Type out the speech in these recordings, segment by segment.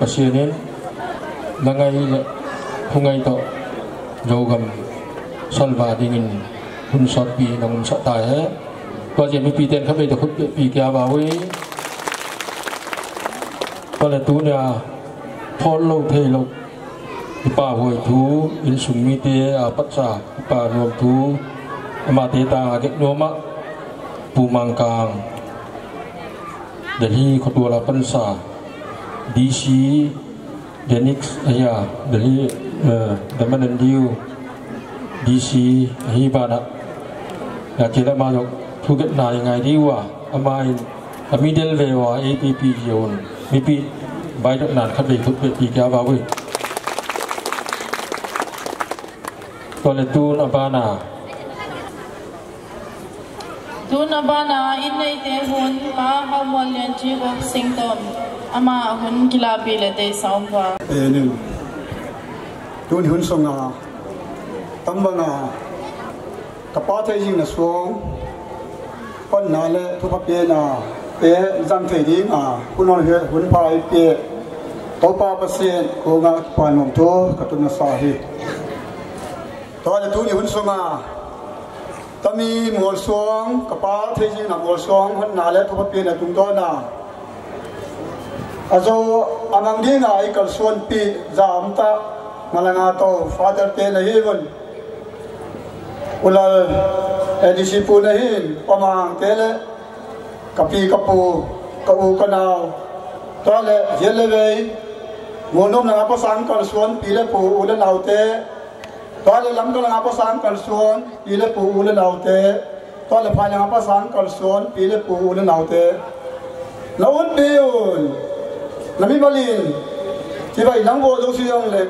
pasinin langay hungay to jogam salva dingin hun sot pi nang sot ta he to je mi pi ten khabe to khut pi kya ba we pala tu na phol lo the lo pa hoi thu in sung mi te à, pat sa bà rom thu ma tê ta cái nuông mắt, pu mang kang để đi có đùa là phân xả DC Denix aya dali damanan diu DC hibana ya kira majok thuget na ngai diwa amai a middle way wa APP yon mipi bai dok nan khat lei thut pe pi kya ba we to le Tu abana tun abana in nei te hun ma ha mol yan chi ok sington ama hun kila bi le te saum wa enin tun hun songa tambanga kapata jing na so kon na le thu pa pe na pe jam the ding a kunon he hun pa i pe to pa pa se ko nga pa nom to katun sa hi to le tu ni hun songa tami mol song kapa the jing na mol song hun na le thu pa pe na tung to na अजो आनंदी नई कल soul P जा हमता मलंगा तो फादर पे नहीं बन उलल एडिशिपू नहीं पमांग तेले कपी कपू कऊ कनाव तोले जेल वे मोनुम लंगा पो सांग कल सोन पीले पू उले लाउते तोले लंग लंगा पो सांग कल सोन पीले पू उले लाउते तोले फाल लंगा पो सांग कल सोन पीले पू उले लाउते नवन बेउन là mi bali thì vậy nắng vô đâu xuyên lệ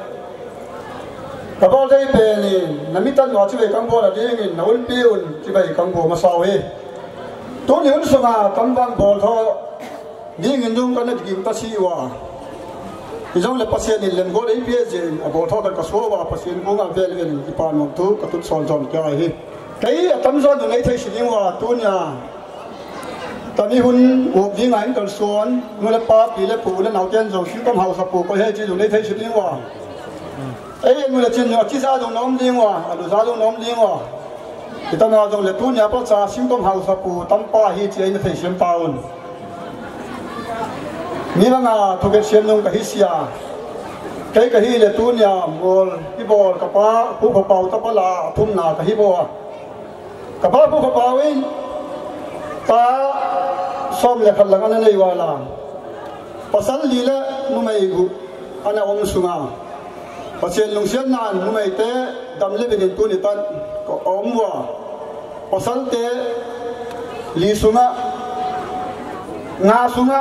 cả bao dây bè này là mi tan vào chỉ vậy căng bộ là đi nghìn nấu biêu chỉ vậy căng bộ mà sao ấy tôi nhớ số mà căng văn bồ thôi đi nghìn dung cái này kim ta xí hoa thì trong lệ pasien này lần gọi đấy bia gì à bộ thôi cái số hoa hiện cũng ngang về liền cái bàn một tu cái tu son son cái gì, cái tâm son này thấy sinh hoa tôi nhà ตอนนี้หุ่นอวบยิ่งไงกันส่วนเมื่อละป้าปีละปูละเหนาเจนส่งชิ้นต้มเฮาสับปูก็ให้จีอยู่ในเทชิบยิ่งว่าเอ้ยเมื่อละจีนว่าจีซาตรงน้อมยิ่งว่าหรือซาตรงน้อมยิ่งว่าที่ตอนเราตรงเลตุนยาป้าซาชิ้นต้มเฮาสับปูตั้มป้าให้จีในเทชิบตาวนนี่ละงาทุกเชียมนุ่งกับฮิสยาใครกับฮิเลตุนยามอลฮิบอลกับป้าผู้ขปาวตะปลาทุ่มนากับฮิบัวกับป้าผู้ขปาวเอง ta som le khalang ana nei wala pasal lila numai gu ana om sunga pasien lungsian nan numai te damle bin tu ni tan ko om omwa pasal te li sunga nga sunga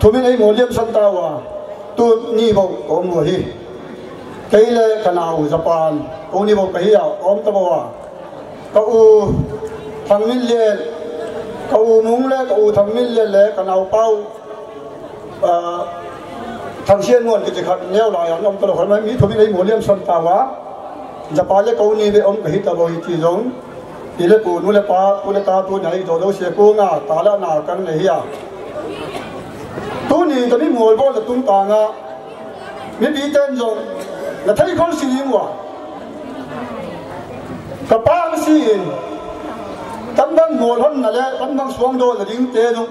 thumin ei moliam santawa tu ni bo omwa hi keile kanau japan oni bo kahi om tabawa ka u thangmin le cậu múng lẽ cậu thằng mi lẽ lẽ cả nào bao thằng xiên nguồn cái chỉ khát neo lại ông tôi khỏi mấy mi thôi đấy muốn liêm sơn ta quá giờ ba giờ cậu ni về ông cái hít tao rồi chỉ giống thì lẽ cậu nu lẽ ba cậu lẽ ta tôi nhảy rồi đâu sẽ cô ngà ta là nào cần này à tôi ni tôi đi mua bao là tung tàng à mi bị tên rồi là thấy con xin quá cả ba xin tâm đang ngồi hơn là lẽ tam đang xuống đôi là đứng tê đúng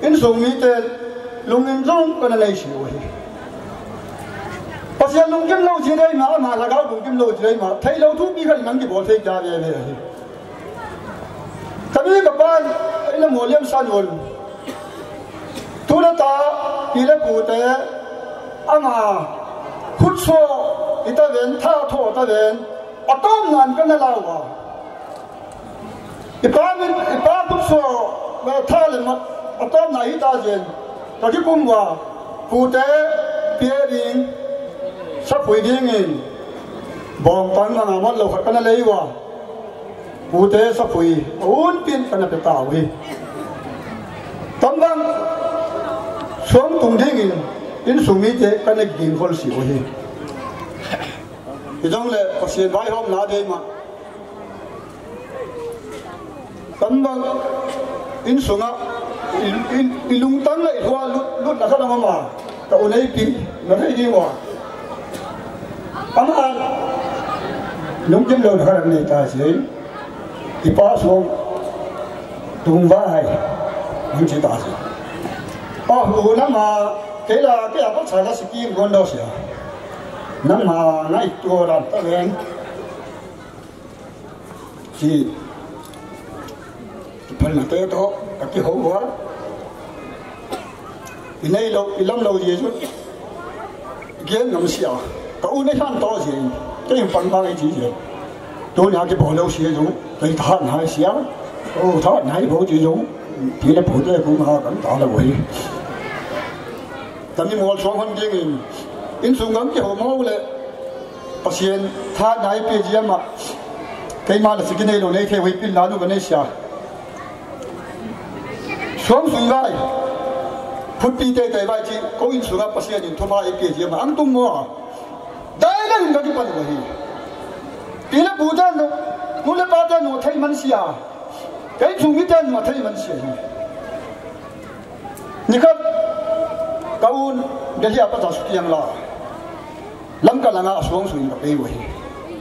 in xuống mi tê lùng in rong cái này lấy xíu ấy bây giờ lùng kim lâu gì đây mà mà là gạo lùng kim lâu gì đây mà thấy lâu thuốc đi gần ngắn thì bỏ thấy cha về về tapi các bạn ấy là ngồi liêm san ngồi thu đã ta đi lấy cụ tê anh à khút xô thì ta về tha thổ ta về ở đâu ngàn cái này là vào ipawin ipawup so ba thal ma atom na hi ta jen ta ki kum wa ku te pie ding sa pui ding in bong pan na na mon lo khat kana lei wa ku te sa pui un pin kana pe ta wi tam bang som tung ding in in sumi te kana ding khol si wi ที่ต้องเลยเสียไว้ห้องนาเดมา tan bang vâng. in sunga in in ilung tan la ihwa lút lut na khadam ma ta unai pi na thai ni wa ama nung jim lo na khadam ni ta si ti pa so tung va hai nung chi ta si a hu na ma ke la ke a pa sa la si ki gon do si a na ma na i tu ra ta len 是。phần là tơ to các cái hố quá thì nay lâu thì lâu lâu gì chứ kia nằm xìa cậu u nấy san to gì cái em phần ba cái gì gì tôi nhà cái bỏ lâu xìa chúng tôi thán hai xìa ô thán hai bỏ gì chúng thì nó bỏ tôi cũng ha cảm tạ là vậy tầm như mua xuống hơn kia in xuống ngắm cái hồ máu lệ pasien thán hai bây giờ mà cái mà là cái này rồi này theo với pin lá nó cái này xìa xuống sùi vai phút đi tới tê vai chỉ có in xuống áp bác sĩ nhìn thua vai kể gì mà ăn tung mua đây là những cái phần của hi tí là bù chân đó nụ là ba chân nụ thấy mắn xìa cái chung cái chân mà thấy mắn xìa như khắp cao un để hi áp bác sĩ yang lo lắm cả là ngã xuống cái gặp yêu Cái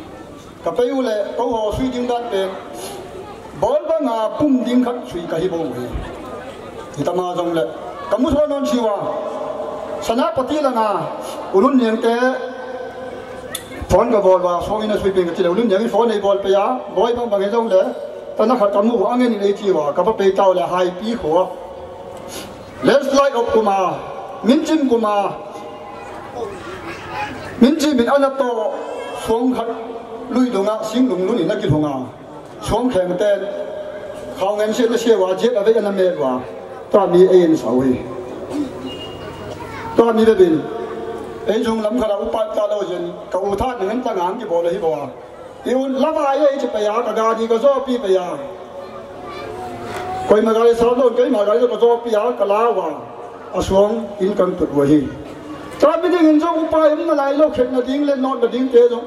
gặp yêu là câu hồ suy đinh đan về bốn ba ngà pum đinh khắc suy cái hi bông hi thì ta na dòng lệ cảm ơn thôi non chiwa sanapati là na ulun niệm tế phone cái ball và so in suy bình cái ulun niệm phone này ball bây giờ boy bằng bằng cái dòng lệ ta na khát cảm ơn anh ấy này chiwa các bạn bây giờ là hai pi khổ let's light up kuma min chim kuma min chim min anh to song khát lui đồng á xin đồng luôn là cái thùng á xuống khen tên khao ngem sẽ là sẽ hòa chết ở đây là mệt quá ตอนนี้เอ็นสาวตอนนี้ได้ดินเอ็นจงลำคาราอุปตาโลเจนกับอุทานนั้นตั้งงานกี่บ่เลยบ่อีวันละวายเอ็นจะไปยากระดาดีก็ชอบพี่ไปยาคอยมาการสาวโดนคอยมาการก็ชอบพี่ยากระลาวาอสวงอินกันตุดวะฮีตอนนี้ได้เงินจงอุปยมันอะไรโลกเข็นนาดิ้งเล่นนอนนาดิ้งเตะจง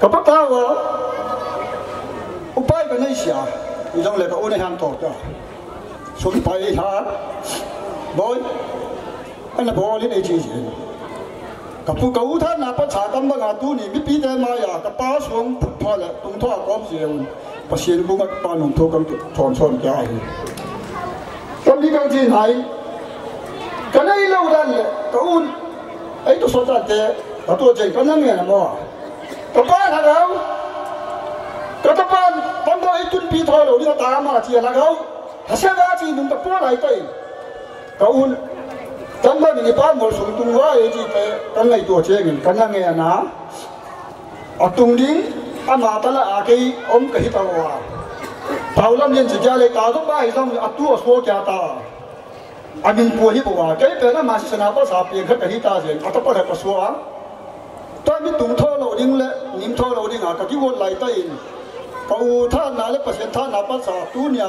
กับป้าตาวะอุปยกันได้เสียอีจงเลยก็อุนให้ทำต่อจ้า xuống tay ha bôi anh là bôi lên đây chứ cặp tu cầu thân là bắt chả tâm bằng à tu niệm biết biết em mai à cặp ba xuống phật thoa là tung thoa con riêng bắt xin cũng cặp ba nung thô cầm tròn tròn kia rồi tâm đi cầm gì này cái này lâu đan là cầu ấy tôi số ra thế cặp tôi chơi, có năm là mà cặp ba thằng đâu cặp ba tâm tôi ấy tuân pi thôi rồi đi ta mà chỉ là đâu lại Asyik aja ini untuk pola itu. Kau kan kau ni pan mau sungtung wah ini tu kan lagi tu cengin kan yang ni ana. Atung ding ama tala làm om kahi tawa. Tahu tao yang ba lagi tahu bah itu ở asmo kya ta. anh mình cái Amin puahi bawa. Kau pernah masih senapa sapi cái kahi ta anh jen. Atau pada paswa. mình tung thua thau lo ding le, nim thau lo ding agak kau lai ta in. Kau thau na le thằng nào na sao tu ni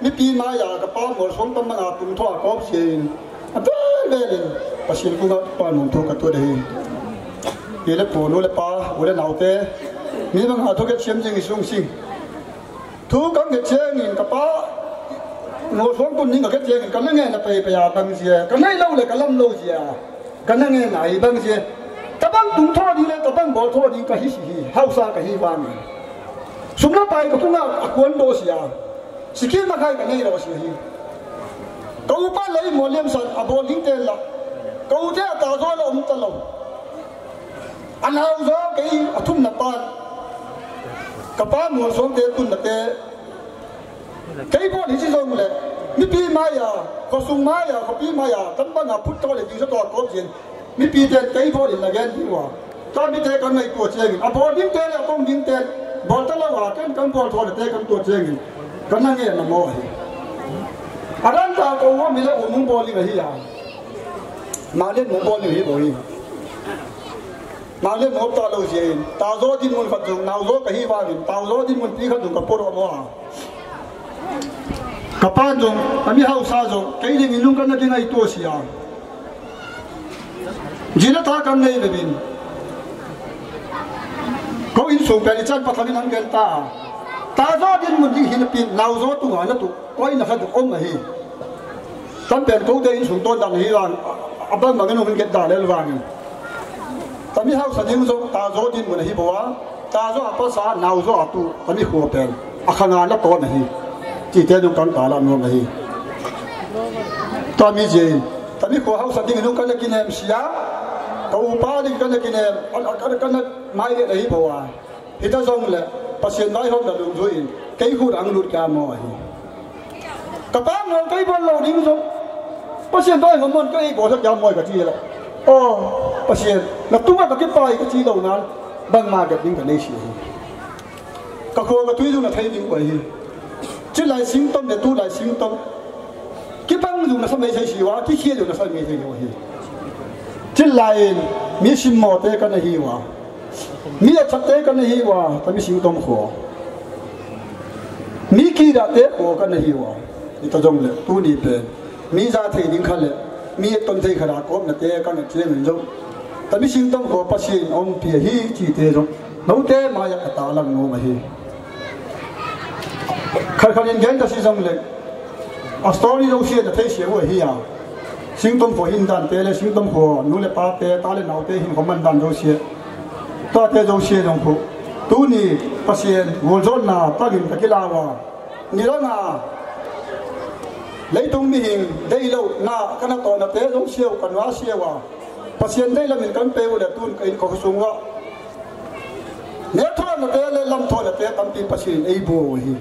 mi pi ma ya ka pa mor som pa mana tum tho a kop sin a ve ve le pasil ku ga pa num tho ka to de ye le po no le pa wo le nau te mi bang ha tho ke chem jing sung sing thu kang ke cheng in ka pa no som tu ning ka ke cheng ka nge na pe pe ya bang sia ka nei lo le ka lam lo sia ka na nge nai bang sia ta bang tum tho di le ta bang bo tho di ka hi hi hausa ka hi wa mi sumna pai ka tu na akwon do sia sikil na khai ngai ro si hi ko pa lei mo lem son abo ling te la ko te ta zo lo um ta lo an hau zo ke athum na pa ka pa mo som te kun na te cái bọn thì rồi mule mi pi mai à có sung mai à có pi mai à tấm bằng à phút cho để chỉ cho toàn có tiền mi pi tiền cái bọn thì là gen đi qua ta mi thế con này của chơi à bọn đi tên là con đi tên bọn ta là hòa cái con bọn thôi là thế con của chơi kana nge na mo he adan ta ko wa mi le o mu boli ga hi ya ma le mu boli hi bo hi ma le mo ta lo je ta zo din mun fa na zo ka hi wa din ta zo din mun pi kha dun ka por wa wa kapan jong ami ha usa jong kai le milung kana din ai to sia jina ta kan nei bebin ko in so pe ni chan pathamin han ken ta ताजो दिन मुंजी हिन पि नाउजो तु गाना तु कोई न खद ओम हे तम पेन को दे सुन तो दन ही रान अपन मगन उन के दाले लवानी तमी हाउ सदिन जो ताजो दिन मुन ही बवा ताजो अप सा नाउजो अतु अमी हो पेन अखना न तो नहीं ते दु कन ताला नो नहीं तमी जे तमी को हाउ सदिन नु कले किने सिया तो उपाधि कने किने अल अकर कन माई रही बवा thì ta zong le pasien dai hom da lu du in kei hu rang lu ka mo hi ka pa ngol kai bon lo ding zong pasien dai hom mon kai bo sak ya mọi cái gì la o bác sĩ là ma ka ke pai ka ti lo na bang ma ga ding ka nei si hi ka ko ka tu ju na thai ding ko hi chứ lại sinh tâm để tu lại sinh tâm cái băng dùng là sao mấy cái gì hóa cái kia dùng là sao mấy cái gì hóa chứ lại mi sinh mò thế cái này gì quá mi chặt chat cái này hi wa tami siu tom kho mi ki da te ko kan hi wa ni ta jong le tu ni pe mi za thei ding kha le mi ton thei khara ko cái này kan che min jong tami siu tom kho pa sin ông pi hi chi te jong nau te ma ya ta lang no ma hi khar khar yen gen ta si jong le a story jong si da thấy se wo hi à, sinh tom kho hin dan te le sinh tom kho nu lệ pa te ta le nau te hin ko man dan jong si ta te zo she dong ko tu ni pasien wol zon na ta gin ka kilawa ni la na lấy tung mi hình đây lâu na cái nó to nó té giống siêu còn nó siêu à pasien đây là mình cần teo để tuôn cái có xuống đó nếu thôi nó té lên lâm thôi là té tâm tin pasien ấy bù hi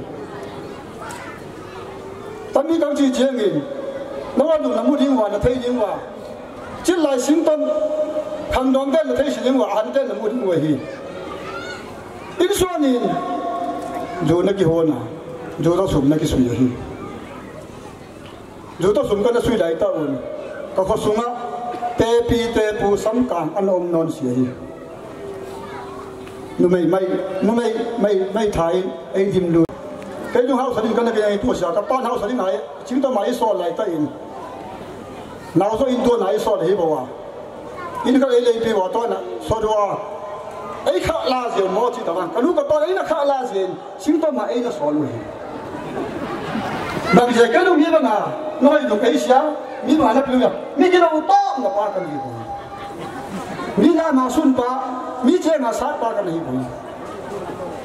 tâm tin công gì chiến nghìn nó ăn đủ nó mua điên hòa là thấy điên hòa chỉ lại sinh tâm khăn đom đen là thấy sự mua ăn đen là mua mua hi in số này dù nó kí hồn à dù ta sum nó kí sum hi dù ta sum cái nó suy đại ta ôn có khó sum á tê pi tê pu sắm càng ăn ôm non xì hi nó mày mày nó mày mày mày thái ấy dìm lu cái nu hao sari cái này cái tu sửa cái pan hao sari này chúng ta mày so lại ta in nào so in tu này so để bảo à in ka ei lei pe wa to na so duwa ei kha la je mo chi ta ban kanu ko to ei na kha la je to ma ei na so lu hi bang je ka lu mi ba na no ei do ei sia mi ma na plu ya mi to na pa ka ni ko mi na ma sun pa mi che na sa pa ka ni ko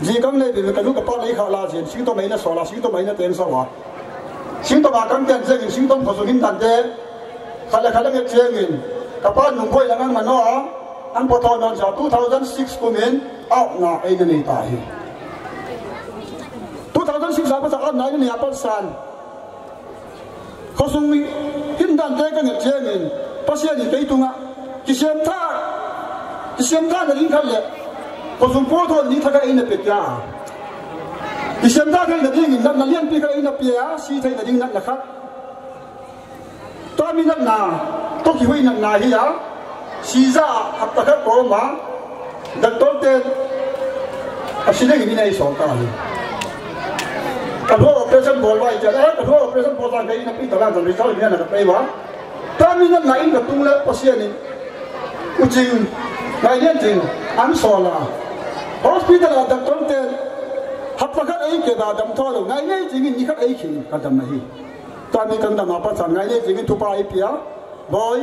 ji kam le bi ka lu ka to ei kha la je sing to mai na so la sing to mai na ten so wa sing to ba kam ten je sing to ko so hin dan je khala khala nge che ngin kapan nung koi langan manoa ang poton non sa 2006 kumin out na ay na tahi 2006 apa sa kan na ni apal san kosong mi hindan te kan jemin pasya ni kay tunga kisem ta kisem ta na lingkal le kosong poton ni thaka ina petya kisem ta kan na ding na lian pi ka ina pia, si thai na ding na khat tôi mình nằm nà tôi chỉ huy nằm nà hi á xí ra áp tắc các cô mà đặt tôi tên à xin này mình này sống ta đi. cả thua operation ball vai chơi cả thua operation ball vai cái này bị tao làm rồi sao mình nằm đây mà tôi mình nằm nà in được tung lên pasien này tiên, ngay đến thì ăn sò là hospital đặt tôi tên hấp tắc các ấy cái đó đâm thôi rồi ngay đến thì mình như các ấy khi cái đâm này tani kan da ngapa chan ngai le jingi thupa ai pia boy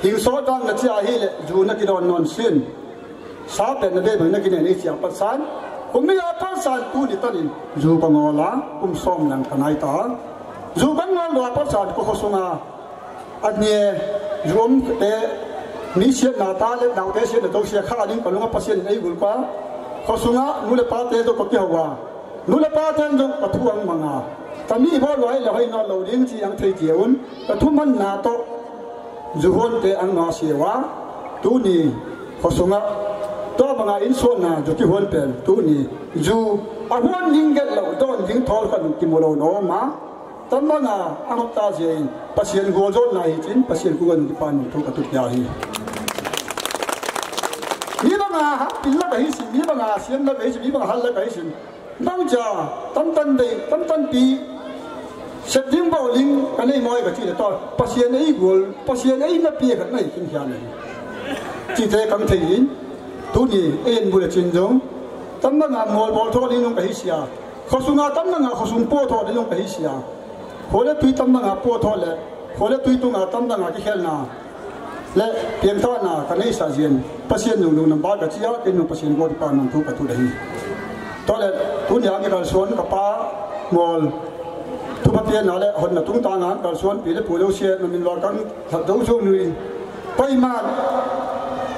hing so tang na chi ahi hi le ju na ki non sin sa pe na de ba na ki ne ni chi pa san kum mi a pa san tu ni tan in ju pa kum som nang kanai ta ju ban ngol lo pa san ko sunga at ne rum te ni sia na ta le dau te sia na to sia kha ding pa lunga pa sia gul kwa ko sunga nu le pa te to ko ki hawa nu le pa te to pa thuang manga ta mi bo loi la hoi no lo chỉ chi ang thei jeun ta thu man na to zu hon te ang no si wa tu ni ho sunga to banga in so na ju ki hon pen tu ni zu a hon ning get lo don ding thol khan ki mo lo no ma ta ma na ang ta je pasien go zo na hi chin pasien ku gan pan thu ka tu ya hi mi banga ha pin la ka cái sin mi banga sian la ka cái sin mi banga hal la ka hi sin đi setting bowling anei moi ka chile to pasien ei gol pasien ei na cái kan nei kin hian chi te kam thei in tu ni en bu le chin jong tam na ngồi mol bol tho ni nong ka hi sia kho sunga tam na nga kho sung po tho ni nong ka hi sia kho le tui tam na nga po tho le kho le tui tu nga tam na ngang cái khel na le pian tho na ka nei sa jian pasien nong nong ba ka chia kin nong pasien gol pa nong thu ka tu dai to le tu ni ang ka suan ka pa mol ทุบเปียนอะไรคนน่ะตุ้งตางานการส่วนปีเล็กผู้เลี้ยงเสียนมินลอกันถัดเดาโซนุยไปมา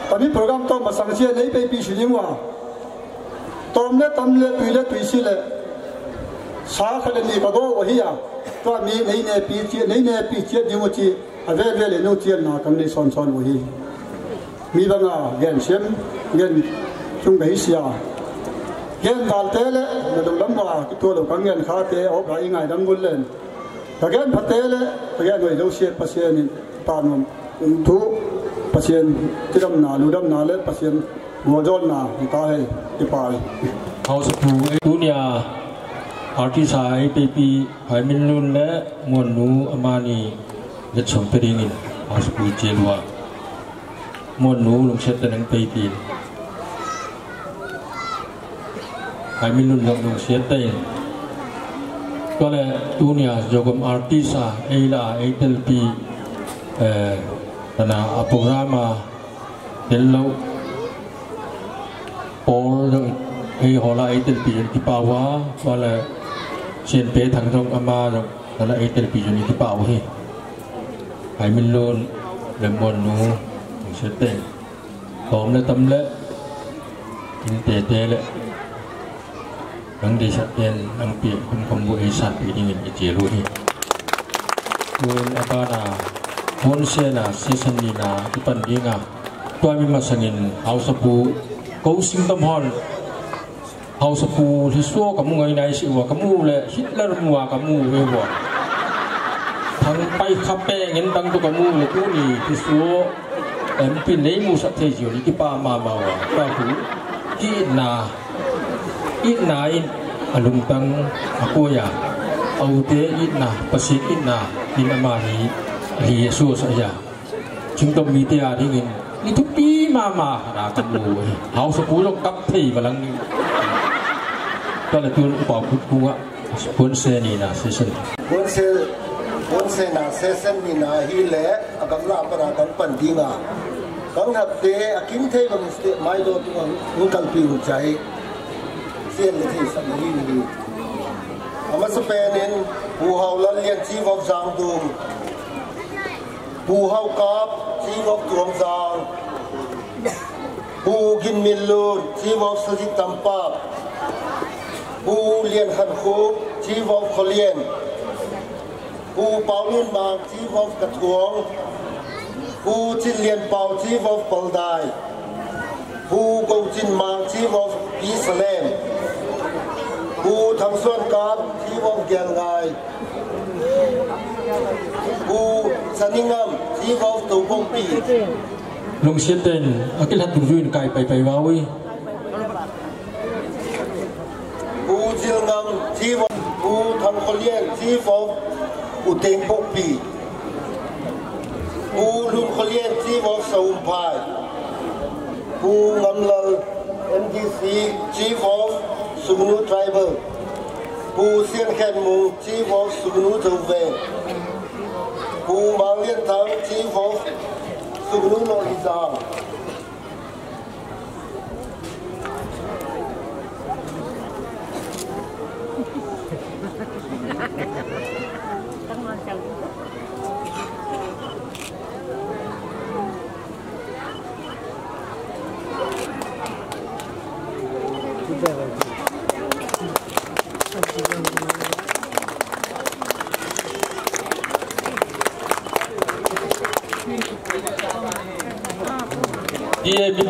ตอนนี้โปรแกรมต้องมาสังเสียในไปปีชินิว่าตอนเล็กตอนเล็กปีเล็กปีสิเล็กสาขาเดนีก็โดวเฮียตัวมีในเนปีเจียในเนปีเจียดิวจีอะไรเวลนูเจียนนากันในซอนซอนวะฮีมีบางอ่ะเงินเสียมเงินจุงไปเสีย gen tal tele na dum lam ba ki to lo kan gen họ phải ho bra ingai dang gul len ta gen pha tele ta người noi lo siet pasien in panum um tu pasien tiram na lu dam na le pasien ngo jol na ta he ti pai house pu e dunia artisa ipp phai min lun le ngon nu amani ge chom pe ringin house pu che lua ngon nu lung set tanang pe hai mi lun lok dong sia te ko le tu nia jogom artisa eila eitel pi eh tana apurama dello por dong hei hola eitel pi ti pawa ko le chen pe thang dong ama dong tana eitel pi ni ti pawa hi hai mi lun le mon nu sia te Hôm nay tâm lệ, tiền tế lệ, rong đi sắp tiền ăn bị không không bụi sạt bị đi nghỉ chỉ luôn đi quên ở ba là hôn xe là xe sân đi là cái phần đi ngà tôi mới mà sang in hậu sập bu cố sinh tâm hồn hậu sập bu thì xua cả người này sự và cả mu lệ Hitler mua cả mu về bỏ. thằng bay khắp bè ngân tăng tu cả mu lệ cũ thì thì xua em pin lấy mu sắp thế chiều đi cái ba mà mà và ta cũng kỹ là ít nai alung à, tang akoya au te ít na pasik ít na in ama hi hi jesus chúng tôi mi te a ri ngin ni thuk ti ma ma ra kan lu hau sa pu lo kap thei ba lang ta la tun pa put ku ga pun se ni na se se pun se pun se na se se ni na hi le agam la pa ra kan pan dinga kang hap te akin thei ba mi mai do tu ngal pi u chai เซียนที่สมันี้อมาสเปนินผู้เฮาลันเลียนชีวอบจางดูผู้เฮากาบชีวอบตวงจางผู้กินมิลลูนชีวอบสจิตตัมปาผู้เลียนหันคูชีวอบคอเลียนผู้เปาลุ่นบางชีวอบกระทวงผู้จินเลียนเปาชีวอบปลดายผู้กจินมางชีวอบอิสลามกูทำส่วนการที่วงเกียงไงกูสนิงามที่เขาตัวพงปีลงเสียนเต็นอากิลันตุรุนไกไปไปว้าวิกูจิลงามที่วงกูทำคนเลี้ยงที่ฟงอุเตงพงปีกูลุงคนเลี้ยงที่วงสาวพายกูงำลา NDC Chief of sugnu tribal ku sian khen mu chief of sugnu thâu về ku mang liên thắng chief of sugnu nội Thank you.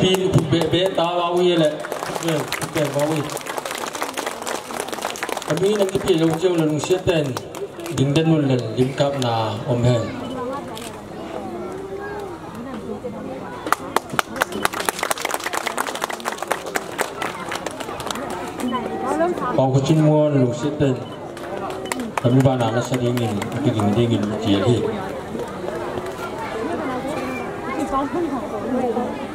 bin be be ta wa wi le be cái wa wi kami nak kipi lu jeng lu siatan ding dan lu len ding kap na om hen Bang ko chin mo lu siatan kami ba na na sa dingin dingin dingin jiali Thank you.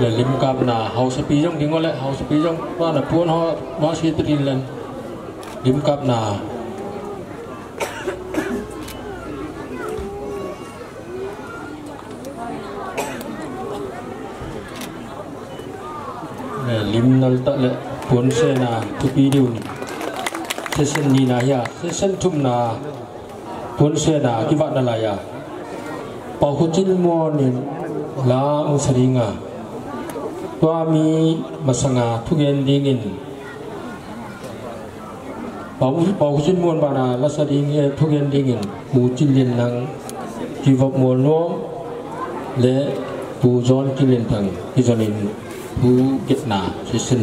là lim cam na hầu sẽ pi trong tiếng gọi là hầu sẽ pi trong và là buôn họ nó sẽ tự tin lên lim cam na lim nal ta lệ buôn xe na tu pi điều thế sen ni na ya thế sen chung na buôn xe na cái vạn là ya à. bảo khu chín mua nên là ông sari nga wami masanga thugen dingin bau bau jin mon bana lasa ding e thugen dingin bu chin lin nang chi vop mo no le bu jon chin lin thang ki jon in bu get na si sin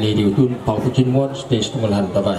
le diu tun bau jin mon stage tung lan ta bai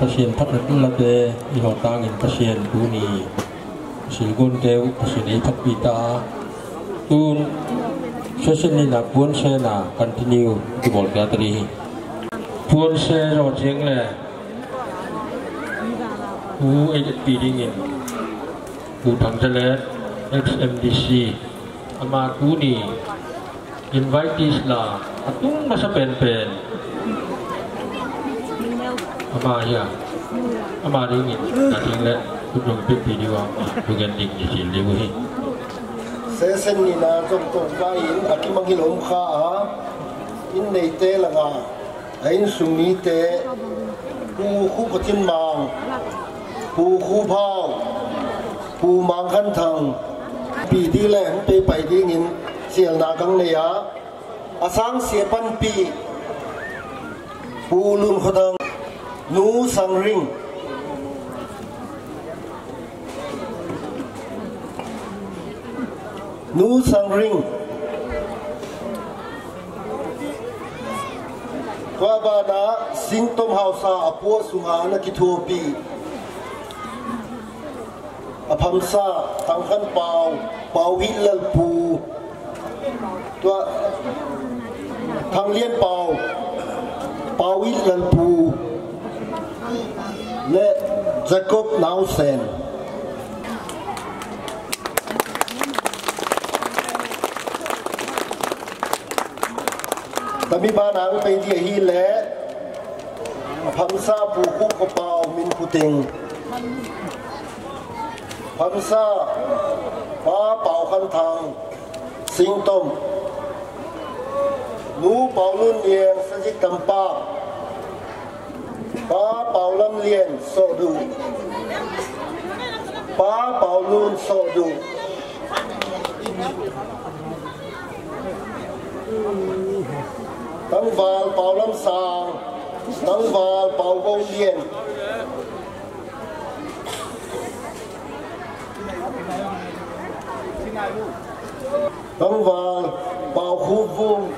pasien phát được la tê họ ta nghìn pasien cú ni sĩ quân têu pasien ấy phát vita tuôn session ni na buôn xe continue đi bộ kia tê buôn xe rồi tiếng lệ cú ấy bị đi nghìn cú thằng XMDC ama cú ni invite is là atung masa pen pen 아마야아마링이나중에그쪽빅비디와그게링이질리고해세생이나좀또가인아키망이롬카인내때라가아인숨이때후후버틴망후후파우후망한탕비디래빼빠이딩인시엘나강내야아상세반비ปูลุงขดัง Nú Sang Ring Nú Sang Ring Qua ba đá sinh tôm hào xa ở bua sung á na kỳ thua bì ở phạm xa tăng khăn bào bào hít lal bù thằng liên bào bào hít lal bù และจกบนาวเซนตมิบานังไปเทียฮีแล่พังซาผูกุกเปามินพุติงพังซาป้าเป่าคันทางสิงต้มนูเป่าลุ่นเอียงสจิตตำปา ba bảo lâm liền so du ba bảo luôn so du tăng vào bảo lâm sa tăng vào bảo vô liền tăng vào bảo khu vuông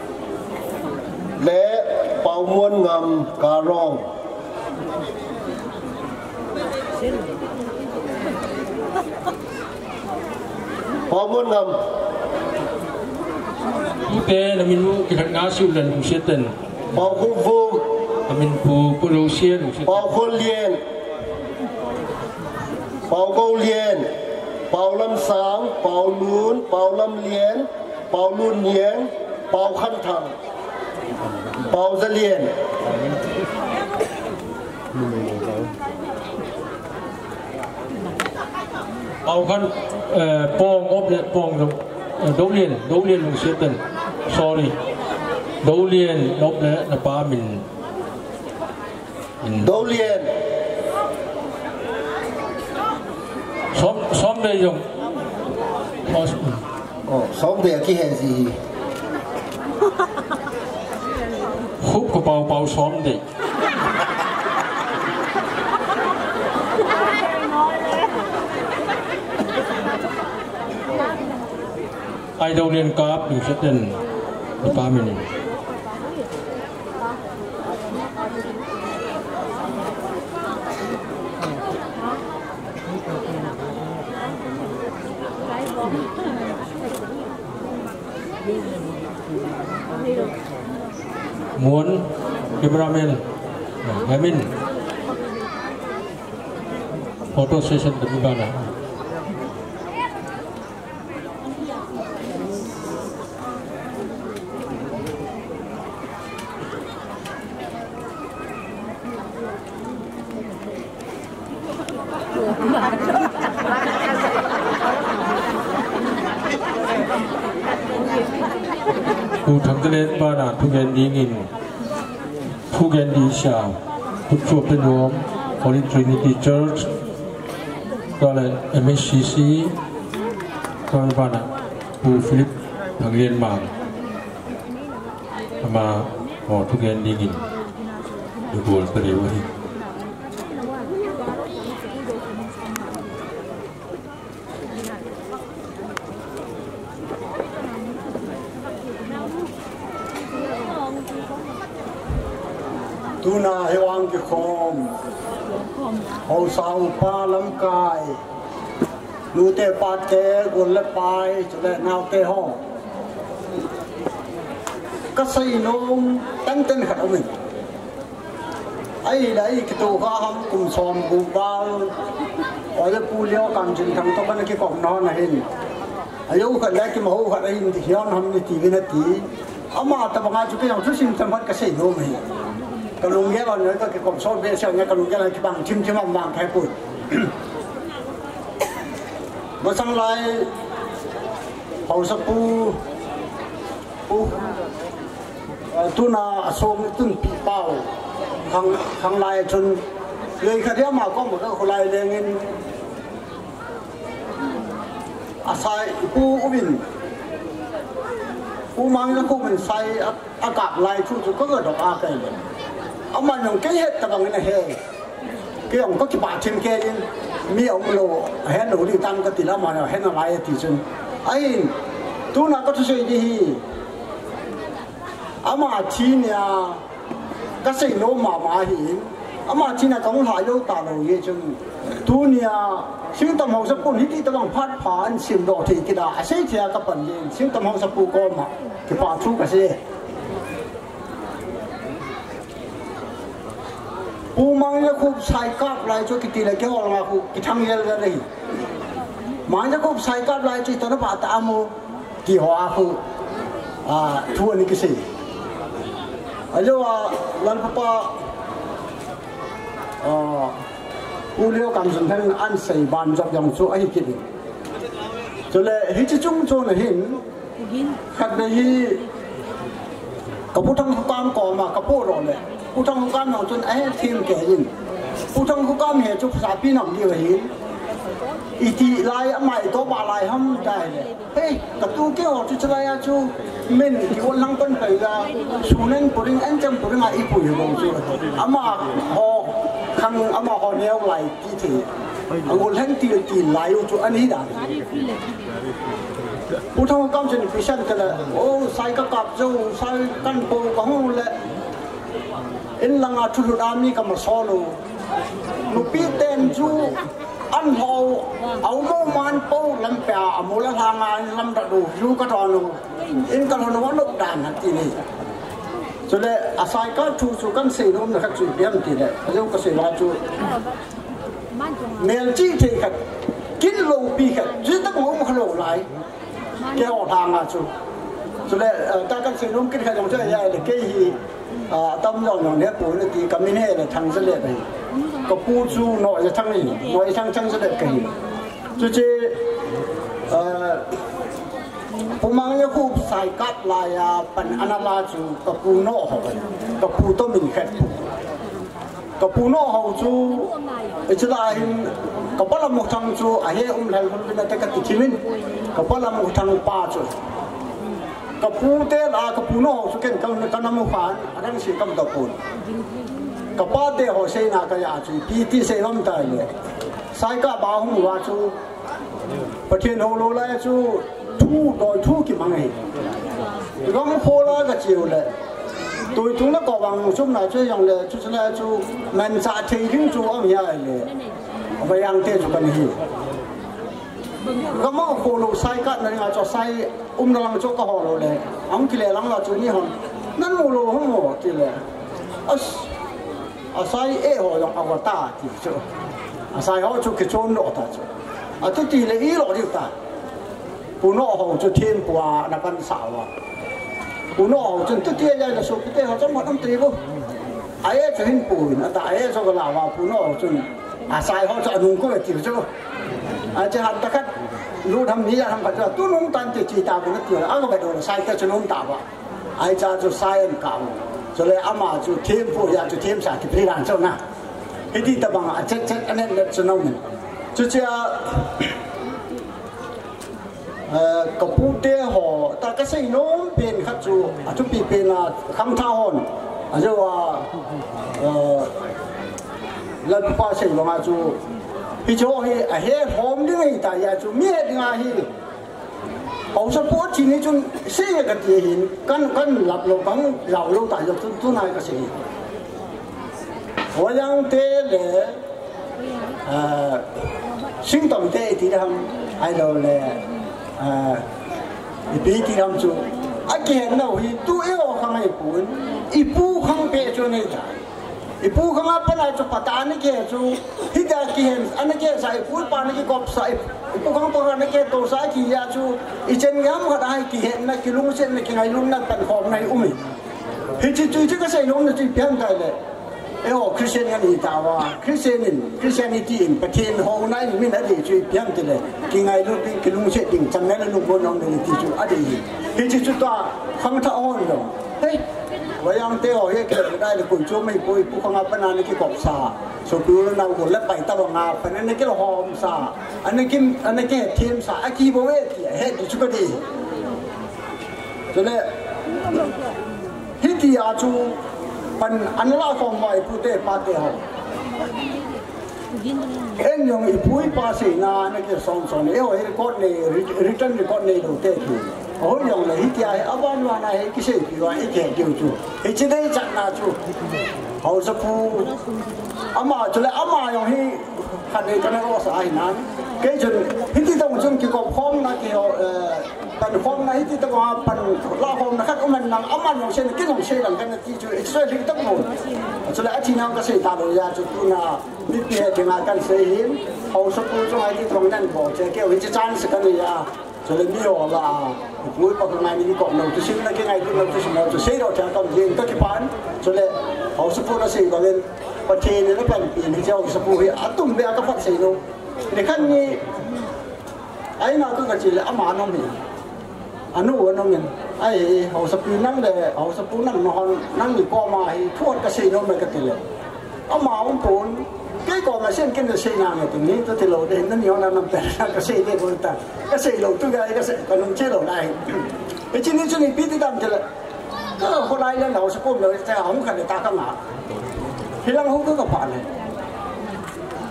lễ bảo muôn ngầm cà rong Hồ Môn Ngầm Mũ tê là mình mũ kỳ hạt ngá siêu lần hùng xe tình Hồ Khu Vô Là mình phù cô râu xe hùng xe Liên Hồ Cô Liên Hồ Lâm Sáng, Hồ Lún, Hồ Lâm Liên Hồ Lún Nhiến, Hồ Khăn Thẳng Hồ Gia Liên nhưng mà mình đâu bao khăn bong ờ, ốp lệ bong rồi đấu liền đấu liền lùng xuyên tần sorry đấu liền ốp lệ là ba mình đấu liền xóm xóm đây rồi. Ồ, xóm đây cái hệ gì khúc của bao bao xóm đây Idolian Cup in Sutton, the family. muốn cameraman gaming photo session cũng bao nào Ninging, Pugen Isha, Puchopenom, Holy Trinity Church, Kale MSCC, Kale Bana, Pu Philip, Panglian Mang, Ama, Or Pugen Ninging, the Gold Periwari. เตกุลเลปายจุเลนาวเตห้องก็ใส่นมตั้งเต้นขัดอมิไอ้ไรกตัวข้าหำกุมซอมกุมบาลไอ้ปูเลี้ยวกันจนทางต้องมันก็กองนอนเห็นอายุขัดแรกมาหูขัดไอ้ที่ย้อนทำนี่ตีวินาทีอามาตะบังอาจุกิยังทุสิมสมบัติก็ใส่นมเห็นกลุงแก่วันนี้ก็เก็บกองโซ่เบี้ยเสียงเงี้ยกลุงแก่อะไรที่บางชิมชิมบางแพ้ปุ๋ย mà sang lại hậu sắp bu bu ờ, tu na sôm tưng bị bao hàng hàng lại chân lấy cái đấy mà có một cái khối lại lên nên à sai bu ubin u mang nó cũng mình sai à, à cạp lại chú chú có người đọc à cái này ông mà nhung cái hết tập bằng cái này hết cái ông có cái bà trên kia đi mi ông lo hẹn đồ đi tăng cái tiền mà hẹn là lại thì chung ai tu nào có thuê gì à mà chi nhà cái gì nó mà mà hiện à mà chi nhà tổng lại đâu ta đâu vậy chung tu nhà siêu tâm hậu sắp quân hít đi tâm phát phá anh siêu đồ thì cái đó sẽ thì cái phần gì siêu tâm hậu sắp quân mà thì phá chú cái gì mang le khub sai kap lại cho cái kiti le ke olma khu kithang yel ga rei mang le khub sai lại cho chi nó ba ta amo ki ho a khu a thu ni kisi ajo a lan papa a à, u leo kam sun than an sai ban jok yang chu a hi kiti cho nên hết chi chung chu na hin khat na hi kaputang kam ko ma kapu ro le u trong cam nào chân ấy thêm kẻ gì u trong cũng cam hè chụp giả pin nằm điều gì ít lại âm mày đó bà lại hâm đại hey tập tu kêu họ chút lại chú mình thì con lăng con phải ra xuống nên bố anh chăm bố đinh ai bùi hồng chú âm mà họ khăng âm mà họ neo lại à. thì thì anh còn lăng tiền lại u chú anh ấy đã u thằng con chân phải sang cái là ô sai các cặp dâu sai căn bộ có hông lệ in langa thu thu dam ni ka ma so lu nu pi ten chu an ho au mo man po lam pa amula la nga lam da du ju ka to lu in ka lo no dan han ti ni cho nên à sai các chú chú căn xây hôm là các chú biết thì đấy nếu có xây lo chú nên chi thì các kín lâu bi các chỉ tất ngủ một lâu lại cái họ hàng à chú cho nên ta căn xây hôm cái cái đồng chơi là cái gì à tâm đầu nó nếp bối là tí cái mình là thăng rất đẹp này có pu chu nội là thăng này nội thăng thăng rất đẹp ờ, cái cho chứ à hôm mang yêu khu sai cắt lại à phần anh là chú có pu nọ học có pu tâm mình khét có pu nọ học chu chứ là hình có bao là một thằng chu à hệ ông lại hôm nay tất cả tịch mình có bao là một thằng pa chú ka pu te la ka pu no su ken ka ka na mu fan ka ni si kam to pu ka pa de ho se na ka ya chu pi ti se lam ta ye sai ka ba hu wa chu pathian ho lo la chu thu doi thu ki mang ai ga mu pho la ka chiu le tôi chúng nó có bằng chúng là chơi dòng là chúng là chú mình xả thì chúng chú ông nhà này và ăn tiền chú cần hiểu ก็มอโคโลไซกัดนั่นไงจอไซอุ้มนลังจก็หอโลเลยอังกิเลลังลาจุนี่หอนนั่นโมโลหมอกิเลอัสอาศัยเอหอยองอวตารที่จอาศัยเขาจุกจนโลตาจอาตุตีเลยอีโลดิตาปุ่นอหงจุเทียนปัวนักบันสาวปุ่นอหงจุตุเตียยัยละสุกิเตหอจมดน้ำตรีบุไอ้เจ้าหินปุ่นแต่ไอ้เจ้าก็ลาวาปุ่นอหงจุอาศัยเขาจะนุ่งก็เลยจิ๋วจ้า aja han takat lu dham ni ya ham cho tu nong tan te chi ta bu na tu ăn cái đồ sai cái chu nông ta ba ai cha cho sai an ka rồi cho âm ama cho thêm phu gia cho thêm sa thì pri ran cho na cái gì ta bằng chết chết anh em lên cho nông mình chứ chứ cặp phụ đe họ ta cái xây nông bền khắc chú à chú bị bên là không thao hồn à chứ là lần qua xây bằng à chú bị cho hi a he hom ding hi ta ya chu mi ding a hi ông sắp bố chỉ nên chung xe cái gì hình căn căn lập lộ bằng lão lâu tại chỗ chỗ này cái gì hoa giang tê lệ à sinh tổng thế thì làm ai đâu là à bị thì làm chung à kia đâu thì tu yêu không ai buồn ibu không biết chỗ này chạy อีพูกมาเป็นอะไรจะปัตตานี่เกศูฮิดากีเห็นอันนี้เกศัยพูดปานี่กีกบสายอีพูกงาปรานี่เกศตัวสายกี่ยาชูอีเจนยามก็ได้กีเห็นนะกี่ลุงเซนนี่กี่ไงลุงนั่นเป็นของในอุ้มฮิจิจุจิก็ใช่ลุงนั่ที่เพียงใดเลยเออคริสเตียนอีตาวาคริสเตียนินคริสเตียนิตีอินประเทศฮองไนมีนาดีจุดเพียงใิเลยกิ่งไงลูกกิลุงเชดิงจังแนลลุงบนน้องเดนิตีจุดอดีเฮจิจุดตัวัำท้าอ่อนเนาะไว้ยังเตี้ยเฮ้ยเกิดได้เลยกูช่วยไม่กูผู้ขังอาป็นานี่กี่กบซาสุดดูแล้วนาหุ่นและไปตลอดงาเปนันนี่กี่หอมซาอันนี้กินอันนี้กินเทียมสาอากีบเวทเฮ็ดชุกดีจนเนี่ยฮิตยอาจูเป็นอันละความไหวผูดได้ปาเตี้ยเเอ็นยังอีพุยปาสีนานี่กี่สองสองเอ้ยเฮ้ยรีคอร์ดเนี่ยรีรันรีคอร์ดเนี่ยดูเตะที่ có nhiều lấy cái ở bên này cái gì thì gọi cái kẻ điều chủ thì trên đây chẳng là chủ hầu sắp phu ấm mà cho lại ấm mà rồi hi khăn này cái này có sai nán cái chuyện hít thì tông chung cái cọp phong là kiểu tần phong là hít thì tông hoa à, phần lo phong là khác ông mình nằm ấm mà rồi xem cái dòng xe làm cái này thì chuyện xoay lý tốc một cho lại chỉ nhau cái sự tạo ra cho tôi là biết thì là cái sự hiến hầu sắp phu cho cái phòng đang bỏ chơi kiểu hít thì chán sẽ cái à cho nên nhiều rồi là cuối bậc này mình còn nấu chút xíu là cái ngày cũng nấu chút xíu nấu chút xíu rồi chẳng còn riêng các cái bán cho nên họ sẽ phun nó xì vào lên và chê nên nó cần tiền thì theo sẽ phun hiện á tùm bè các phát xì luôn để khác như ấy nào tôi cần chỉ là ấm ăn không mình anh nuôi anh không mình ấy họ sẽ phun năng để họ sẽ phun năng nó hòn năng thì qua mà thì thua cái xì luôn mới cái tiền ấm ăn không tốn cái còn là xem kinh là xây nhà này từng nghĩ tôi thì lâu đây nó nhiều năm năm tệ cái xây đây còn ta cái xây lâu tôi cái cái xây còn không chơi lâu này cái chuyện này chuyện này biết thì làm thế là cái là hôm nay là lâu sẽ cùng rồi sẽ không cần ta cái mà thì là không có gặp bạn này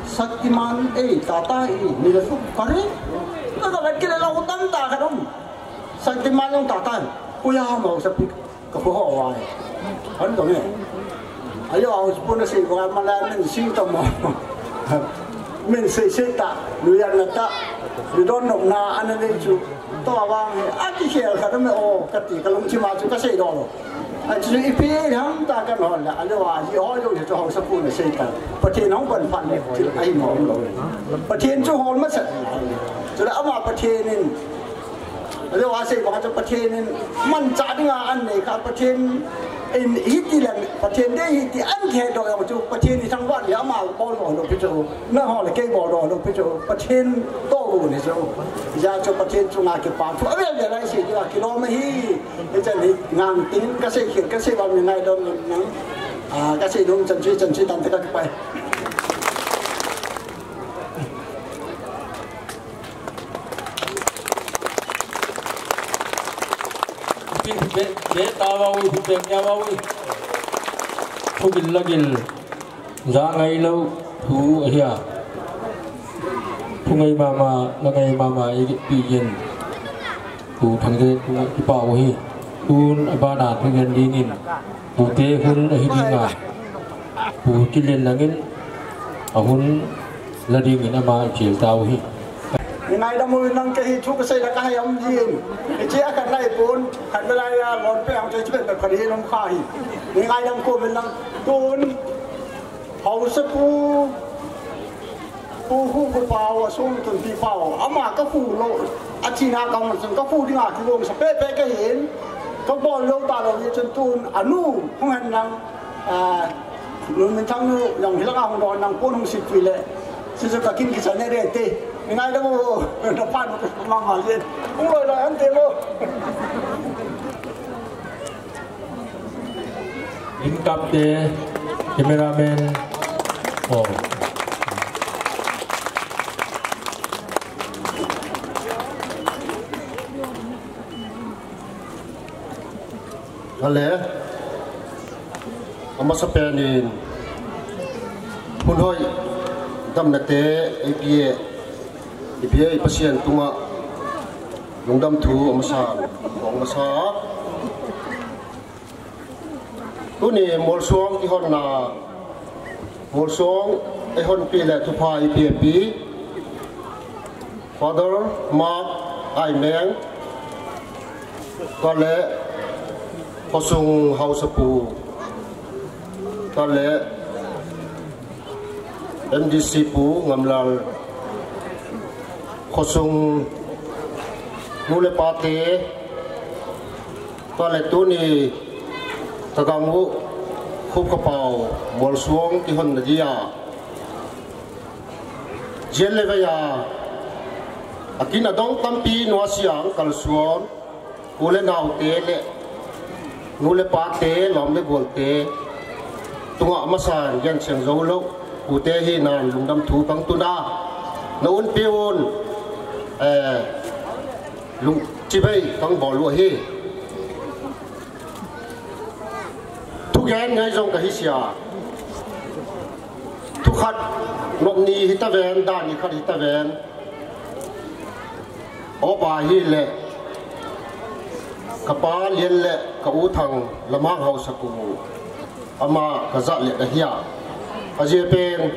Saktiman ấy ta ta ấy như là không có đấy nó đó là cái này lâu tâm ta cái đó Saktiman ông ta ta ôi à mà sẽ bị cái bộ hoài ấn tượng này ayo au spuna si ko mala men si to mo men se se ta lu ya na ta lu don no na an ne chu to awang he a ki he ka me o ka ti ka lung chi ma chu ka se do lo a chu i pi ham ta ka no la ayo wa hi ho lu chu ho sa pu na se ta pa ti nong ban phan ne chu ai mo lo pa ti chu ho ma sa chu da ama pa ti nin แล้วว่าเสียว่าจะประเทศนั้นมันจัดงานอันไหนครับประเทศอินฮิติแลนประเทศได้ฮิติอันแค่ดอยของจูประเทศนี้ทั้งวันยามาบอลหน่อยลงพิจูน่าหอเลยเก่งบอลหน่อยลงพิจูประเทศโตรูนี่จูยาจูประเทศจุงอาเก็บปานทุกเรื่องอะไรสิยากิโลไม่ฮีนี่จะนี่งานติ้งก็เสียเขียนก็เสียวันยังไงโดนนั้นอ่าก็เสียดวงจันทร์ชีจันทร์ชีตันตะกันไป bé bé ta bao ui phụ tiền nhà bao ui ra ngày lâu thú ở here phụ ngày mà mà là ngày mà thằng đấy phụ bảo hi phụ ba đàn phụ gìn đi nhìn phụ tế hun ở hi đi ngà phụ chỉ liền là nghìn à, đi nghìn mà chỉ tao hi ยังไงดำมือนังเกี่ยทุกเ์ใส่ละก็ให้ยำยืนไอ้เจ้ยขันได้ปูนขันไม่ไร้หลอนไปเอาใจช่วยแบบคนดีน้องข่ายยังไงดำกูเป็นนังปูนเผาสกปูปูหูกูเป่าอะส่งถึงที่เป่าอามาก็ฟูโลอาชีนากรรำมันก็ฟูที่หนาที่วงสเปะเปก็เห็นก็บอลโลตาเราเยจนตูน อนุห้องเนนังอ่ามันทั้งอุ่ยังเห็นเราเอาหุ่นนังปูนห้องสิบปีเลยซึ่งจะกินกิจสันเนเรตี ngay đó nó phan nó ngon gì cũng rồi là ăn tiền luôn in cặp thì cameraman oh Ale, amasa penin, punhoy, dam na te, ay EBA pasien tunga lungdam thu amasa bong masa tu ni mol suang i hon na mol suang i hon pi le thu pha EPP father mark ai meng ko le posung hausapu ko le MDC pu ngamlal khó sung ngu lệ bà tế toàn lệ tu nì ta gà ngu khu cà bào bồn xuống thì hồn là gì à dễ lệ vậy à à kì nà đông tâm bì nó xiang cà xuống ngu lệ nào tế le, ngu lệ bà tế lòng lệ bồn tế tung ngọ mà sàn dân sàng dấu lâu cụ tế hi nàn lùng đâm thú băng tu đa nó un piêu un Ờ, lu chỉ bay tăng bỏ lụa hi thu ghen ngay dòng cả hi xia thu khát nộp ni hi ta ven đa ni khát hi ta ven ô ba hi lệ cả ba liên lệ cả u thằng là mang hậu sắc cụ ama cả dạ lệ đã hiya ajepen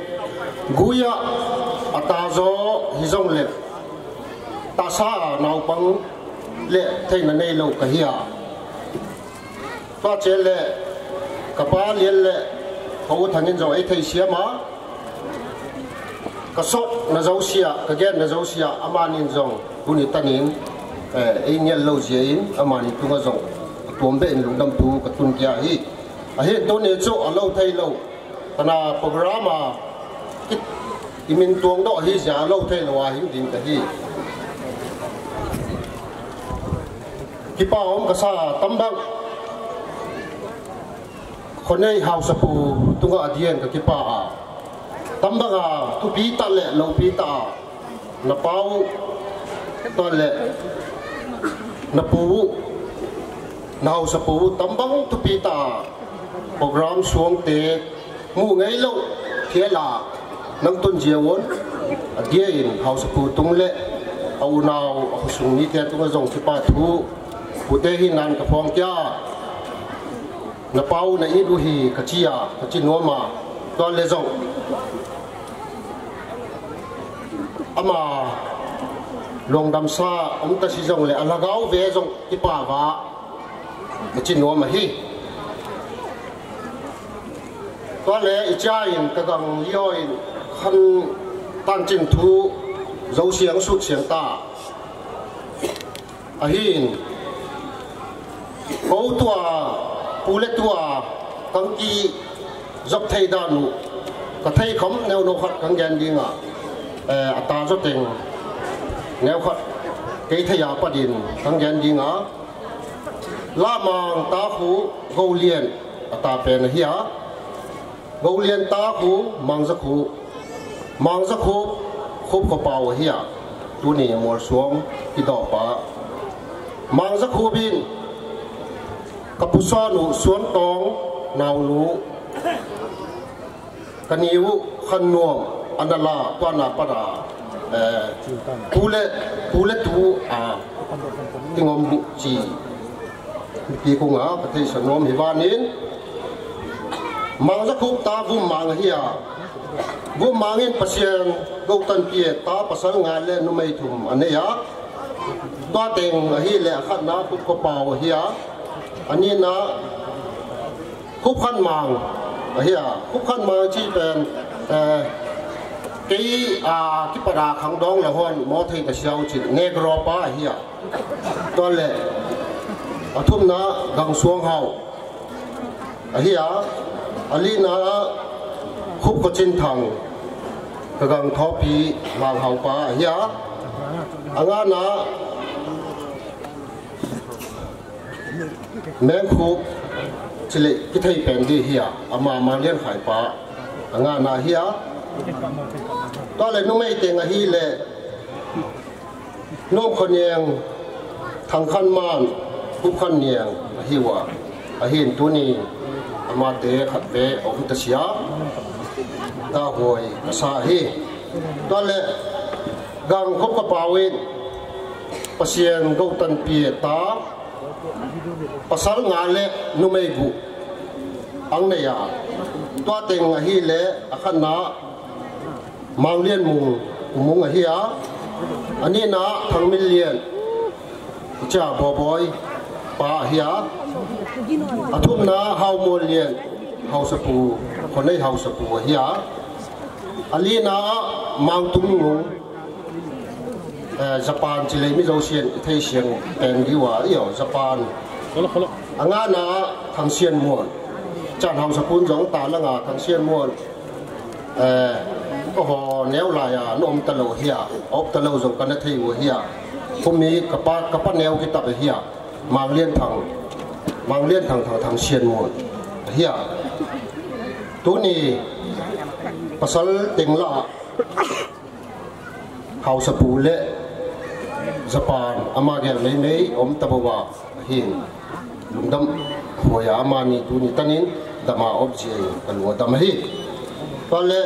guya atazo hizong lệ ta sa nấu bằng lệ thay là này lâu cái hiệp ta chế lệ cả ba liên lệ hậu thằng nhân rồi ấy thầy xía má cả sốt là dấu xía cả gen là dấu xía aman nhân rồi cũng như ta nín ấy nhân lâu dễ in aman nhân tung rồi tuôn bên lùng đâm tu cả tuôn kia hi à hiện tôi nên chỗ ở lâu thay lâu ta là program mà cái mình tuôn đó hi giả lâu thay lâu hi hiểu điểm hi kipa om kasa tambang khonei house pu tunga adien ka kipa a tambanga tu pi ta le lo pi ta na pau to le na pu na house pu tambang tu pi ta program suang te mu ngai lo thia la nang tun je won adien house pu tung le au nau sung ni te tu jong kipa thu cụ tê hi nan ka phong cha na pau na i hi ka chi om ta si zong le ala gao ve zong hi to le cha in ka gang yo in tan chim thu dấu xiềng sụt xiềng ta ahin bố tua bù lê tua công chi dọc thay đa nụ có thay khóm neo nô khát con gian đi ngọ ờ, à ta rất tình neo khát cái thay áo bắt điện con gian đi ngọ la mang ta khu gâu liền à ta bèn hiá gâu liền ta khu mang giấc khu mong giấc khu khúc có bao hiá tu nì mùa xuống cái đỏ bá mang giấc khu bin กับูุซอหนูสวนตองนาวนูกันิวขันนวมอันดลาปานาปดาเออทูเลทูเลทูอ่าที่งอมบุจีมีปี้งอะประเทศสนมหิวานินมังสะคุปตาวุมังเฮียวุมังอินปชียนกตันเปียตาปัสงานเล่นุไม่ถุมอันนี้ยะตัวเต็งเฮียแหละขัน้าคุกกระเป๋าเฮียอันนี้เนาะคุกขั้นมังเฮียคุกขั้นมังที่เป็นเอ่อตีอ่าที่ปรดาขังดองละฮอนมอเทตะเชียวจิตเนกรอป้าเฮียตอนและอทุ่มนะกังสวงเฮาเฮียอันนี้นะคุกก็เช่นทางกำลังทอพีมาเฮาป้าเฮียอันนั้นนะแมงคุกชิลิกิไทยเป็นดีเฮียอามามาเลี้ยงขายปลางานนาเฮียก็เลยนุ่มไม่เต็งอฮีเลยนุ่มคนเองทางขั้นม่านผู้ขั้นเนียงอฮีว่าอฮีนตัวนี้อามาเตะขัดเปะออกตเสียตาหวยสาฮีก็เลยกังคบกับปาวินปเสียงกตันเปียตาปสงานเลนุไม่กูอังเนยตัวเต็งเฮเลขันนะมาเลียนมุงมุงเฮียอันนี้นะทั้งมิเลียนจ้าบอยป้าเฮียอาทุมนะฮาวมเลียนฮาวสปูคนนี้ฮาวสปูเฮียอันนี้นะมาตุงมุงเออญี่ปุ่นจีลไมิโู้เชียนเทียงเต็งดีว่าเอี่ยวญี่ปุ่นอังนาทางเชียนมวนจานเฮาสกุลสองตาละงาทางเชียนมวนเออก็หอแนวลายนอมตะโลเฮียออกตะโลสงกันทีหทวเฮีย่งนี้กระปะกระปะแนวกิตับเฮียมังเลียนทางมังเลียนทางทางทางเชียนมวนเฮียตัวนี้ภาษาติงละเฮาสปูเลญี่ปุ่นอเมริกาไม่ไม่อมตะบัวหิน dam hoya ama mi tu ni tanin dama obji ai kan wa dam hi pale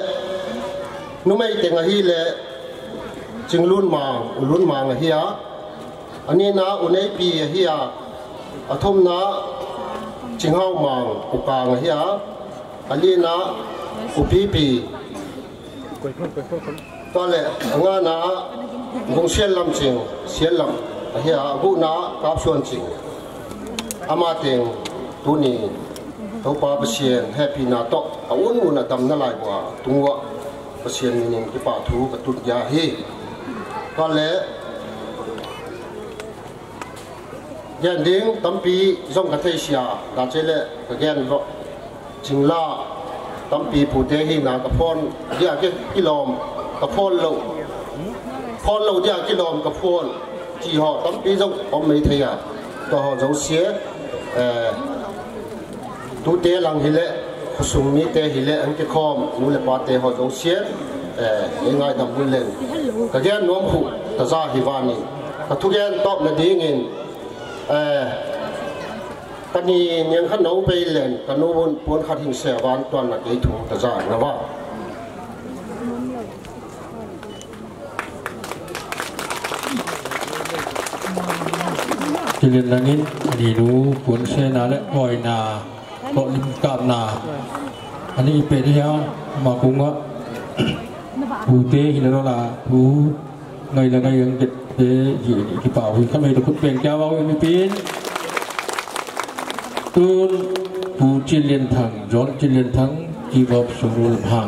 numai te nga hi le chinglun ma ulun ma nga hi a ani na unai pi e hi a athom na chinghau ma uka nga hi a ali na upi pi pale nga na gong sian lam ching sian lam hi a bu na kap chuan ching Amateng teng tu ni to pa happy na to a un un na dam na lai wa tung wa pa sian ni ning ki pa thu ka tut ya he, ka le yan ding tam pi zong ka thai sia da che le ka gen ro ching la tam pi pu te hi na ka phon ya ke kilom ka phon lo phon lo ya kilom ka phon chỉ họ tắm pi dông có mấy thầy à cho họ giấu xiết tu ờ, te lang hi lệ, sung mi te hi lệ anh te khom nu le pa te ho zo xiết, e ngay da bul lên. cái ge ờ, nuông hu ta za hi wa ni cái tu ge top na ding in e ta ni nyang kha no pe len ka no bon pon kha thing se wan ton na ke thu ta za na vâng kilin langin đi lu cuốn xe na le oi na ko lim kap na anh ấy ni ha ma ku nga u te hi lo la u ngày la ngày ang ket thế ji ni ki pa wi kham ei lu kut peng cha wa wi pin tun u chin len thang jon chỉ len thang ki bop su ru ha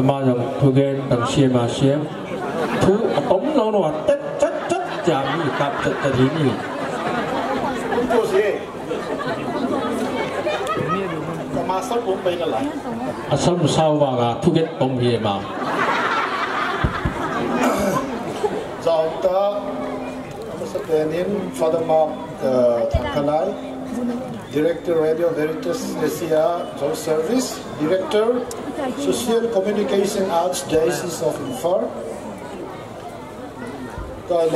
ama jam thu gen tam sie ma sie thu ống lâu nó tất จากนี้ครับจะถึงนี่ดูสิจะมาสักผมไปกันหลายอาสมสาวว่ากาทุกเอ็ดผมเฮียมาจอมตาสเตนินฟาดมาทักลาย Director Radio Veritas kan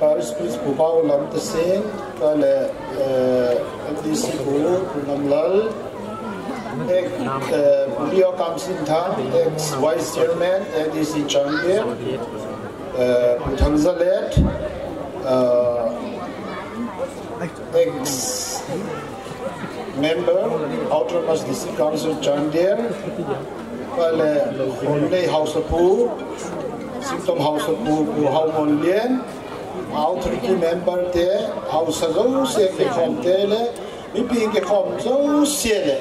paraspris bupau lam tesen kan MDC guru punam lal ek beliau kam sin vice chairman MDC chandra putang member outer mas council chandra kan honde house Symptom House of Home Lien, autority member te, house zo se ke kom tele, mi pi ke kom zo se le.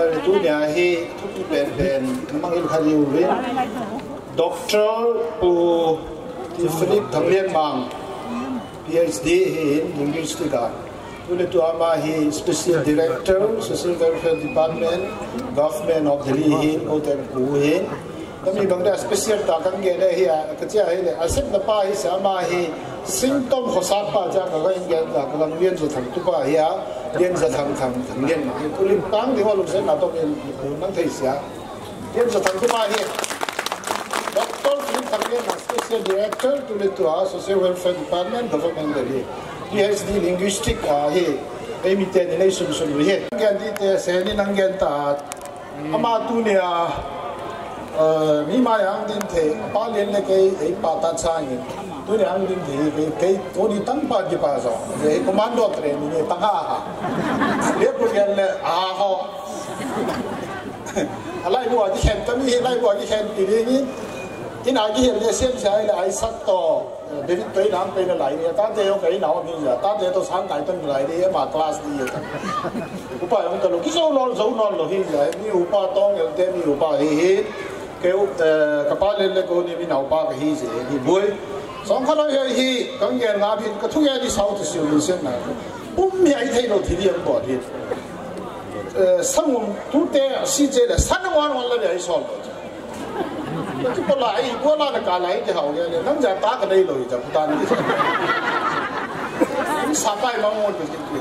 Ar tu nya hi tu tu ben ben mang il khari u le. Doctor u Philip Thamien Mang, PhD hi in English ti ga. Tule tu ama hi special director, social welfare department, government of Delhi hi, o tem ku hi. kami bangda special ta kan ge de hi ka cha hi le asep na pa hi sa ma hi symptom ho sa pa cha ka cái ge la ka lang lien zu tham tu pa hi ya lien za tham tham tham lien ma ku lim tang de wa lu se na to ke nang thai sia lien za tham tu pa hi doctor lim tham lien ma special director to le to social welfare department government de hi PhD linguistic a à, hi emi ten relation sun hi ngan di te se ni nang gen ta ama tu ne a à, Ờ, mi mai hang din the pa len le ke ei pa ta cha ni tu ni hang din thi ke ke ko ni tang pa ki pa so ye commando tre ni ne tang ha ha le ko gen le a ho alai bo ji hen ta mi alai bo ji hen ti ni ni in a ji hen le sem sai le ai sat to de vi toi nam pe le lai ni ta te yo kai na mi ya ta te to sang kai tan lai ni ma class ni ya upa yong ta lo ki so lo so no lo hi ya ni upa tong el te ni upa hi hi kêu ờ, cái ba lên lên cô này bị nấu ba cái hi gì đi vui xong cái nói hi cái nghe ngã bên cái thuê đi sau thì siêu lên sinh này bùm mi ai thấy nó thì đi ăn bỏ đi ờ sang tu tế si chế là sáng hôm ngoan là ai xong rồi chứ có lại nào là nó cả lại thì hậu này nắm giải ba cái đây rồi chẳng có tan đi sao tay mong muốn được gì,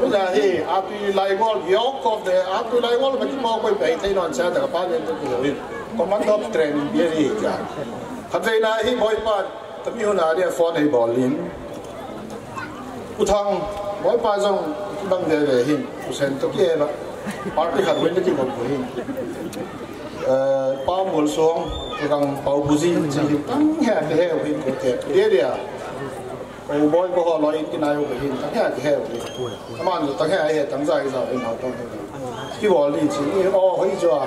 bây giờ thì à áp lại yêu yếu có à tôi lại gọi mà chúng mau quay về thấy nó sẽ là các bạn nên tôi hiểu command of training đi ri ka khatlei na hi boy pa tami hona ria phone hi bolin uthang boy pa jong bang de ve hin usen to ki ena party har wen ki bom hin pa mul song kang pau buzi chi hi tang ha te he hin ko te de ria Ông bói có họ nói cái này ông hin, tăng hẹn thì hẹn thì Các bạn tăng hẹn hẹn tăng dài cái giờ em học tăng hẹn Cái bỏ lì chỉ ô hơi cho à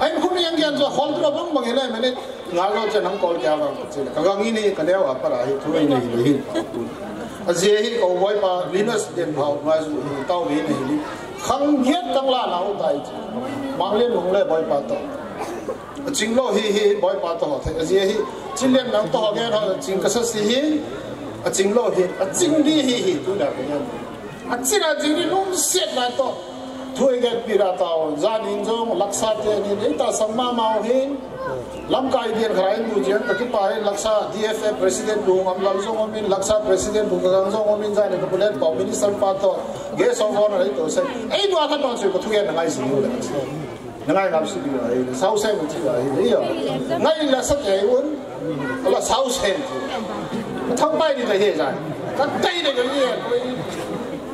anh cũng yang yang cho khôn tro bang bang này mình ngalo cho nang call kya bang chứ là kagang ini ka đeo à para hi thui này hi hi à dễ hi cầu voi pa linus den hậu mà tao hi này hi khăng hiết tăng la nào tại mang lên hùng lệ voi pa to chính lo hi hi voi pa to thế à dễ hi chính lên nang to nghe nó chính cái sự hi à chính lo hi à chính đi hi hi tu đã cái nhau à chính là chính đi nung xét lại to thôi cái get ra tàu gia đình jong laksa te ni nei ta ma mau hin lam kai dian khai mu jian ta phải pai laksa DFF president lu am lam jong amin laksa president bu gang jong amin zan ko bullet ko minister pa to ge so on rai to se ei do ta ton su ko thu ge na ngai su lu na ngai lam su bi ai sau se mu chi ai yo ngay là sa ke luôn là sau se thong pai ni ta he zan ta tai này cái gì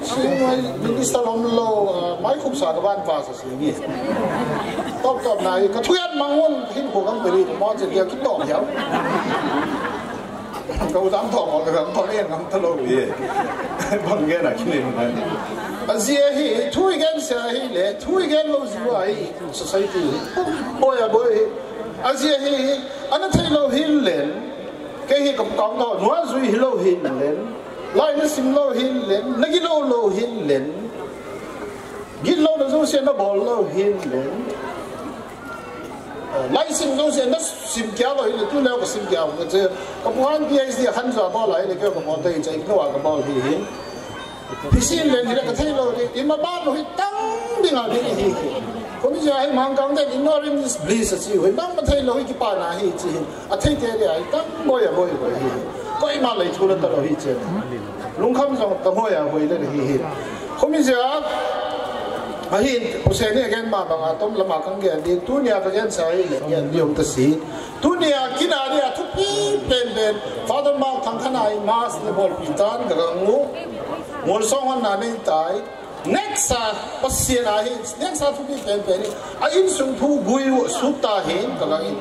singai ờ, minister lom lo mai khup sa ờ, ka ban pa sa singi top top nai ka thuyan mangun hin ko kam peri mo je kia ki top yau ka u dam thong ka kam thong en kam thalo ye bon ge na ki ne azia hi thu igen sa hi le thu igen lo ji wa hi society boy boy azia hi ana thailo hin len ke hi kam kong do nuwa zui hi hin len lai nó xin lo hin lên nó cái lo lo hin lên cái lo nó giống xe nó bỏ lo hin lên ờ, lai xin giống xe nó xin kia lo hin tu nào có xin kia không chứ có bữa ăn kia thì hắn giả bao lại cái có bao tay chạy nó vào cái bao hin thì xin lên thì nó có thấy lo đi mà ba nó thì tăng đi nào đi đi คนจะให้มังกังได้กินนอริมสบลิสสิเว้ยนั่งมาเทลอยกี่ป่านาฮีจีอะเทเทียไอ้ตั้งบ่อย่าบ่อย่าฮีก็อีมาเลยทุลักตลอดฮีเจนลุงคำสองตะหัวอย่าบ่อย่าฮีฮีคนจะอะฮีโอเซนี่แกนมาบังอาต้มละมากังแกนดีตุเนียตะแกนใส่แกนยมตะสีตุเนียกินาเนียทุกปีเป็นเป็นฟาดมาทางขนาดมาสเลบอลปีตันกะงูงูส่งหันนานี่ตาย nexa pasien a hin nexa t u pi pen pen a in sung thu gui wo su ta hin ka gang in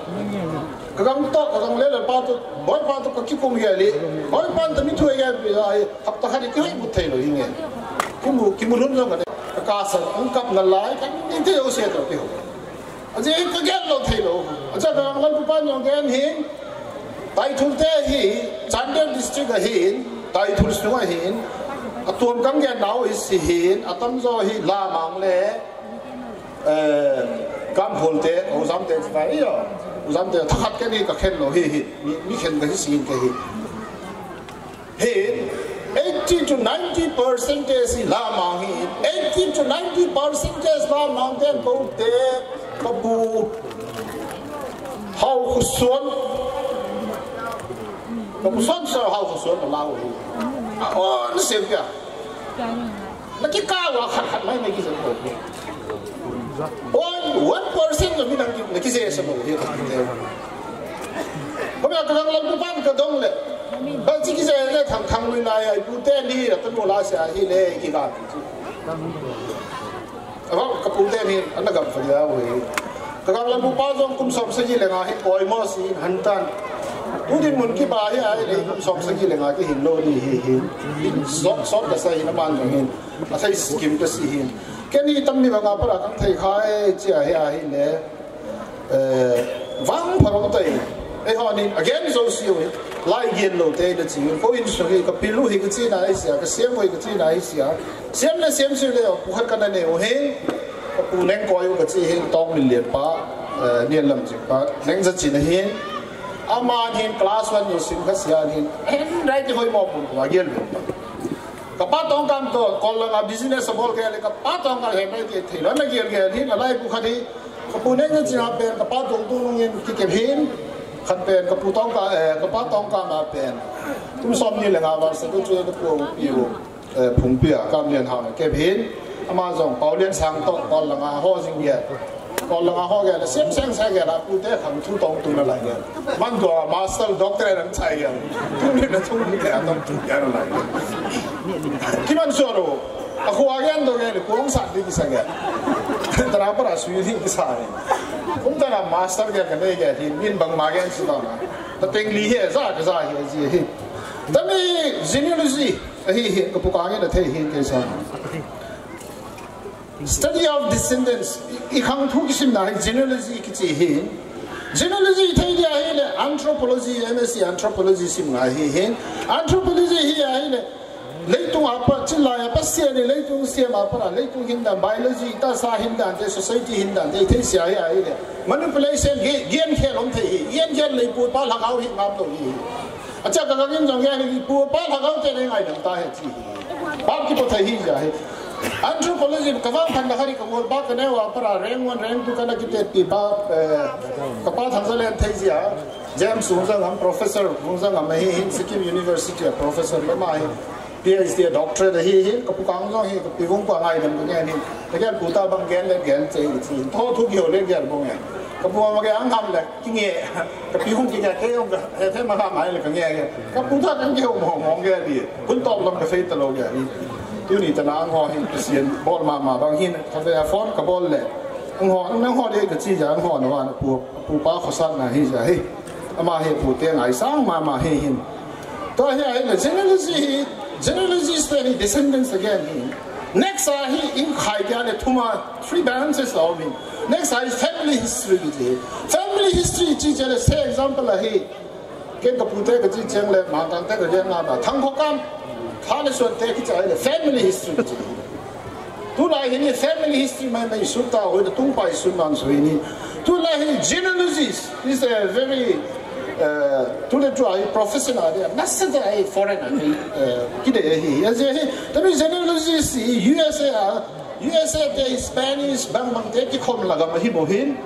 ka gang to ka gang le le pa to boy pa to ka ki kum he li boy pa to mi thu ye bi a hap ta h a r i ki h i bu thai lo yin g e ki mu ki mu rum lo ka ne ka ka sa un kap na lai ka ni te yo se to pi ho a je ka gen lo thai lo a ja ka gang lan pu pa nyong gen hin tai thul te hi chandel district a hin tai thul snu a hin à tuôn cắm nghe nấu ít xì hiến à tâm do hi la mạng lẽ ờ, cam hồn tế ô giám tế phải rồi ờ. ô giám tế thắc hạt cái này cả khen lo hi hi mi khen cái xì cái hi hi 80 to 90 percentage la mang hi 80 to 90 percentage la mang ten ko te ko bu hau khu suan ko bu suan sa hau khu suan la hu a on sevia na ki kawa khat khat mai mai ki zan ko on one person no mi nang ki na ki se sa mo hi ka te ko ya kang lam tu pan ka dong le ba chi ki se le thang thang lui na ya bu te ni ra tan la sa hi le ki ka अब कपूते भी अलग अब फरिया हुए कगाम लंबू पाजों कुम सबसे जी लगा है ओइमोस इन हंतान tu din muốn cái bài ya ai le kum cái này le nga ki hin lo hình, hi hin in sok sok sai na ban jong hin a sai skim ta si hình, cái này tâm niệm ba nga pa ra kang thai khai chi a ya hình này, vang pa rong tai ai ho ni again so si wi lai gen lo te de chi ko in so ki cái pilu hi ka chi na ai sia ka sem cái ka chi na ai sia xem na sem su le ko ha ka na ne o he ko pu neng ko yo ka chi hin tong ni le pa nian lam chi pa neng za chi ama hin class 1 ni sin khasia ni en right hoi mo pun wa gel ka pa tong eh, eh, kam to kol la business bol ke le ka pa tong ka he mai ke thila na gel ge ni la lai bu khadi ka pu ne ni cha pen ka pa tong tu ngin ki ke hin khat pen ka pu tong ka ka pa tong ka ma pen tum som ni la ga wa sa tu chu ka pu pi wo phung pi a kam len ha ke hin amazon paulian sang to kol la ga ho jing ye còn là hoa cái là xem xem xem cái là cũng thế hàng thu tông tu nó lại cái mang đồ master doctor làm sai cái cũng nên là thu cái là tông tu cái nó lại khi mà sửa đồ à khu hoa cái đó cái là cũng sản đi cái sang cái ta nào para suy đi cái sai cũng ta là master cái cái này cái thì biên bằng mà cái sự đó là ta tiếng lý hệ ra cái ra cái gì hết ta này genealogy hi hi cái bộ cái này thấy hi cái sao study of descendants ikhang thu kisim na genealogy ki chi he genealogy thai dia he le anthropology msc anthropology sim na he he anthropology he ya he le leitung apa chilla ya pa se le leitung se ma pa leitung hinda biology ta sa hinda te society hinda te thai sia ya he le manipulation ge gen khe lom thai he gen gen le pu pa la gao hi ma to hi अच्छा ka ka gen jong ya ni pu pa lagau te nei ngai dam ta बाप की पता ही जा है Andrew College kawang thang na hari kawor ba kane wa para rank one rank two kana kite ti ba eh, kapa thang sale thai zia jam sungzang ham professor sungzang ham hi hin sikkim university professor le ma hi PhD doctor da hi hin kapu kang zo hi kapu wong pa ngai dam kane ni kaya ku ta bang gen le gen che chi tho thu gyo le gen bong ya kapu ma ge ang ham le ki nge kapu hung ki ga ke yong ga he the ma ma mai le ka nge ge kapu ta kan ge mo mo ge di kun top lam ka fe ta lo ge tiêu ni tana ang ho hin christian bol ma ma bang hin ta ve fort ka bol le ang ho ang ho de ka chi ja ang ho na wa pu pu pa kho san na hi ja hi ama he pu te ngai sang ma ma he hin to he ai na genealogy genealogist and descendants again next are he in khai ja le thuma three balances of me next are family history with he family history chi ja le say example he ke ka pu te ka chi cheng le ma tang te ka ja na ba thang kho kam khāna suwa teki tsa āyā family history tsa āyā. Tūla āyā hini family history mai mai sūta āyā hoida tūngpā āyā sūnān sū genealogies is a very, uh, tūla tū āyā profession āyā, nasa foreigner kide āyā hī. Yā zi āyā hī, USA, USA te Spanish bang bang teki kōmi laga mahi mohin,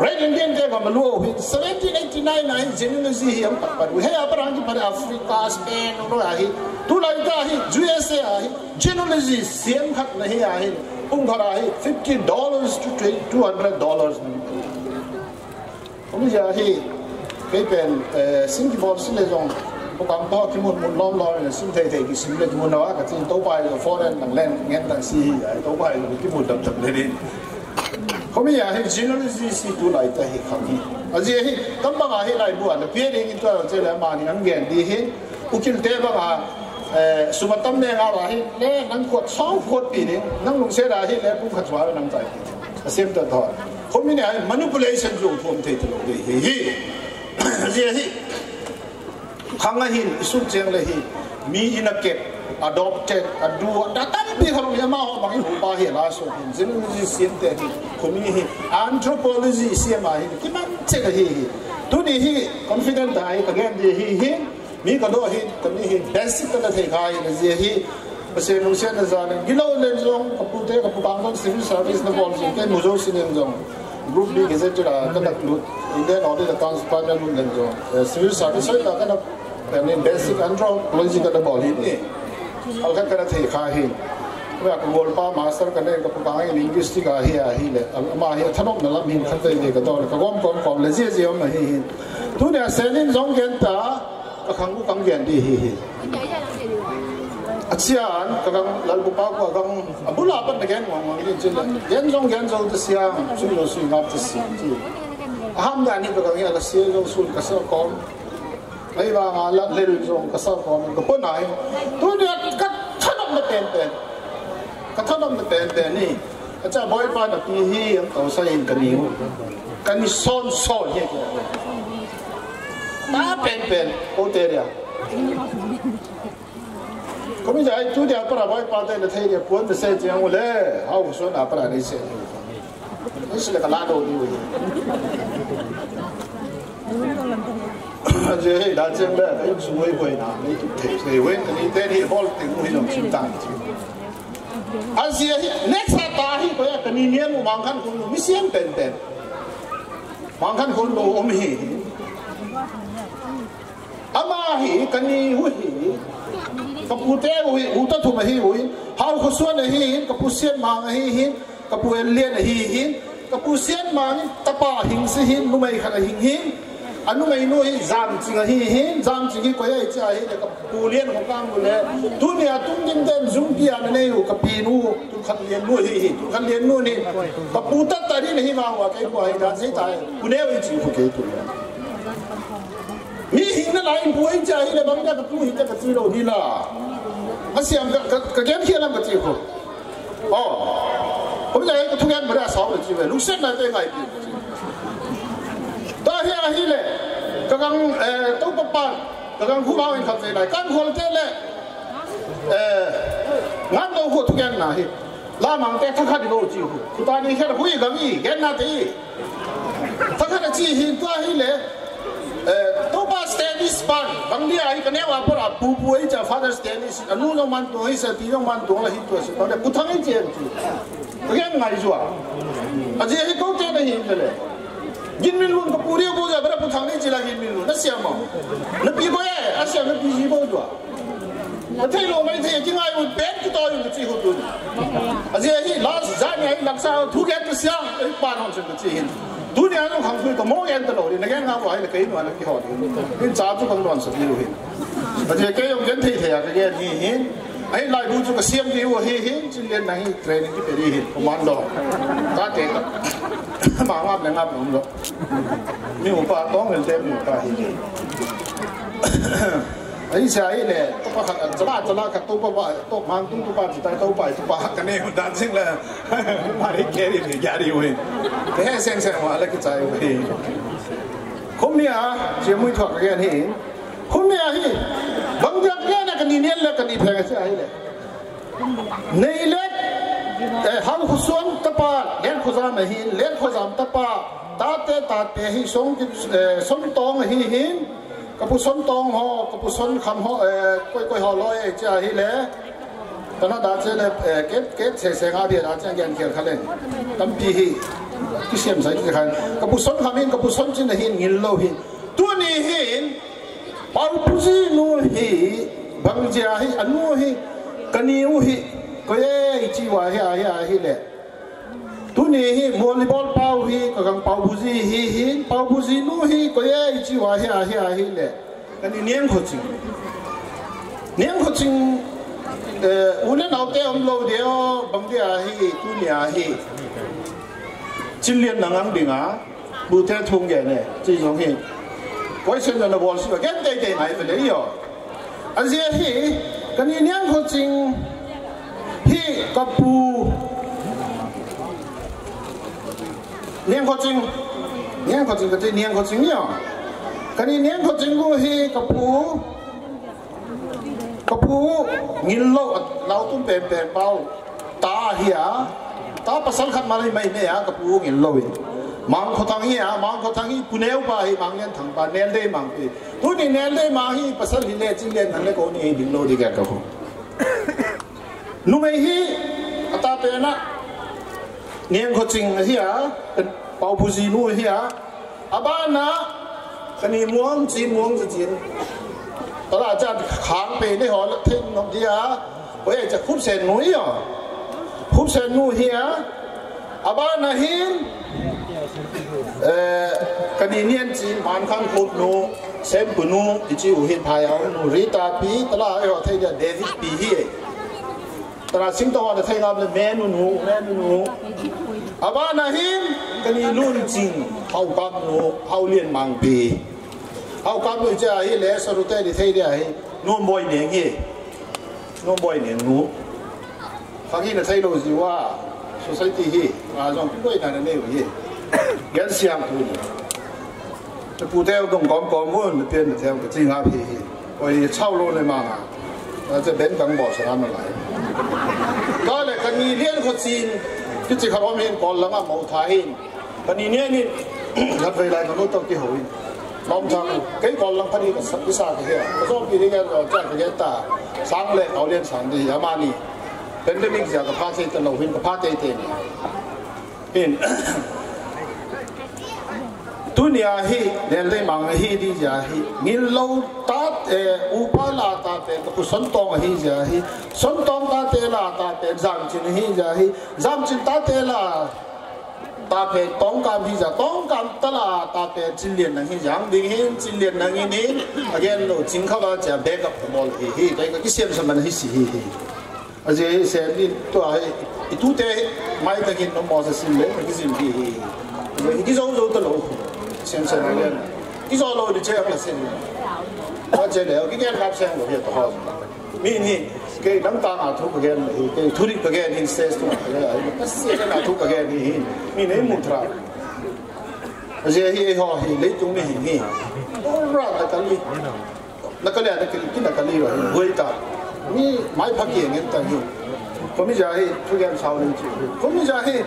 right in dem dem ma luo hi 1789 ai jenu no ji hiam pa paru he aparang ki pare africa spain no ai tu lai ta hi usa ai jenu no ji sem khat ai ung khara hi 50 dollars to 200 dollars ông già hi cái bên Singapore xin lấy dòng có cảm bao cái một một lom lom là xin thầy thầy cái xin lấy muốn nói cái tin tấu bài rồi phó lên đằng lên nghe đằng si tấu bài cái một đập đập lên đi kome ya he general si tu lai ta he à aji he tam ba he lai bu an pe ring to che la ma ni ang gen di he ukil te ba ga sumatam ne nga ra he le nang ko chau khot pi ni nang lung se ra he le pu khat wa nang xem asem ta thor kome ne manipulation lo thom te lo de he he aji he khanga hin isuk cheng là hi mi in a kep adopted and do what that and be haru yama ho mangi ho ba he la so hin zin ji sin te hi khumi hi anthropology sim ma hi ki man che ga hi hi tu ni hi confident dai again di hi hi mi ka do hi ka ni hi basic ka the ga hi ji hi base nu se na za zan gilo le zong ka pu te ka pu bang civil service na bol zong ke muzo sin zong group B gazetted a kind of in the order the panel mun dan zong civil service ka kind of basic anthropology ka da bol hi ni alga kana thei kha hi wa ku gol pa master kana ka pa ngai linguistic a hi a hi le ma hi thanop na lam hin khan te ni ka dor ka gom gom gom le je je ma hi hi tu ne senin jong gen ta ka khang ku kang gen di hi hi acian kakang lalu pa ko kakang abula apa nagen wang wang ni jen jen jong gen jong tu siang sum lo sum ngap tu siang tu aham dah ni kakang ni ala siang jong sun kasar kom lấy bà à lát lấy được rồi cái sao còn cái bữa này tôi đi cắt thắt ông mà tiền tiền cắt thắt ông mà tiền tiền đi cái cha bói ba là tì hi ông tàu xây cái nhiều cái ni son so như thế ta tiền tiền ô tiền à có bây giờ tôi đi à para bói ba đây là thấy được cuốn được xe chỉ ông lẽ hao số nào xây đi xe nó sẽ là cái lá đồ đi rồi 就迄拉种咧，因输迄袂拿，你摕摕稳，你่你好定迄种手打去。而且 next 打迄个呀，等你年我忙看公路，你先等等，忙看公路我们去。阿妈去，跟你去去。กับผู้นเต้หุยอุตถุมาฮีหุยเฮาขส่วนฮีหินกับพูเสียนมาฮีฮีกับพูเอลเลียนฮีฮีกับพูเสียนมานี่ตะปาหิงสิหินุู้ไหมขันหิงฮี anh anu mai no hi jam chinga hi he jam chingi ko yai cha hi ka pulian ko kam bule tu ni atung dim dem zum pia na nei ka pi nu tu khan liên nu hi hi tu khan liên nu này ka pu ta ta ni hi ma wa kai ko hai dan sei ta ku ne wi chi ko cái tu mi hi na lai bu ai cái cái le bang da cái tu hi ta ka chi cái ni la asiam ka ka cái hi la ma chi ko oh ผมอยากให้ทุกท่านมาได้สองหนึ่งชีวิตลูกเส้นนั้นได้ไงพี่ da hi a hi le ka gang e to pa pan ka gang hu mau in kham sei lai kan khol te le e ngan lo hu thuken na hi la mang te thakha di lo chi hu khuta ni her hui gam i gen na te thakha na chi hi da hi le e to pa steady span bang ni a hi ka ne wa por a pu pu e cha father steady si anu lo man to hi sa ti lo man to la hi to si ta le puthang e chi e chi ngai zwa Ajay कौन चाहते हैं ยินมินลุนกับปูเรียวปูจะไม่ได้ปูทางนี้จีลายินมินลุนนั่นเสียงมั้งนั่นปีบ่แย่อาเสียงนั่นปีจีบ่จ้ะ那退路没退，今晚我别去到用的最后蹲。而且你老是在你那啥土改不香，哎，把上去的最后。土改用行规都没人的路的，那个俺我还是给暖了给好的，你咋子跟乱说的路的？而且给用人退退啊，这个你。ai lai bu cho cái siam di wo hi hi chin len na training ki peri hi commando ta te ka ma ma le ngap nom lo mi u pa tong hel te mi pa hi ai sa ai le to pa khat chala chala ka to pa to mang tung to pa chi ta to pa to pa ka ne hu dan sing la ma re ke ri ni ya ri we te sen sen wa la ki chai we à? คมเนี่ยเสียมุ่ยถอดเรียนเห็น ai, bằng khume ahi bangja kya na kani nel na kani phega se ahi le nei le hal khusuan tapa len khuzam ahi len khuzam tapa ta te ta te hi song ki song tong hi hin kapu song tong ho kapu song khăm ho koi koi ho loi ai à hi le tana da chơi le ke ke se se nga bia da chen gen khel khalen tâm pi hi ki sem sai ki khan khăm song khamin kapu song chin hin ngil lo hin tu ni hin parpuji nu hi bangjia hi anu hi kaniu hi koye chi wa hi a hi a hi le tu ni hi volleyball pau hi kagang pau buji hi hi pau buji nu hi koye chi wa hi a hi a hi le kani niang kho ching niang kho ching unen au te om lo deo bangjia hi tu ni a hi chilian nangang dinga bu te thong ge ne hi koi sen na bol si gen dei dei nai vele yo azia hi kan ni nyang ho ching hi kapu nyang ho ching nyang ho ching ka ti nyang ho ching yo kan ni nyang ho ching ko hi kapu kapu ngin lo lau tum pe pe pau ta hi ta pasal khat mari mai ne ya kapu ngin lo wi mang khó thang hi à mang khó tăng hi puneu ba hi mang len thang ba nen de mang ti tu ni nen de ma hi pasal hi le ching len thang le ko ni ding lo di ga ka ko nu mai hi ata pe na ngen khó ching hi à pau bu ji nu hi à aba na khani muang chi muang ji chin ta la cha khang pe ne ho la thing nom dia oi cha khup sen nu hi à khup sen nu hi à aba na hin eh, kaninian chi man khang khut nu sem punu ichi u hin phaya nu rita pi tala yo thai da david pi hi tara sing to wa thai nam le men nu men nu aba na hin kani lun chin hau kam nu hau lien mang pi hau kam nu cha hi le sarute di thai dia ai nu boy ne ngi nu boy ne nu fakina thai lo ji wa society hi wa jong pi loi na ne hi gen siam pu ni te pu teo dong kom kom mun ne pen teo ke chi nga hi oi chao lo ne ma na te ben kang bo sa na lai ka le kan ni rian ko chin ki chi kha rom hin kon la ma mo tha hin kan ni ne ni la pe lai no to ki ho hin lom chang cái còn lăng phát đi cái sa cái kia cái số kia cái cái cái cái ta sáng lệ áo liên sáng đi yamani pandemic ja ka phate ta lo hin ka phate te ni in dunia hi le le mang hi di ja hi ngil lo ta te upa la ta te ku son tong hi ja hi son tong ta te la ta te jam chin hi ja hi jam chin ta te la ta pe tong kam hi ja tong kam ta la ta pe chin lien nang hi jang ding hin chin lien nang hi ni again lo chin kha ba ja back up the ball hi hi dai ka ki sem sam hi si hi hi aje sem ni to ai itu te mai ta kin no mo sa sim le ma ki sim ki hi ki zo zo to lo sem sem le ki zo lo de che la sem ta che le ki ken kap sem lo ye to ho mi ni cái nắm ta nào thuốc cái này cái thuốc đi cái này sẽ xuống cái này cái xe cái nào thuốc cái này mi này một thằng giờ hi họ hi lấy chúng này hi ra là cái gì là cái này là cái cái là cái gì rồi với ta 미 많이 바뀌게 했다 고미자해 투견 사원인지 고미자해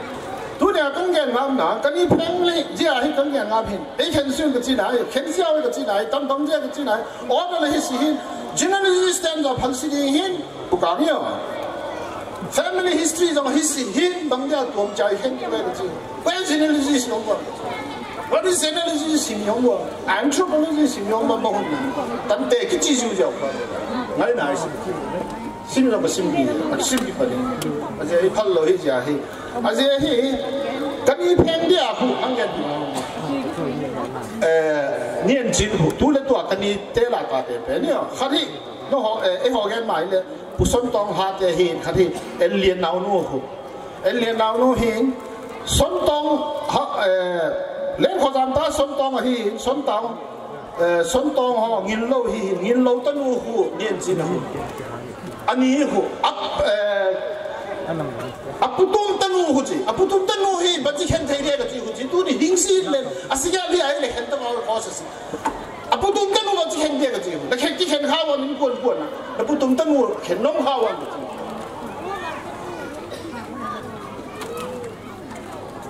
두냐 공견 남나 까니 팽리 지아해 공견 남힌 이 현수인 그지 나이 현수하고 그지 나이 담당자 그지 나이 어느 히스힌 지나는 스탠드 방식이힌 부강이요 패밀리 히스토리 좀 히스토리 흰 방자 동자의 행동이지 왜 제네리지 신용과 What is energy 形容我俺出不能是形容我们不会咱们得个技术많이나와있습니 다. 심이라고심비심비거든아제이팔로해지아해아제해감이팬디하고안간디에니엔진부둘레또아까니때라가데베니요하리너호에호게마일레부선동하데해하리엘리엔나오노엘리엔나오노해손동하에렌고잠다손동해손동 son ờ, tong ho ngin lo hi ngin lo tan u hu nien chin hu ani hu ap aputum tan u hu chi aputum tan u bắt ba chi hen thei re ga chi hu chi hình ni lên, à le asia li ai le hen ta ma ko sa si aputum tan u ba chi hen cái gì chi hu la khen ti khen ha wa nin kon kon na aputum tan u khen nom khao wa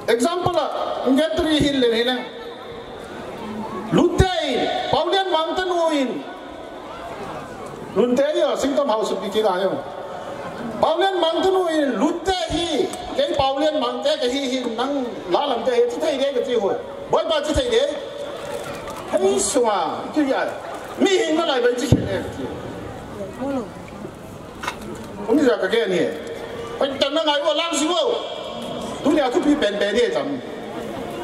example nghe ngetri hil le ne lutai paulian mountain uin lunte yo singtom house bi kila yo paulian mountain uin lutte hi ke paulian mountain ke hi hi nang la lam te chi thai de ke chi ho boy ba chi thai de hei suwa chi ya mi hin ma lai ba chi ke ne ki ông đi cái kia nè anh tận nó ngày vô làm gì vô, tôi nhà cứ bị bèn bèn đi cái cái chậm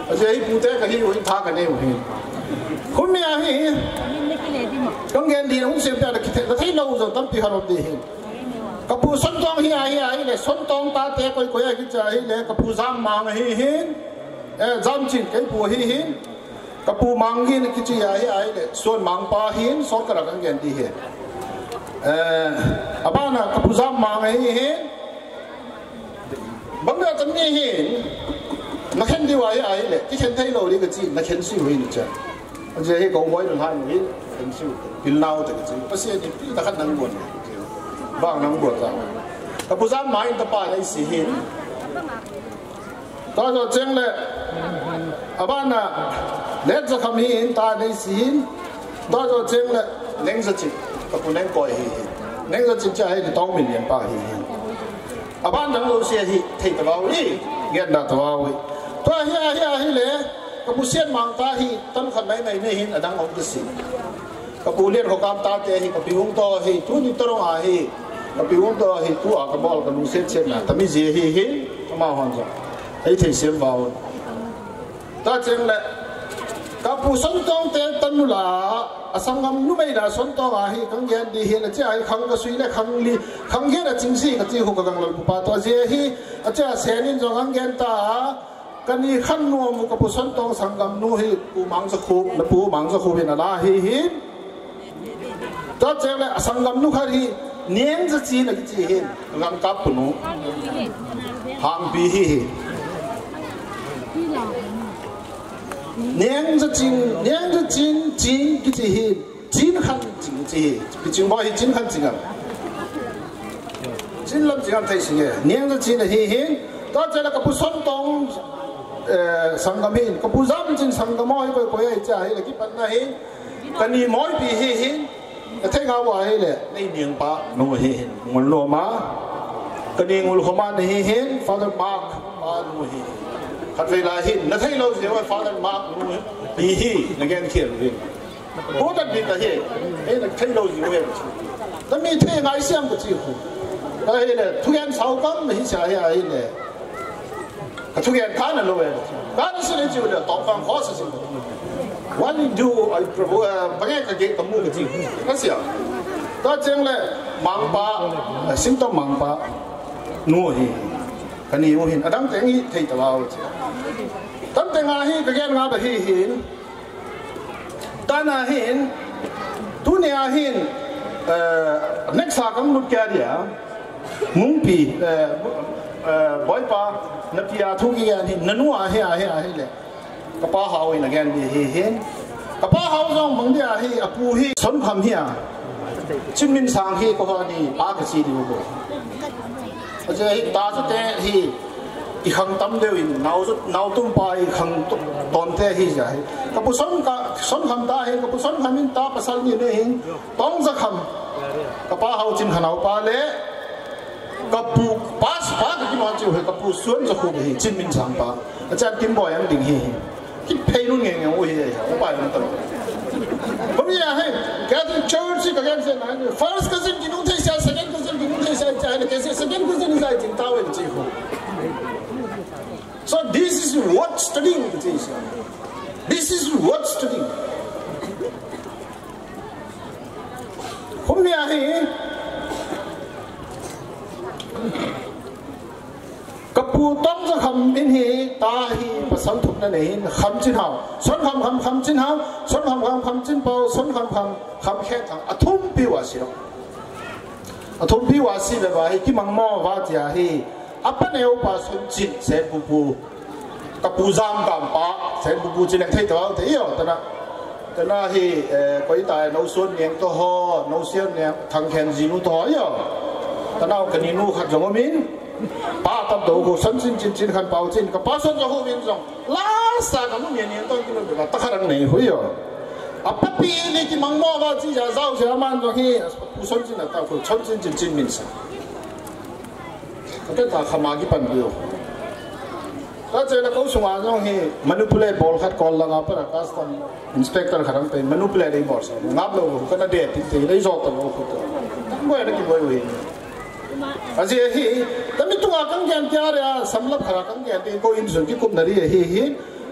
而且一部队肯定容易塌，肯定容易。không mẹ hi con gen đi nó không xem ta là nó thấy lâu rồi tâm thì hà nội đi hi cặp bu xuân tông hi ai ai này, sơn tông ta té coi coi cái chơi hi này, cặp bu giam mang hi hi giam chín cái bu hi hi cặp bu mang hi cái chơi ai ai này, sơn mang pa hi sơn cái là con gen đi hi à ba na cặp bu giam mang hi hi bằng cái tâm hi hi nó khen đi ai ai này, cái khen thấy lâu đi cái gì nó khen suy hồi nữa 我觉得讲我一下你很少，很老这个字，不是你比他还能过呢，帮能过的。他不是买的吧？那是很。他说真的，阿爸呢？那这他们很大，那是很。他说真的，能是真，他不能过去，能是真正还是当面人吧？阿爸能够写去，提得到位，念得到位。对呀呀，那嘞。ka bu sen mang ta hi tan khan mai mai ne hin adang on kisi ka bu len hokam ta te hi ka piung to hi tu ni taro a hi ka piung to hi tu a ka bol ka lu sen sen na tami je hi hi ma hon ja ai thei sen vào ta cheng le ka bu son tong te tan mu la asangam nu mai la son tong a hi kang gen di hi na cha ai khang ka sui le khang li khang gen a ching si ka chi hu ka gang lo pa to je hi a cha sen in jong ang gen ta kani khan no mu ka pusan tong sangam nu hi pu mang sa khu na pu mang sa khu bên là hi hi ta chele sangam nu khar hi nien za chi na chi hi ngam cáp nu ham bi hi hi nien za chin nien za chin chin ki chi hi chi khan chin chi hi ki chin hi chi khan chi ngam chi làm chin ngam thai sing ye nien chi là hi hi ta chele ka pusan tong sanggamin hin ka buzam chin sangam hoi koi koi ai cha hi la ki pat na hin ka ni moi pi hi hin ka thai nga wa hi le nei niang pa no hi hin ngon lo ma ka ni ngul khoma na hi hin father mark ma no hi khat ve la hin na thai lo je father mark no hi hi na gen khiel vi ko ta bi ta hi e na thai lo je wa ta mi thai ngai siam ko chi hu ta hi le thu gen sau kam hi cha hi ai le Katugian kana lo ya. Kana sini ji udah topang khos sih. Wani do ai prabu banyak kaki temu ke ji. Kasih ya. Ta jeng le mangpa sim to mangpa nuo hi. Kani yo hin adam teng hi thei tawau ji. Tam teng hi kegen nga ba hi hin. Tana hin dunia hin next hakam lut kya dia mumpi boy pa na pia thu ki an hin nanu a he a he a he le kapa hao hau in again bi he he ka pa hau zong mong dia he apu he son pham hi a chin min sang he ko ha ni pa ka chi ni bo a je he ta chu te he i khang tam deu in nau chu nau tum pa i khang ton te hi ja he ka pu son ka son kham ta he ka son kham in ta pasal ni ne hin tong za kham ka pa hau chin khanau pa le kapu pas pa ki ma chu he kapu suan cho khu hi chin min chang pa a chan kim boy ang ding hi hi ki phei nu nge nge oi he o pa nam tam हम ये है क्या तुम चोर से कगन से ना फर्स्ट कजन की नूते से सेकंड कजन की नूते से चाहे कैसे सेकंड कजन इज आई चिंता वे ची हो so this is what studying this this is what studying हम ये है kapu tom za kham in hi ta hi pa sam thup na nei chín chin hao son kham kham kham chin hao son kham kham kham chin pao son kham kham kham khe thang athum pi wa si ro athum pi wa si le ba hi ki mang mo wa tia hi apa neo xuân chín chin se pu pu kapu zam dam pa se pu pu chin thấy taw thấy yo ta na ta na hi koi tai nấu xuân niang to ho nấu xiên niang thằng khen gì nu to yo ตนาวกันนูขัดยมมินป้าตั้มตัวกูสั่นจริงจริงขันเป่าจริงก็ป้าสั่นจะหูมินจงล่าสักมันเนียนต้นกินเลยตะขันนี่หุยอะปะปีนี่กินมังโม่ก็จีจ้าเจ้าเสียมันตรงที่ผู้สั่นจริงนะตั้งคนสั่นจริงจริงมินส์แต่ถ้าขมากี่ปันเดียวก็เจอแล้วเขาสงสารตรงที่มนุษย์เล่บอลขัดกอลล่างอ่ะเพราะการสั่นอินสเปกเตอร์ขันเป็นมนุษย์เล่ได้บอลสั่นงับเลยว่าคนนั้นเด็ดติดเลยจอดตัวเขาตัวตั้งไว้แล้วกี่ใบวิ่ง à asi hi tami tunga kang gian kya ra samlap khara kang gian ti ko in sun ki kum nari hi hi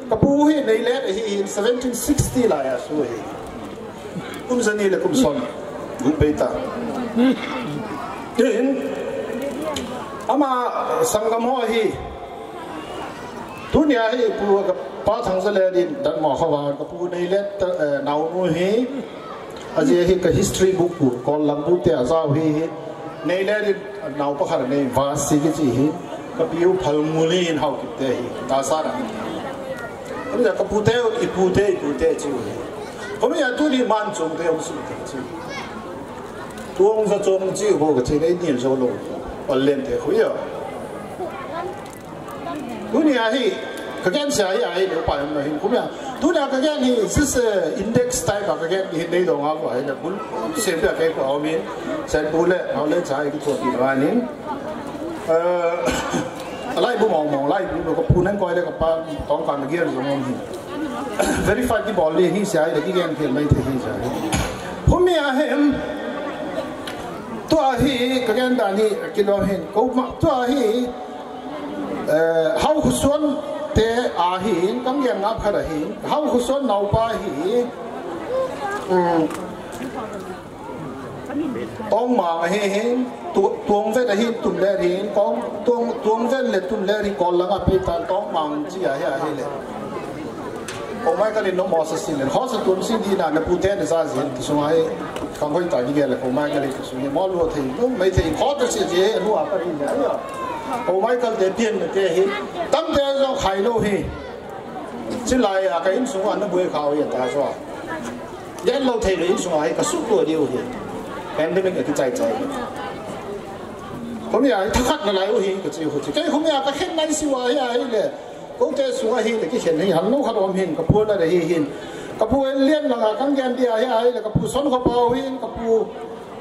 kapu hi nei le hi in 1760 la ya su hi kum zani le kum son gu peita tin ama sangam ho hi dunia hi pu ka pa thang sa le din dan ma khawa kapu nei le eh, naunu à, aje hi cái history book của con ko lambu te azau hi hi nei le ri nau pa khar nei va si ki chi hi ka piu phal mu li in hau ki te ta sao? ra ri ka pu te i pu te i pu te chi ko mi ya tu ri man chung te om su te chi tuong za chung chi ho ka chi nei ni so lo pa len te hu ya tu ni a kagen sia ya ai le pa na hin kumya tu na kagen ni is this index type of kagen ni nei dong ang ai na bul sem da kai ko mi sen bul le au le chai ki thot ki wa ni ờ lai bu mong mong lai bu ko pu nan ko le ko pa tong kan ge ro mong ni verify ki ball le hi sia ai le ki gen thel mai the hi sia humya hem tua hi kagen da ni kilo hin ko tua how soon te a hin kam yang nga phara hin hau huson nau pa hi ông mà he he tuong ve da hi tum le ri kong tuong tuong ve le tum le ri kol la ga pe tan tong mang chi a he a he le ông mai cái lên nó mò sơ xin lên khó sơ tuấn xin đi na, nó phụ thế để ra gì thì xuống hay không hơi tại như là ông mai cái lên cái xuống mò luôn thì nó mấy thì khó tôi sẽ dễ luôn à cái gì nhá mai cái để tiền để thế hi tâm thế do khai lô hi chỉ lại là cái in xuống ăn nó bùi khảo hiện tại sao nhất lâu thì là in xuống hay cái sút tuổi điều hi em đến mình cái chạy chạy hôm nay thắc khắc là lại hi cái gì cái hôm nay cái hết nay xíu ai ai đấy cũng ko te sunga hi te ki hen hi han no khat om hin kapu la de hi hin kapu lien la kang gen dia hi ai la kapu son ko pau hi kapu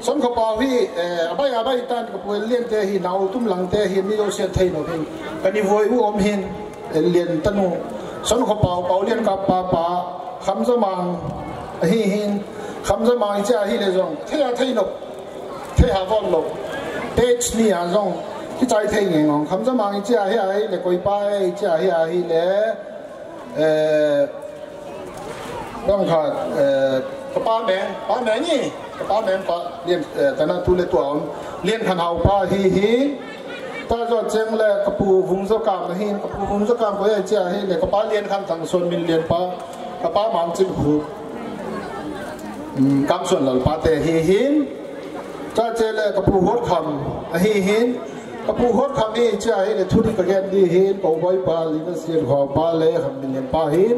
son ko pau hi abai abai tan kapu liên te hi nau tum lang te hi mi do se thai no cái kani voi u om liên lien tanu son ko pau pau liên ka pa pa khám za mang hi hin khám za mang cha hi le jong thế thai no thai thế von lo te chni ha cái trái thầy nghe ngon khám ra mang chi à hi ai để coi bay à hi ai là ờ đang khát ờ ba mẹ ba mẹ nhỉ ba mẹ ba liên tại nó tu lệ tuồng liên thành hậu ba hi hi ta cho cheng là cái pu vùng dốc cam hi cái pu vùng dốc cam với ai à hi để cái ba liên khăn thằng xuân mình liên ba cái ba mang chim hụt cam xuân là ba tệ hi hi cho chế lệ cái pu hốt khăm hi hi ปูฮอดคำนี้ใช่เนี่ยทุนกระเกียนดีหินปูใบปลาลินเสียนของปลาเล่คำมิลปลาหิน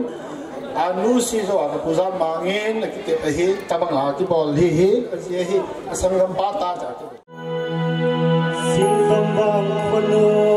อันนู้สิจ้ะปูจามมังเงินกิเตปหินตะบังหาที่บอลหิหินเสียหินสังกัมปาตาจ้ะ Xin vâng vâng con nuôi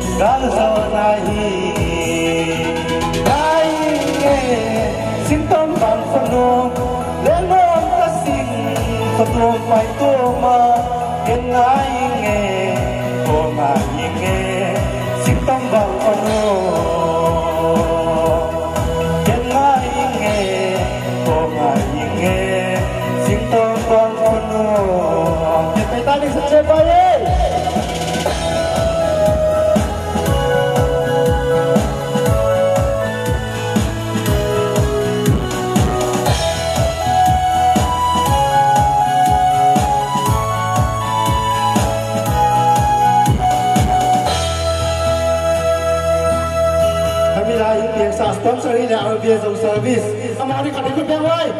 गल सो नहीं Sintong bang fanong Lenong kasing Fatong may tuma Yan nga ingay တိုင်းနဲ့အပြည့်စုံ service အမှန်တကယ်ကိုပြောင်းလိုက်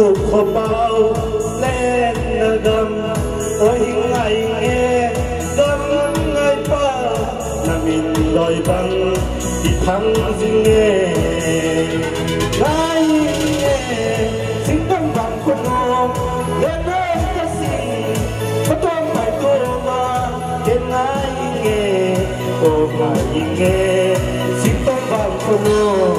thuộc hộp bao lên đầm ôi ngày nghe đâm ngay pa là mình đòi bằng thì thắng gì nghe ngay nghe xin tăng bằng khuôn ngôn lên đây ta xin có tôn phải cô mà đến ngay nghe ô mà nghe xin tăng bằng khuôn ngôn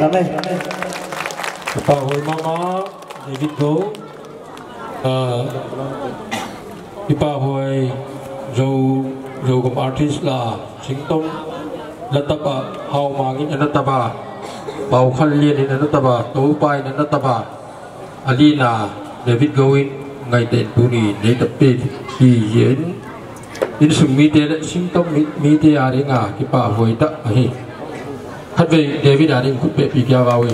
Amen. Và hồi mama để dịch tố đi bà hồi dù dù cùng artist là chính tông là tập à hào mang in là tập à bảo khăn liên in là tập à tối bay in là tập à Alina David Goin ngày tên tu ni để tập đi thì diễn in sung mi tế sinh tông mi tế à đấy ngà cái bà hồi tập à hát Hadvey David Adin Kutbe Pikiavawi.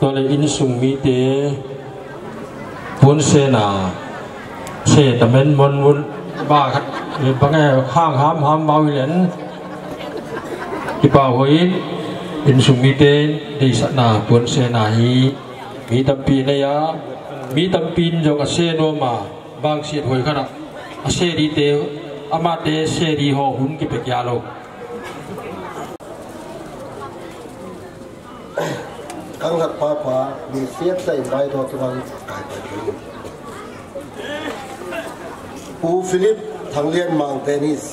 Tôi lấy in sung mi tế vốn xe là xe tầm bên môn môn ba khách bằng nghe hàng hám hám bao nhiêu lần thì bảo hồi in sung mi tế đi sát là vốn xe là hi mi tâm pin này á mi tâm pin cho cái xe đó mà bang xe hồi khát à xe đi tế amate seri ho hun ki pekyalo kang hat pa pa ni siat sai bai do ki wang kai pa u philip thang lian mang tennis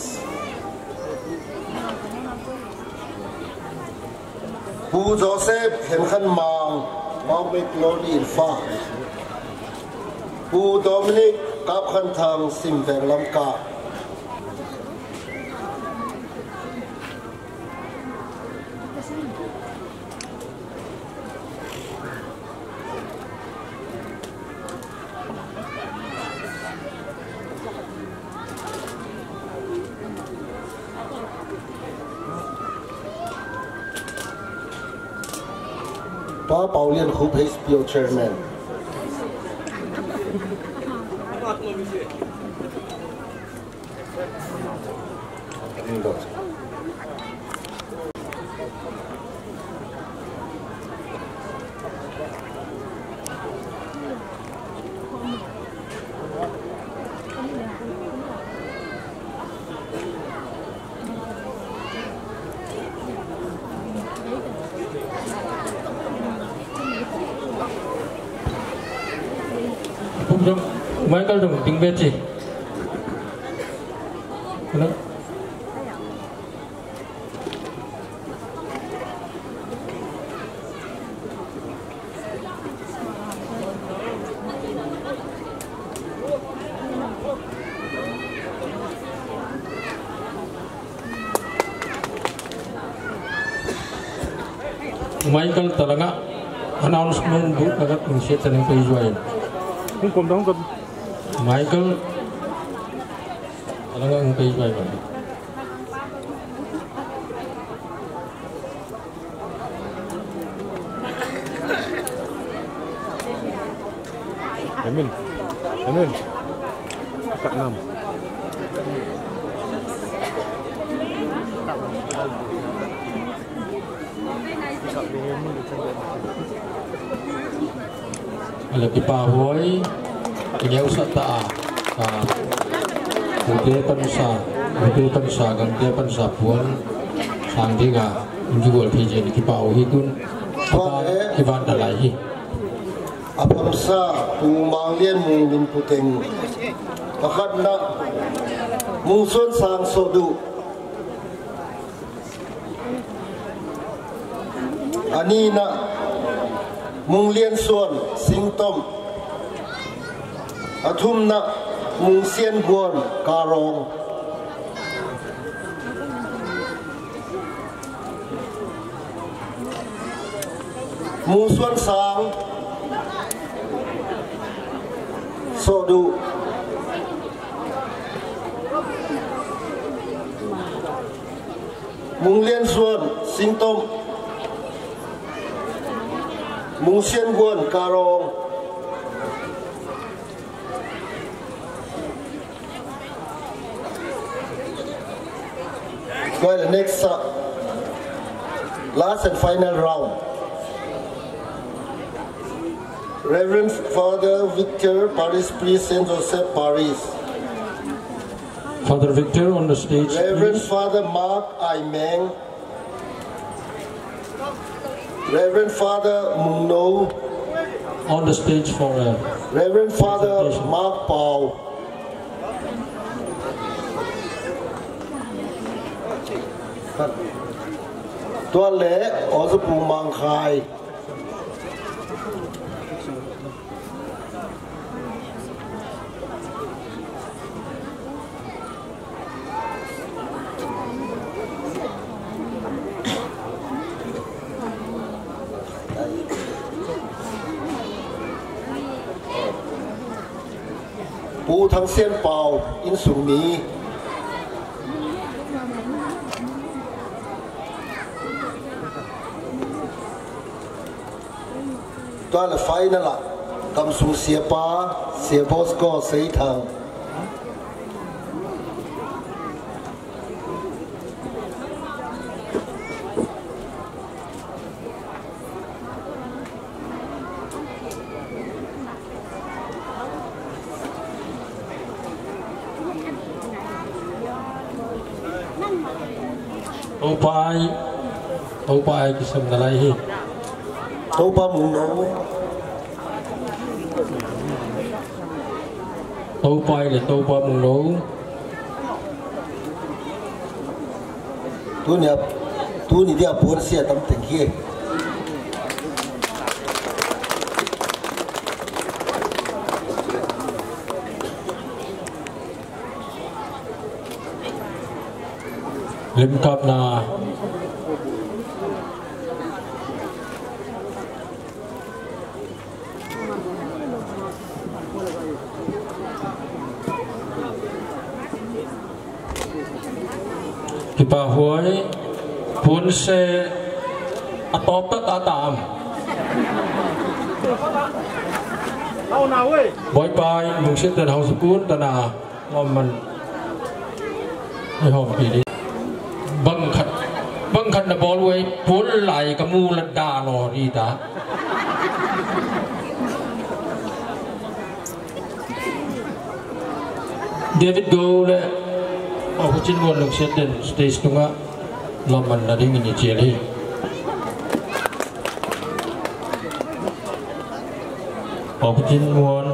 u joseph hem khan mang mang me glory in fa u dominic kap khan thang sim ver lam ka Paulian Hoop, HPO chairman. Betty. Hello. Michael Talaga, announcement bu agak mengisi tentang peluang. Kumpul dong kumpul. Michael Ano nga ang page by one? Amin Amin Kakak enam Alat di pahu Depan sa, itu kan sa kan depan sa puan, sangdi ga, ini gol ni kita awi tuh, apa kita dah dalahi. Apa sa, mungkin mungkin puting, pakat nak, musun sang sodu, ani ah, nak, mungkin suan, singtom, atum ah, nak. cùng xiên buồn cà rồng mù xuân sáng sổ đủ mùng liên xuân sinh tôm mùng xiên buồn cà rồng go to the next uh, last and final round. Reverend Father Victor Paris Priest Saint Joseph Paris. Father Victor on the stage. Reverend please. Father Mark Aimeng. Reverend Father Mungno. On the stage for uh, Reverend Father Mark Paul. ตัวเละอสปูมังคายปูทั้งเส้นเป่าอินสุนีตัวละไฟนั่นละกำสูงเสียป้าเสียบอสก็เสียทางองปายองปายกิสมนาไลฮิทุบบ่มึงโน้ทุบไปเลยทุบบ่มึงโน้ทุนี่ทุนี่เดียบปวดเสียต้องติดเกียร์ลิมกับนา nông sĩ tân hậu sụn tân à ngon mình hay đi băng khăn băng khăn là bỏ lui bốn lại cái mu là đà lò ta David Gold aku cin mau nuk set dan stage tunga laman dari ini cili. Aku cin mau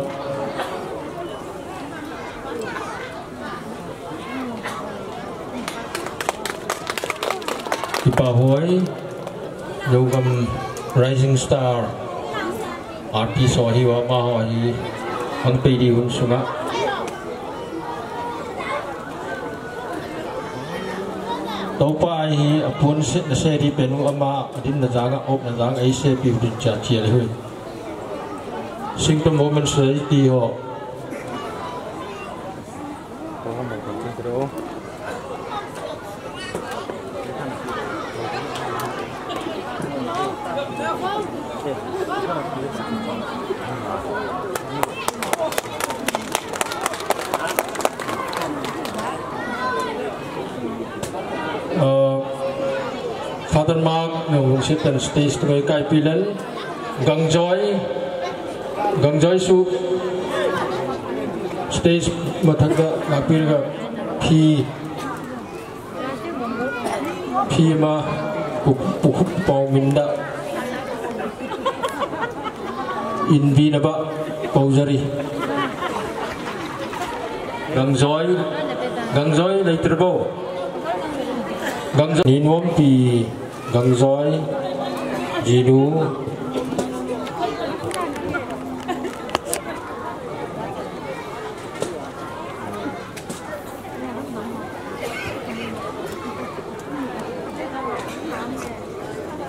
อีสอที่ว่ามาหอที่อังปีดีคุณสุงะ topa hi apun sit na se ri penu ama din na zanga op na zanga ai se pi din cha chi le hui sing to moment se đi ho stage to ngay kai pilen gang joy gang joy su stage mathak da ngapir ga phi phi ma pu pu pau min da in vi na ba pau jari gang joy gang joy lai trbo gang joy ni nom pi gang joy di đú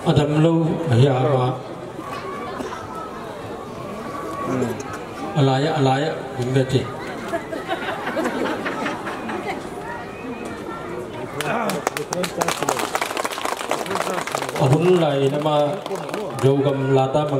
Adam lâu hiểu mà alaya alaya cũng được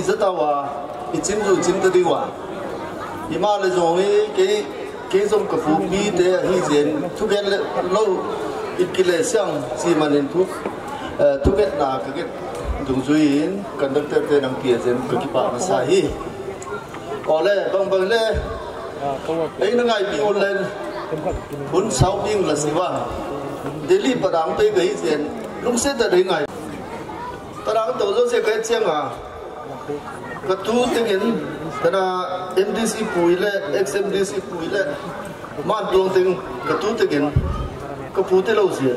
ni rất tao à ít chim rồi chim tới đi à thì mà là dùng cái cái cái dùng cái phú đi để hi diện thu cái lâu ít cái lệ sang gì mà nên ờ, thu thu cái là cái cái dùng duy cần được thế thế đăng kia diện cái cái mà sai hi còn lệ bằng vâng, bằng vâng, lệ ấy nó ngay bị ôn lên bốn sáu viên là gì vậy để đi bà đám tới cái diện lúc xét tại đấy ngày ta đang tổ chức cái chiêng à ก็ทูติงินแต่นะ MDC ปุ๋ยและ XMDC ปุ๋ยและมาดวงติงก็ทูติงินก็พูดเล่าเสีย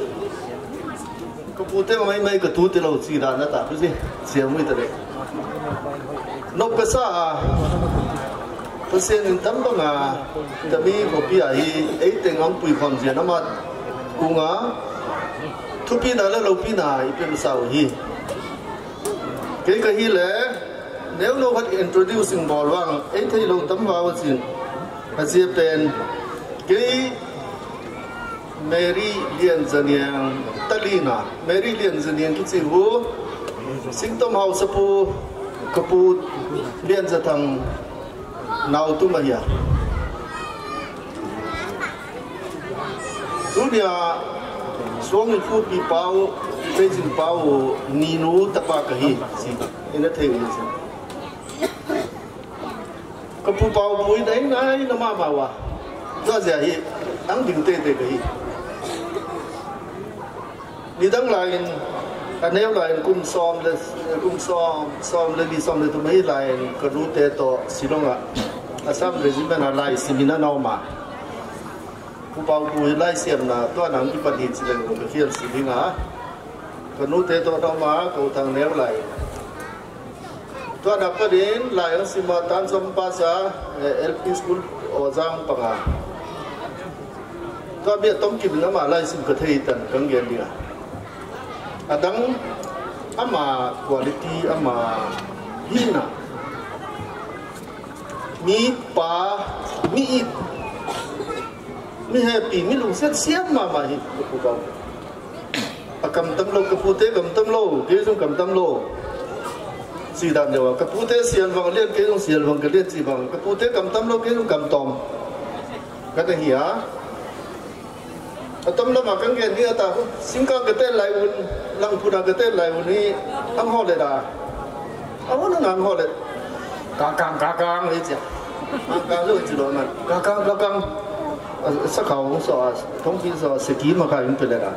ก็พูดไม่ไม่ก็ทูติเล่าสีดานนะตาพี่สิเสียมุ่ยตะเลยนกเปซ่าพเสียงตั้มบังอาแต่มีขบีไอไอเต็งอังปุยความเสียน้ำมากุงอาทุพีนาและเราพีนาอีเป็นสาวฮี cái cái hi lẽ nếu nó vẫn introducing ball vang ấy thấy lâu tấm vào xin và diệp tên cái Mary liền dân yên Talina Mary liền dân yên cái gì hú sinh tâm hậu sắp hú cấp hú liền dân thằng nào tu mà nhỉ tu bia xuống khu bị bao bây giờ bao nino tapa kahi gì nên là thế có phụ bao mũi đấy ngay nó mà bảo à nó giờ hi ăn đứng tê tê cái đi đăng lại anh à, em lại cùng xóm lên cùng xóm xóm lên đi xóm lên tụi mấy lại có rú tê to xí lông ạ à xăm rồi chúng mình lại xí mình nó mà phụ bao mũi lại xem là tôi nằm đi phần hình chỉ là một cái phiên xí mình à có rú tê to đó mà cầu thằng nếu lại đặc là Tuan apa din layan simatan sompa sa LP school ở ozang panga. Tuan biar tong kim lama à, lai sim kathai tan kang À, dia. Adang ama quality ama hina. Mi pa mi mi happy mi lung mà siam ma ma hi ku à, ba. Akam tam lo kapu te kam tam lo, kia zum cầm tam lo si dan yo ka pute sian wang len ke dong sian wang ke len si wang ka pute kam cầm lo ke dong dùng cầm ka cái hi a atam lo ma kang gen ni ta. sim con cái te lai un lang pu da ke te lai un ni ang ho le ăn a nó nang ho le cá kang cá kang đấy chứ. cá lo ji lo na ka kang ka kang sa ka wo so a tong ki so se ki ma ka yun pe le da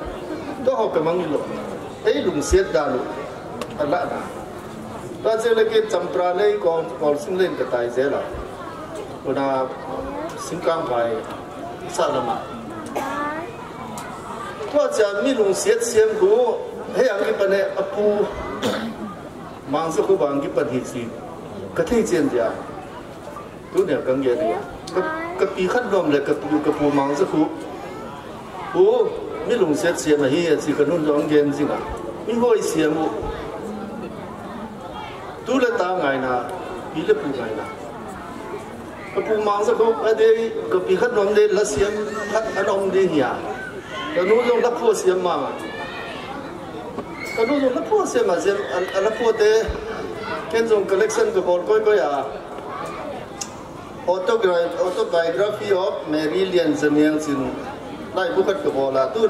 do ho ka mang ni lo ei lung siet da ăn ala da ta sẽ lấy cái chấm pra này còn còn sinh lên cái tài dễ là còn là sinh cam phải sao là mà qua cha mi lùng xiết xiêm cũ hay anh cái bên này apu mang sức của bạn cái bên hiện gì cái thế chiến gì à tôi nè căng gì à cái cái pi khát gom lại cái cái pu mang sức của cũ mi lùng xiết xiêm là hi chỉ cần hôn giống gen gì mà mi hôi xiêm tu le ta ngai na pi le pu ngai na pu mang sa ko ade ko pi khat nom de la siam khat anom de nya ka nu jong la phu siam ma ma ka nu jong la phu siam ma siam la phu te ken jong collection ko bor koi koi a autobiography of Mary Lynn Samuel sin lai bukat ko bola tu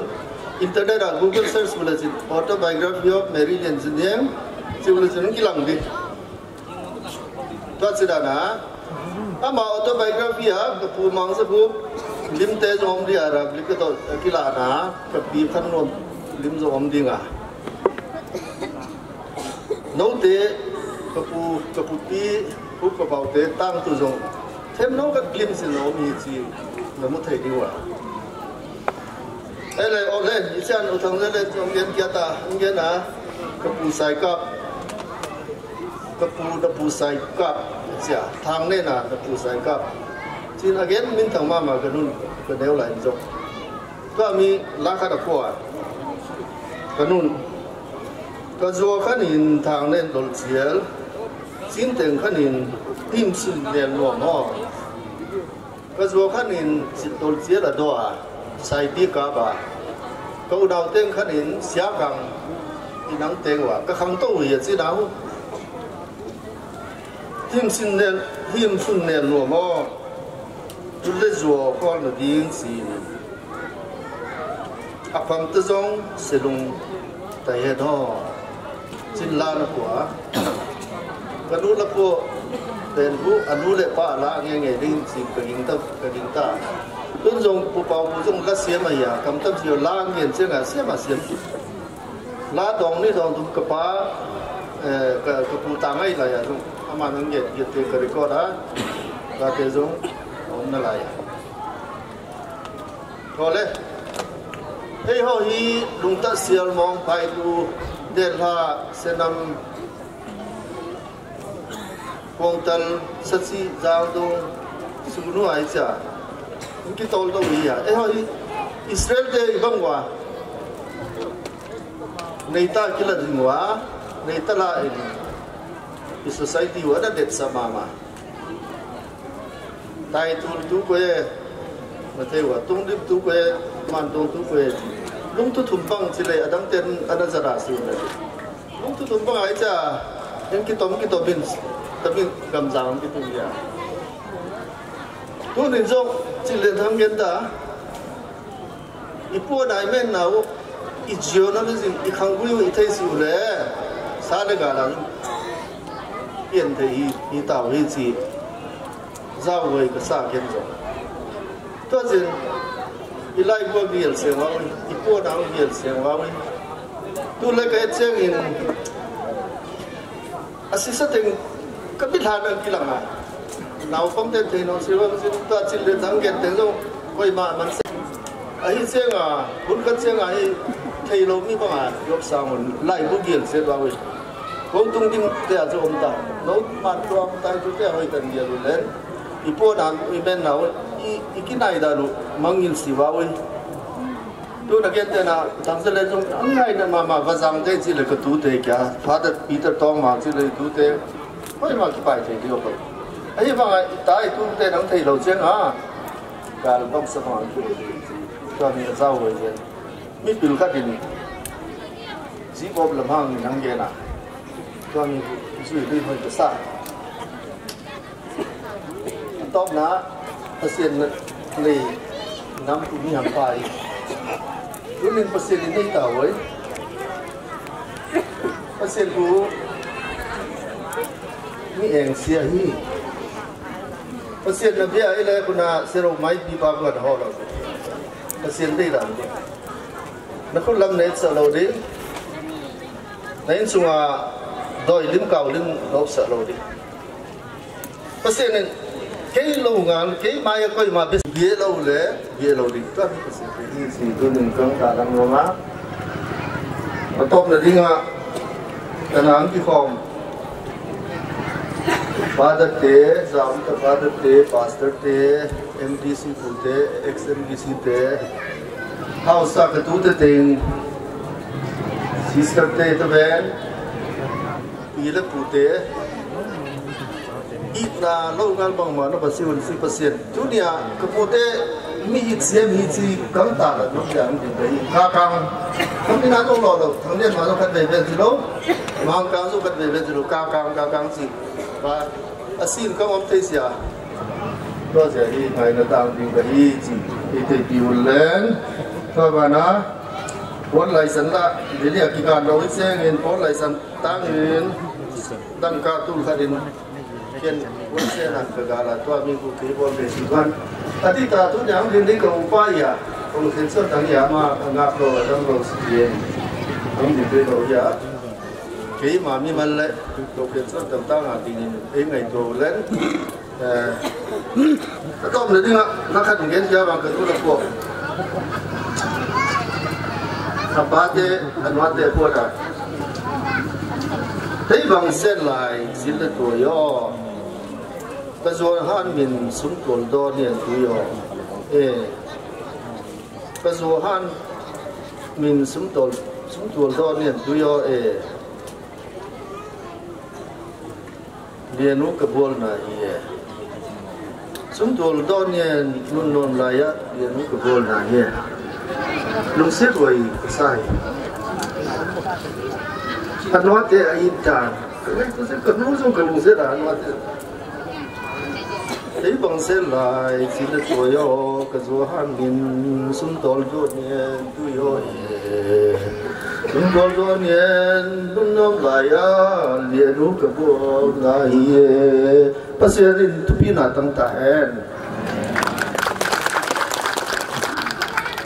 internet a google search bola sin autobiography of Mary Lynn Samuel sin bola sin ki lang bi ตัวสิดานะอามาออโตไบกราฟีฮะกับผู้มังสภูลิมเตจอมดีอารับลิกตัวกีฬานะกับปีขันนมลิมจอมดีงะน้องเตกับผู้กับผู้ปีผู้กับเบาเตตั้งตัวจงเทมน้องกับลิมสิน้องมีจีน้องมุทัยดีกว่า đây là ổn lên ý chân ở thằng lên lên trong yên kia ta yên kia là cái bù sai cặp ka pu da pu sai kap sia thang ne na da pu sai kap chin again min thang ma ma ka nun ka deu lai jok ka mi la kha da ko ka nun ka zo kha nin thang ne dol chiel chin teng kha nin tim sin ne lo mo ka zo kha nin chit dol chiel da do a sai ti ka ba câu đầu tiên khá đến xá càng thì nắng tên quả các không tu thì chỉ đâu him sin nên him sun nên lo lo tu le zo con là điên gì, ne à, a pham te zong se lung ta he do chin la quá, kwa ka là à, la tên ten anh anu le ba là nghe nghe điên gì ka ding ta ka ding ta tu zong pu pa bu zong la se ma ya kam tam si la nghe se nga se mà se la dong ni dong tu ka ba, cái cái pu ta ngai là ya zong ama nang ye ye te kare ko ra ta ke zo on na lai ko le ei ho hi lung ta sial mong pai du de ha, se nam kong tal sa chi zang do su nu ai cha ki tol do wi ya ei ho hi israel de ibang wa nei ta kila dingwa nei ta la i society wa da dep samama tai tu tu ko ye ma te wa tung dip tu ko ye man tu tu ko ye lung tu thum pang chi le adam ten ana zara si ne lung tu thum pang ai cha em ki tom ki to bin ta bin gam jang ki tu ya tu nin jong chi le tham gen ta ipo dai men na wo i geology i khangui i thai si le sa de ga lang kiên thể hi hi tạo hi giao với cái sao kiên rồi tôi xin đi lại qua biển xe hoa đi qua đảo biển xe hoa đi tôi lấy cái chuyện in assistant cái biết hai bên kia làm à nào không thể thấy nó sẽ không sẽ ta chỉ lên thắng kiện tiếng rồi quay mà mình sẽ ấy riêng à muốn cân riêng à thầy lâu mi bằng à lúc sao mình lại qua biển xe hoa đi wong tung ding te azo om ta no mà tu am ta ju te hoi tan dia lu len i po dan i ben na i i ki nai da lu mangil si wa oi tu da gen te na tam se le jong ang ngai na ma ma cái zang te chi le ka tu te kya pha da peter tong ma chi le tu te hoi ma ki pai te dio ko ai va ngai ta i tu te nang thei lo chen ha ka lu bong sa ma tu ka mi zao wei zen mi pil ka din Ziboblam hang nang gena con nên dù đi hơi cái sao tốt ná ta xin lì nắm cũng nhầm phải cứ nên ta xin đi tàu ấy ta xin cứ mi hẹn xia hì, ta xin là bia ấy là con à sẽ đâu máy đi ba gần họ rồi ta xin đi làm nó không lâm nét sợ lâu đến đến xuống à doi lim kau lim lop sa lo di pasi nen kei lo ngan kei maya lâu ma bis bie lo le bie lo di kan pasi ini si tu nen kang ka dang lo ma atop na dinga tanang ki khom father थे जाम का father थे pastor थे MDC थे ex MDC थे house का तू थे सिस्टर थे तो बहन ยีและปูเตอีกนาโลกงานบางมานะภาษีวันสิบเปอร์เซ็นต์ทุเนียกปูเตมีอีกเสียมีจีกังตาละทุกอย่างเป็นไปข้ากังทำนี่น่าต้องรอเราทำเนี่ยมาต้องคัดเบนจิโลมังกังสุคัดเบนจิโลกากังกากังสิว่าอาศิลก็มั่นใจเสียก็เสียที่ไงนะตามดีไปจีที่ที่กิวเลนถ้าว่านะพ้นไหลสันละเดี๋ยวเรียกกิการเราเสียเงินพ้นไหลสันตั้งเงิน đăng đình dan katul hadin ken wosena kagala tua minggu ta besikan tadi tatu nyam dindi ke upaya ông khiến sơ tăng giá mà ngạp đồ ở trong lòng sự kiện ông đi về đầu giá ký mà mi mân lệ đồ khiến sơ tầm tăng là tình ấy ngày đồ lên các ông nữa đi ạ nó khát đến giá bằng cái thuốc đặc cuộc Sabate, anwate, puwata thấy bằng xe lại xin là tuổi yo ta rồi han mình súng tuần đo liền tuổi yo ê ta rồi han mình súng tuần súng tuần đo liền tuổi yo ê liền lúc cái buồn này ê súng tuần đo liền luôn luôn lại á liền lúc cái buồn này ê lúc xếp rồi sai 한노한테 있다. 그래 무슨 그 무슨 그 무슨라 한노한테. 이 방세라 이제 또요 그저 한민 순돌조네 두요 순돌조네 눈남라야 리누 그거 나이에 빠세린 투피나 땅따엔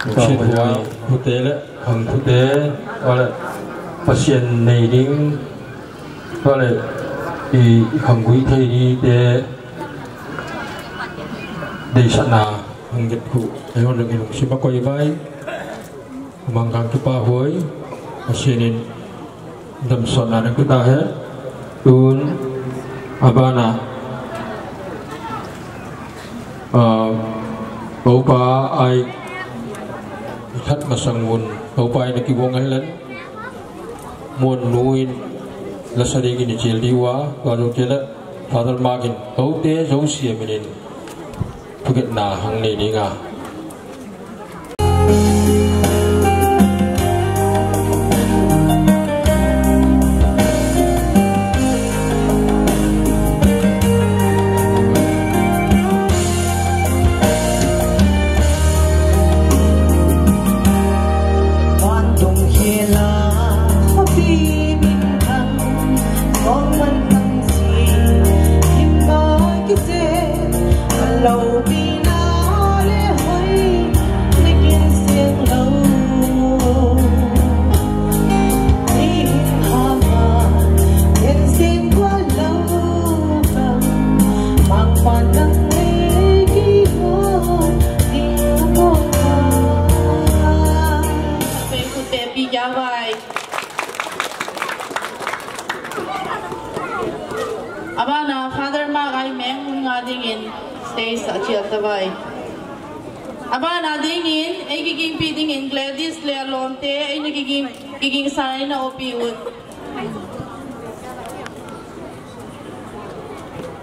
Một chiếc của quốc tế đấy, hàng quốc tế, gọi là phát hiện này đến và lại thì không thầy đi để để sẵn là hàng dịch cụ để hoàn được sự bắt quay vai mang càng thứ ba hối phát hiện đầm sọn là chúng ta hết tuôn abana ờ, bầu pa ai thắt mà sang nguồn bầu pa ai là kỳ ngay lớn muôn nuôi là sao đi cái chuyện đi quá và rồi kia là father magin hậu tế giống xìa mình thực hiện là hàng này đi ngang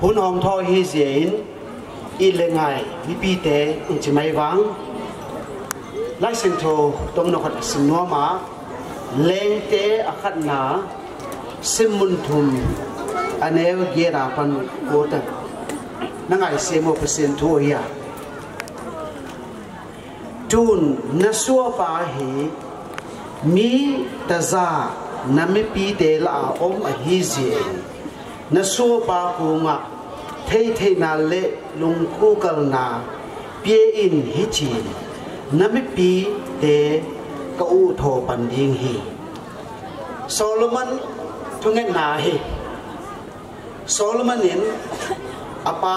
hôn hong tho hi zein i le ngai mi pi te ung chi mai wang lai sen tho tong no khat sin no ma leng te a khat na sim mun thum anew ge ra pan ko ta na ngai se mo pesen tho ya tun na suwa pa hi mi ta za na mi pi te la om a hi zein na su pa ku nga thei thei na le lung ku kal na pie in hi chi na mi pi te ka u tho pan hi solomon thu nge na hi solomon in apa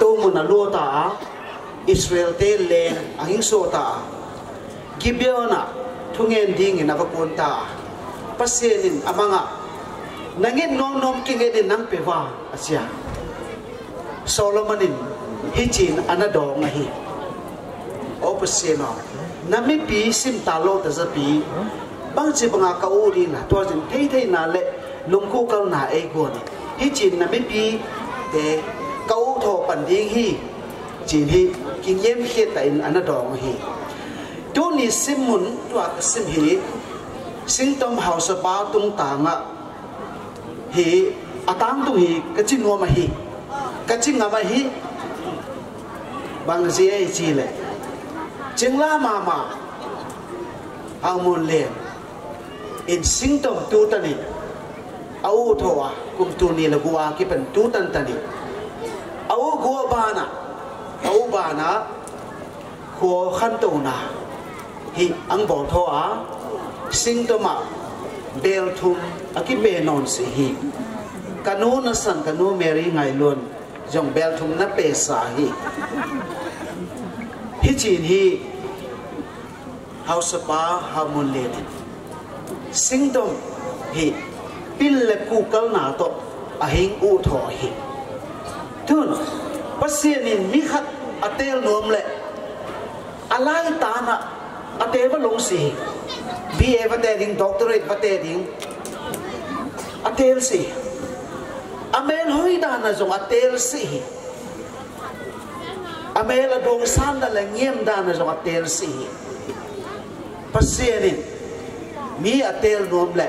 tu mun na Lúa ta israel te len ahing so ta gibeona thu nge ding in avakon ta pasenin amanga nangin ngong nom ki nge din nang pewa asia solomon hichin anado ngahi opasino nami pi sim talo ta za pi bang chi banga ka uri na to jin thei thei na le lungku kal na e go ni hichin nami pi te kau tho pan ding hi chin hi kin yem khe ta in anado ngahi to ni simun to ak sim hi singtom house ba tung ta nga hi atang à, tu hi kachin ngoma hi kachin à, ngama hi bang zi ai chi le chingla ma ma amun le in singtom tu tani au thowa kum tu ni la gua ki pen tu tan tani au go bana au bana ko khan tu na hi ang bo thoa singtoma bel thum อากิเปนอนสิฮีกันูนสังกันูเมรีไงลุนยองเบลทุมนาเปสาฮีฮิจินฮีเฮาสปาฮามุลเลนสิงดงฮีปิลเลกูกลนาตอะฮิงอูทอฮีทุนปัสเซนินมิขัดอเตลนมเลอะไรตานะอเตวลงสิบีเอปเตดิงด็อกเตอร์เอปเตดิง atel si amel hoi da na zong atel si amel adong san da la ngiem da na zong atel si pasierin mi atel nom le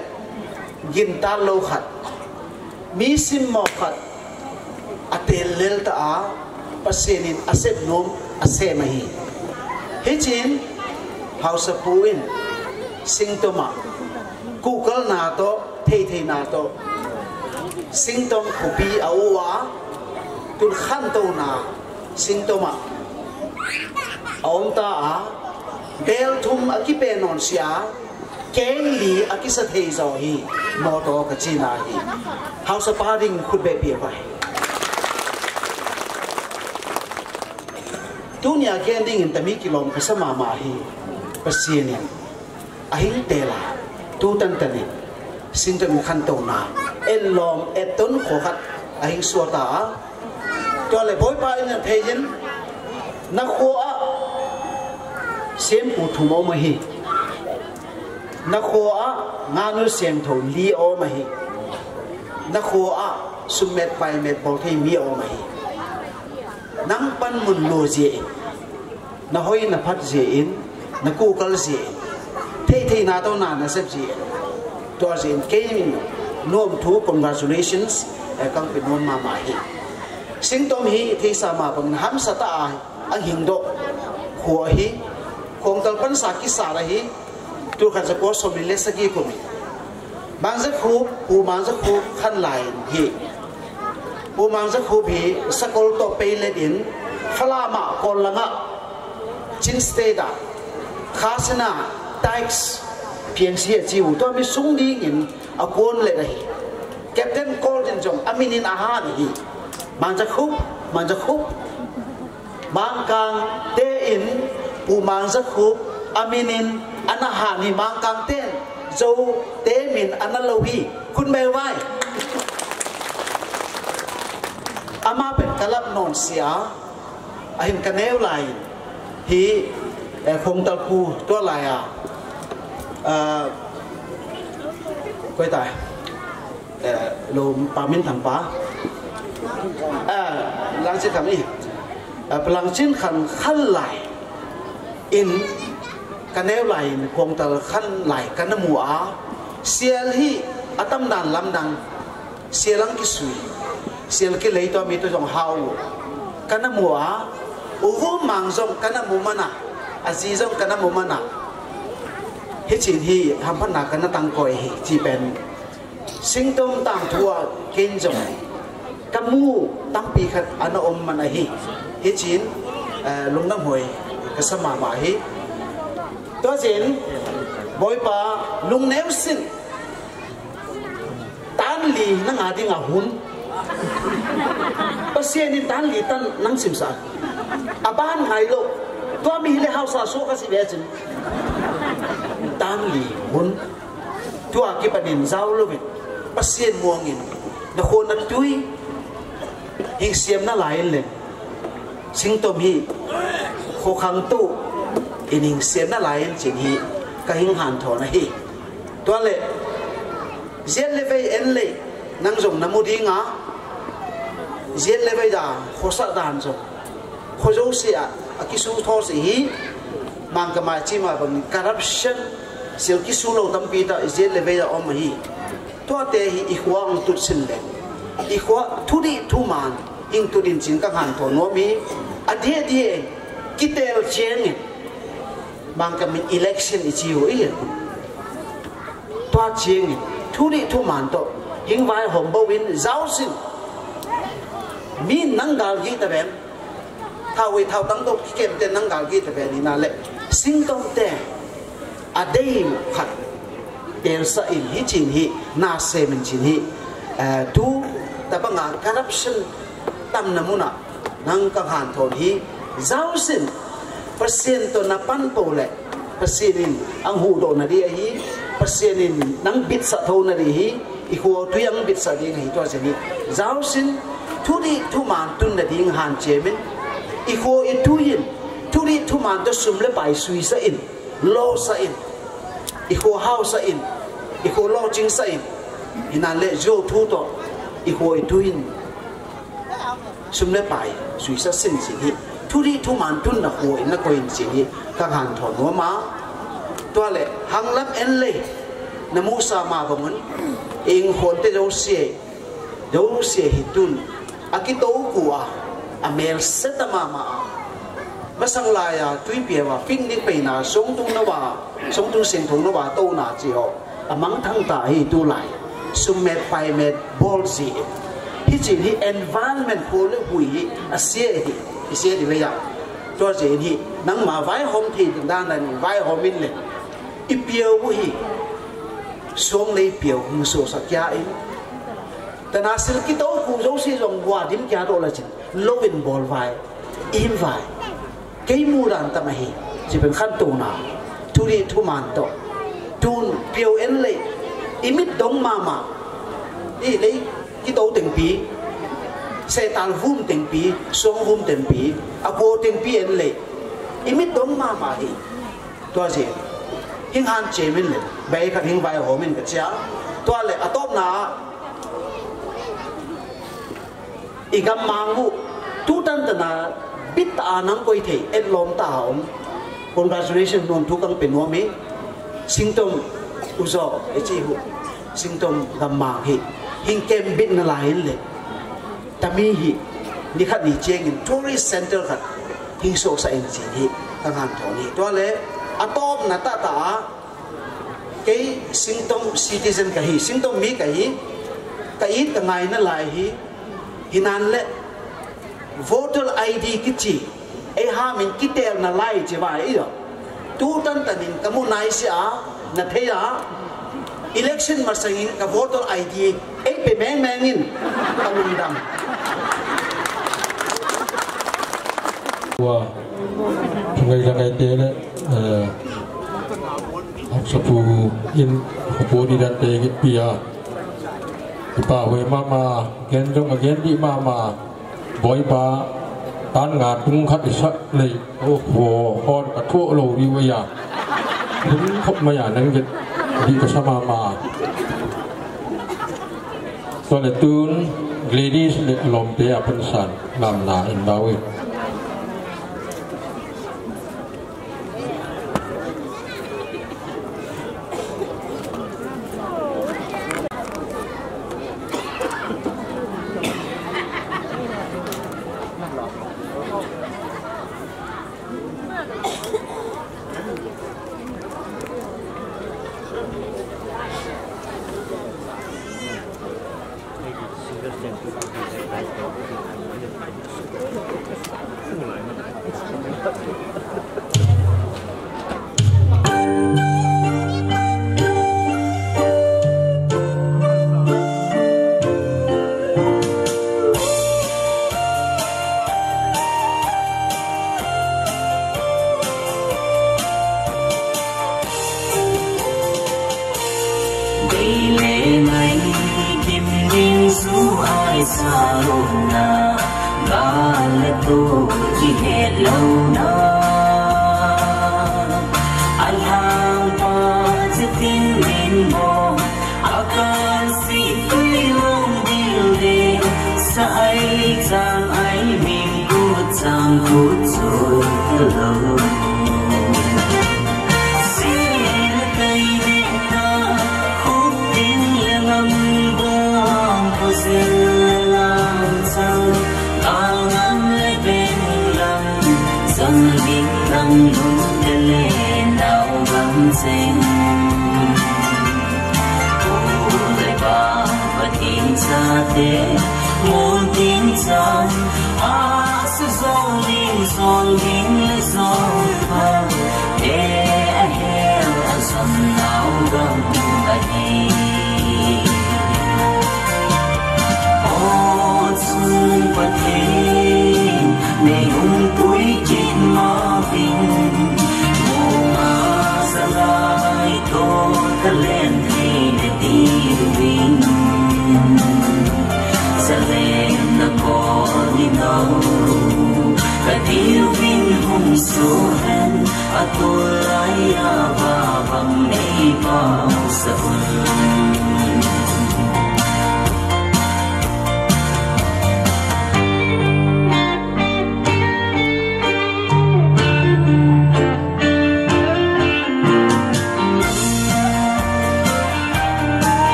gin ta lo khat mi sim mo khat atel lel ta a pasierin asep nom ase mahi hichin hausa puin singtoma Google na to thei thei na to singtom khupi awa tun khan to na singtoma ông ta à bel thum akipe non sia keng li akisa thei zo hi mo to ka china hi house paring khut be pia pai tunia kending in tami kilom kasama ma hi pasien ahing tela tu tan đi sin tan khan to na el lom et ton kho khat a hing su ta to le boy pa in phe jin na kho a sem u thu mo ma hi na kho a nga nu sem tho li o ma hi na kho a sum met pai met bol thei mi o ma hi nang pan mun lo gì na hoi na phát gì in na ku kal je thế thì nào tôi nào là sắp gì tôi xin kê mình nôm thú congratulations các cái nôm mà mà hi sinh tôm hi thế sao mà bằng ham sa ta ai anh hình độ của hi không tập bắn sa kí sa là hi tôi khát sẽ có số mình lấy sa gì, của mình mang rất khô u mang rất khô khăn lại hi u mang rất khô hi sa cô tổ pe lên đến phá la mà còn là ngã chính stay đó khá sinh nào ตักส์เพียงเสียจีวตัวมีสุ่งดีอินอากอนเลยนะฮีแคปเทนคอลเดนจงอามินินอาหารีมันจะคุบมันจะคุบมังคังเตอินปูมันจะคุบอามินินอันาหารีมังคังเตนโจเตมินอันอลโฮีคุณแม่ไหวอามาเป็นกลับนอนเสียอหินกันแนวไหลฮีแอฟงตะคูตัวไรอ่ะ à, quay tài, à, ờ, lô pa min thằng pa à ờ, lang xin thằng đi à xin khăn khăn lại in cái nếu lại quăng tờ khăn lại cái nó mua á xiel hi atam dan lam dan sielang ki sui siel ki lấy to mi to jong hau kana mua uvu mang jong kana mu mana azi à. jong kana mu mana à hết chỉ hi ham phát nạc nó tăng còi chỉ bền sinh tông tăng thua kinh dòng kamu tampi khat ana om man hi hi chin lungnam hoi kasama ma hi to chen boy pa Ném xin tan li na nga ding a hun pasien đi tan li tan nang sim sa ngày ngai tôi to mi le hausa số ka si ve chin tang li hun tu a ki panin zau lo vit pasien muang in na khon na tui hing siam na lai le sing tom hi kho khang tu in hing siam na lai in ching hi ka hing han tho na hi to le zen le vei en le nang zong na mu ding a zen le vei da kho sa dan zo kho zo si a ki su tho si hi mang ka ma chi ma bang corruption siêu kí su lâu tâm pi ta dễ lệ về ông hi thua tê hi i khoa ông tụt xin lệ i khoa thu đi thu màn in tụt in chính các hàng thổ nô mi à thế thế kí tê lo bằng cái mình election i chiu ý thua chén thu đi thu màn to hình vai hồng bao in giáo sinh mi năng gal gì ta bèn thao về thao tăng tốc kí kèm tên năng gal gì ta bèn đi na lệ sinh công tê a day khat pensa in hi chin hi na se min chin hi tu tabanga corruption tam namuna nang ka han thon hi zau sin percent to na pan po le percent in ang hu do na ri hi percent in nang bit sa thon na ri hi i ko tu yang bit sa ding hi to se ni zau sin tu di tu man tun na ding han che min i ko i tu yin tu di tu man to sum le bai sui sa in lo sa in i ho hao sa in i ho lo ching sa in ina le jo thu to i ho i tu in sum le pai sui sa sin si hi thu ri thu man tun na ho na ko in si hi ka han tho no ma to le hang lam en le na mu sa ma ba mun ing ho te jo se jo se hi tun akito ku a amel setama ma a vất sang lại à tuy bia mà phim đi bì nào sống tung nó bà sống tung sinh thùng nó bà tô nào chỉ họ à mang thăng ta hi tu lại sum mệt phai mệt bol gì hi chỉ hi environment của lễ hủy à xia hi hi xia thì bây giờ cho gì hi nắng mà vài hôm thì chúng ta là vài hôm mình lên ít biểu hi xuống lấy biểu ngư sổ sắc giá ấy ta na sil ki to ku zo si zong wa dim kya to là gì lo in bol vai in vai cái mù đàn tâm hi chỉ bên khăn tù nào thu đi thu màn tổ tun piêu en lệ imit đông mà mà đi lấy cái đầu tiền pi xe tan vum tiền pi song vum tiền pi à vô tiền pi en lệ imit đông mà mà hi tua gì hình han chế mình lệ bây cả hình vài hồ mình cái chia tua lệ à top na igam mangu tu tan nào. ปิตานังก็ยิ่งเอ็ดลมตาหอม congratulation นนทุกังเป็นว่ามีสิ่งตมอุจอเอจิหุสิ่งตมดำมาหิหิงเกมบินนลายเลยแต่มีหินี่ขัดนี่เจงินทัวริสเซ็นเตอร์ขัดหิงโซสัยจีหิต่างหากถอนี่ตัวเล่อะตอมนัตตาตา cái sinh tông citizen cái hi sinh tông mỹ cái hi cái ít cái ngày nó lại hi hi nan lệ voter ID ki chi e ha min ki tel na lai che ba i do tu tan tan in kamu nai si à. na the ya election mà sang in cái voter ID e pe meng meng in kamu dam wa ngai la ngai te le học sắp phù yên học bố đi đặt tế cái bia thì với mama, mà mà ghen rong mà ghen đi mà บอยปาตานงาตุงคัดอิสระเลยโอ้โหฮอนกระทั่วโลดีวยาถึงขบมาอย่างนั้นจะดีกระมามาตันเลตุนเ a d i e s เลลมเตียเป็นสันนำนาอินดาวิ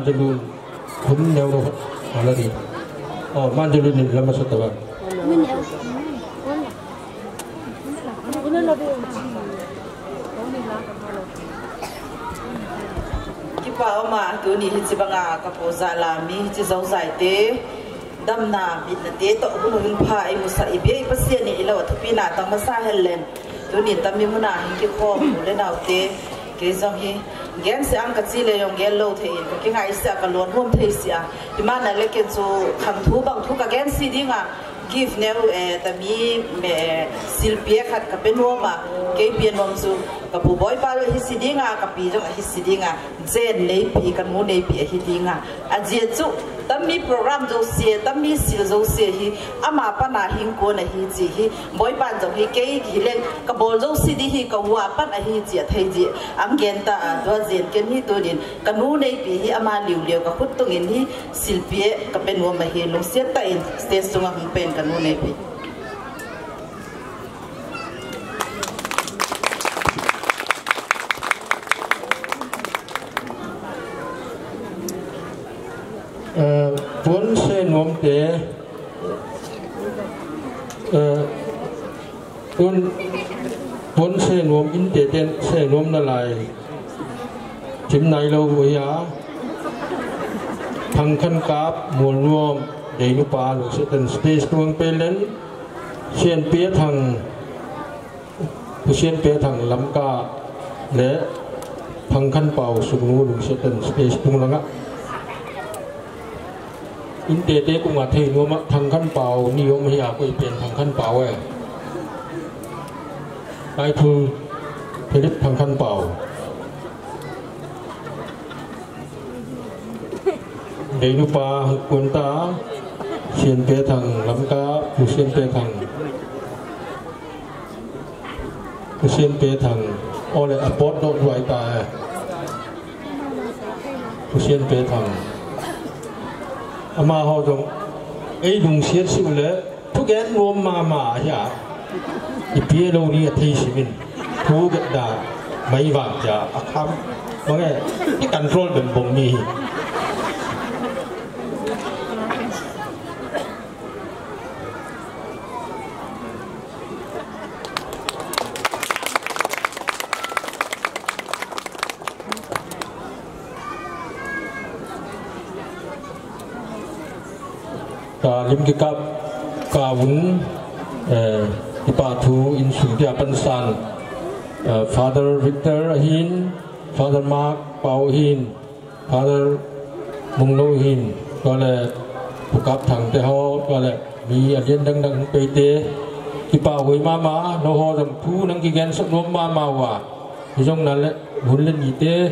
만주군 군내로 알라리 어 만주군이 남았었다가 kipa oma tu ni hi chibanga ka poza la mi chi zau zai te dam na mi na te to bu hin pha ai musa i be pa se ni ilo thupi na ta ma sa helen tu ni tam mi muna hi ki kho mu le nau te ke zong hi gen se ang kati le yong gen lo te in ko kinga isi a kalon hom te isi a ima na leke zo kham thu bang thu ka gen si di nga give neru e eh, tabi me silpie khat ka penuoma ke penuom zo ka pu boy pa lo hisidinga ka pi jo hisidinga zen nei pi kan mu nei pi hidinga a je chu tammi program jo se tammi sil jo se hi ama pa na hing ko na hi chi hi boy pan jo hi ke hi leng ka bol jo si di hi ka wa pa na hi chi thai ji ang gen ta a do zen ken hi to din ka nu nei pi hi ama liu liu ka khut tung in hi sil pi e, ka pen wa ma hi lo se ta in stage sung a hung pen ka nu nei pi vốn sen mồm tế vốn vốn sen mồm in tế tên sen mồm là lại chim này lâu với á thằng khăn cáp muôn nuông để lúc ba lúc sẽ tận space luôn bên lên sen pía thằng sen pía thằng lắm cả lẽ thằng khăn bào sùng ngu lúc sẽ tận space luôn lắm á in tê cũng ngặt thì nó mà khăn bảo nhiều mà hiểu quỷ biển thằng khăn bảo ấy ai thư thì đức thằng khăn bảo để nó pa quân ta xiên tê thằng lắm cá phụ xiên tê thằng phụ xiên tê thằng ô lệ apot đốt vải tài phụ xiên အမဟောတော့အိမ်ုံရှေ့စုလေသူကဲနောမာမာရာဒီပြေလုံးကြီးအသေးရှိမင်းသူကဒါမိုင်ဝါကြာအခမ်းဘာလဲဒီ control ဘယ်ပုံမီ yếm cái cặp cả un cái bà thu in sung tia pan san eh, Father Victor Hin Father Mark Pao Hin Father Mung Lo Hin gọi là phụ cấp thằng tê ho gọi là mi ở trên đăng đăng tê tê khi bà hồi ma ma nó ho rằng thu năng kia gen sắp nó ma ma hòa thì trong นั้น là muốn lên gì tê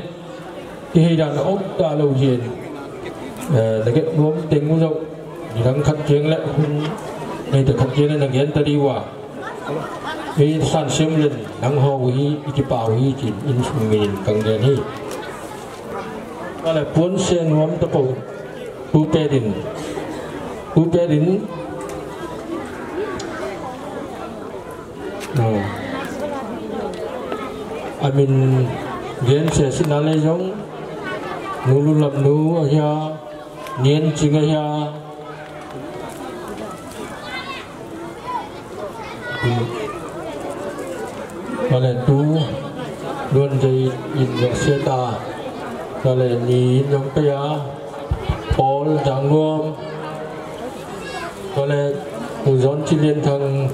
thì hay đàn ốc ta lâu diện eh, là cái đuống tình cũng rộng ngang khát chiang lệ ngay từ khát chiang nang yên ta đi qua khi san xem lên nang hao hi chỉ bảo hi chỉ in sum min càng đen hi ta cuốn xe nuông ta bầu bu pe din bu pe din I mean, gen sẽ giống, nụ lụm nụ ở nhà, chính ở đó là tu luôn dây nhìn nhận xe ta đó là nhí nhóm tay á bố giang luôn đó là mù gión chi liên thằng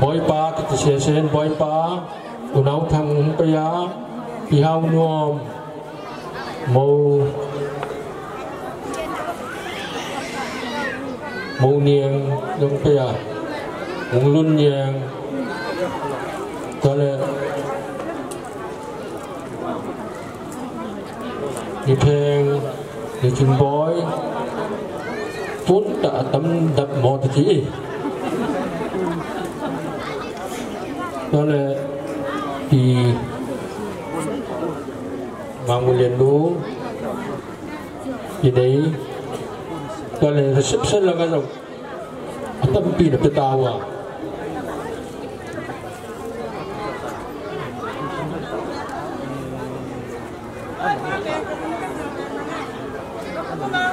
bói ba cái chị xe xe bói ba tụi mô niên đông bia mông luân niên cho nên như thế như chúng bói vốn đã tấm đập mò thì chỉ cho nên thì mang một liền đu thì đấy talen reception la gano tampi na petawa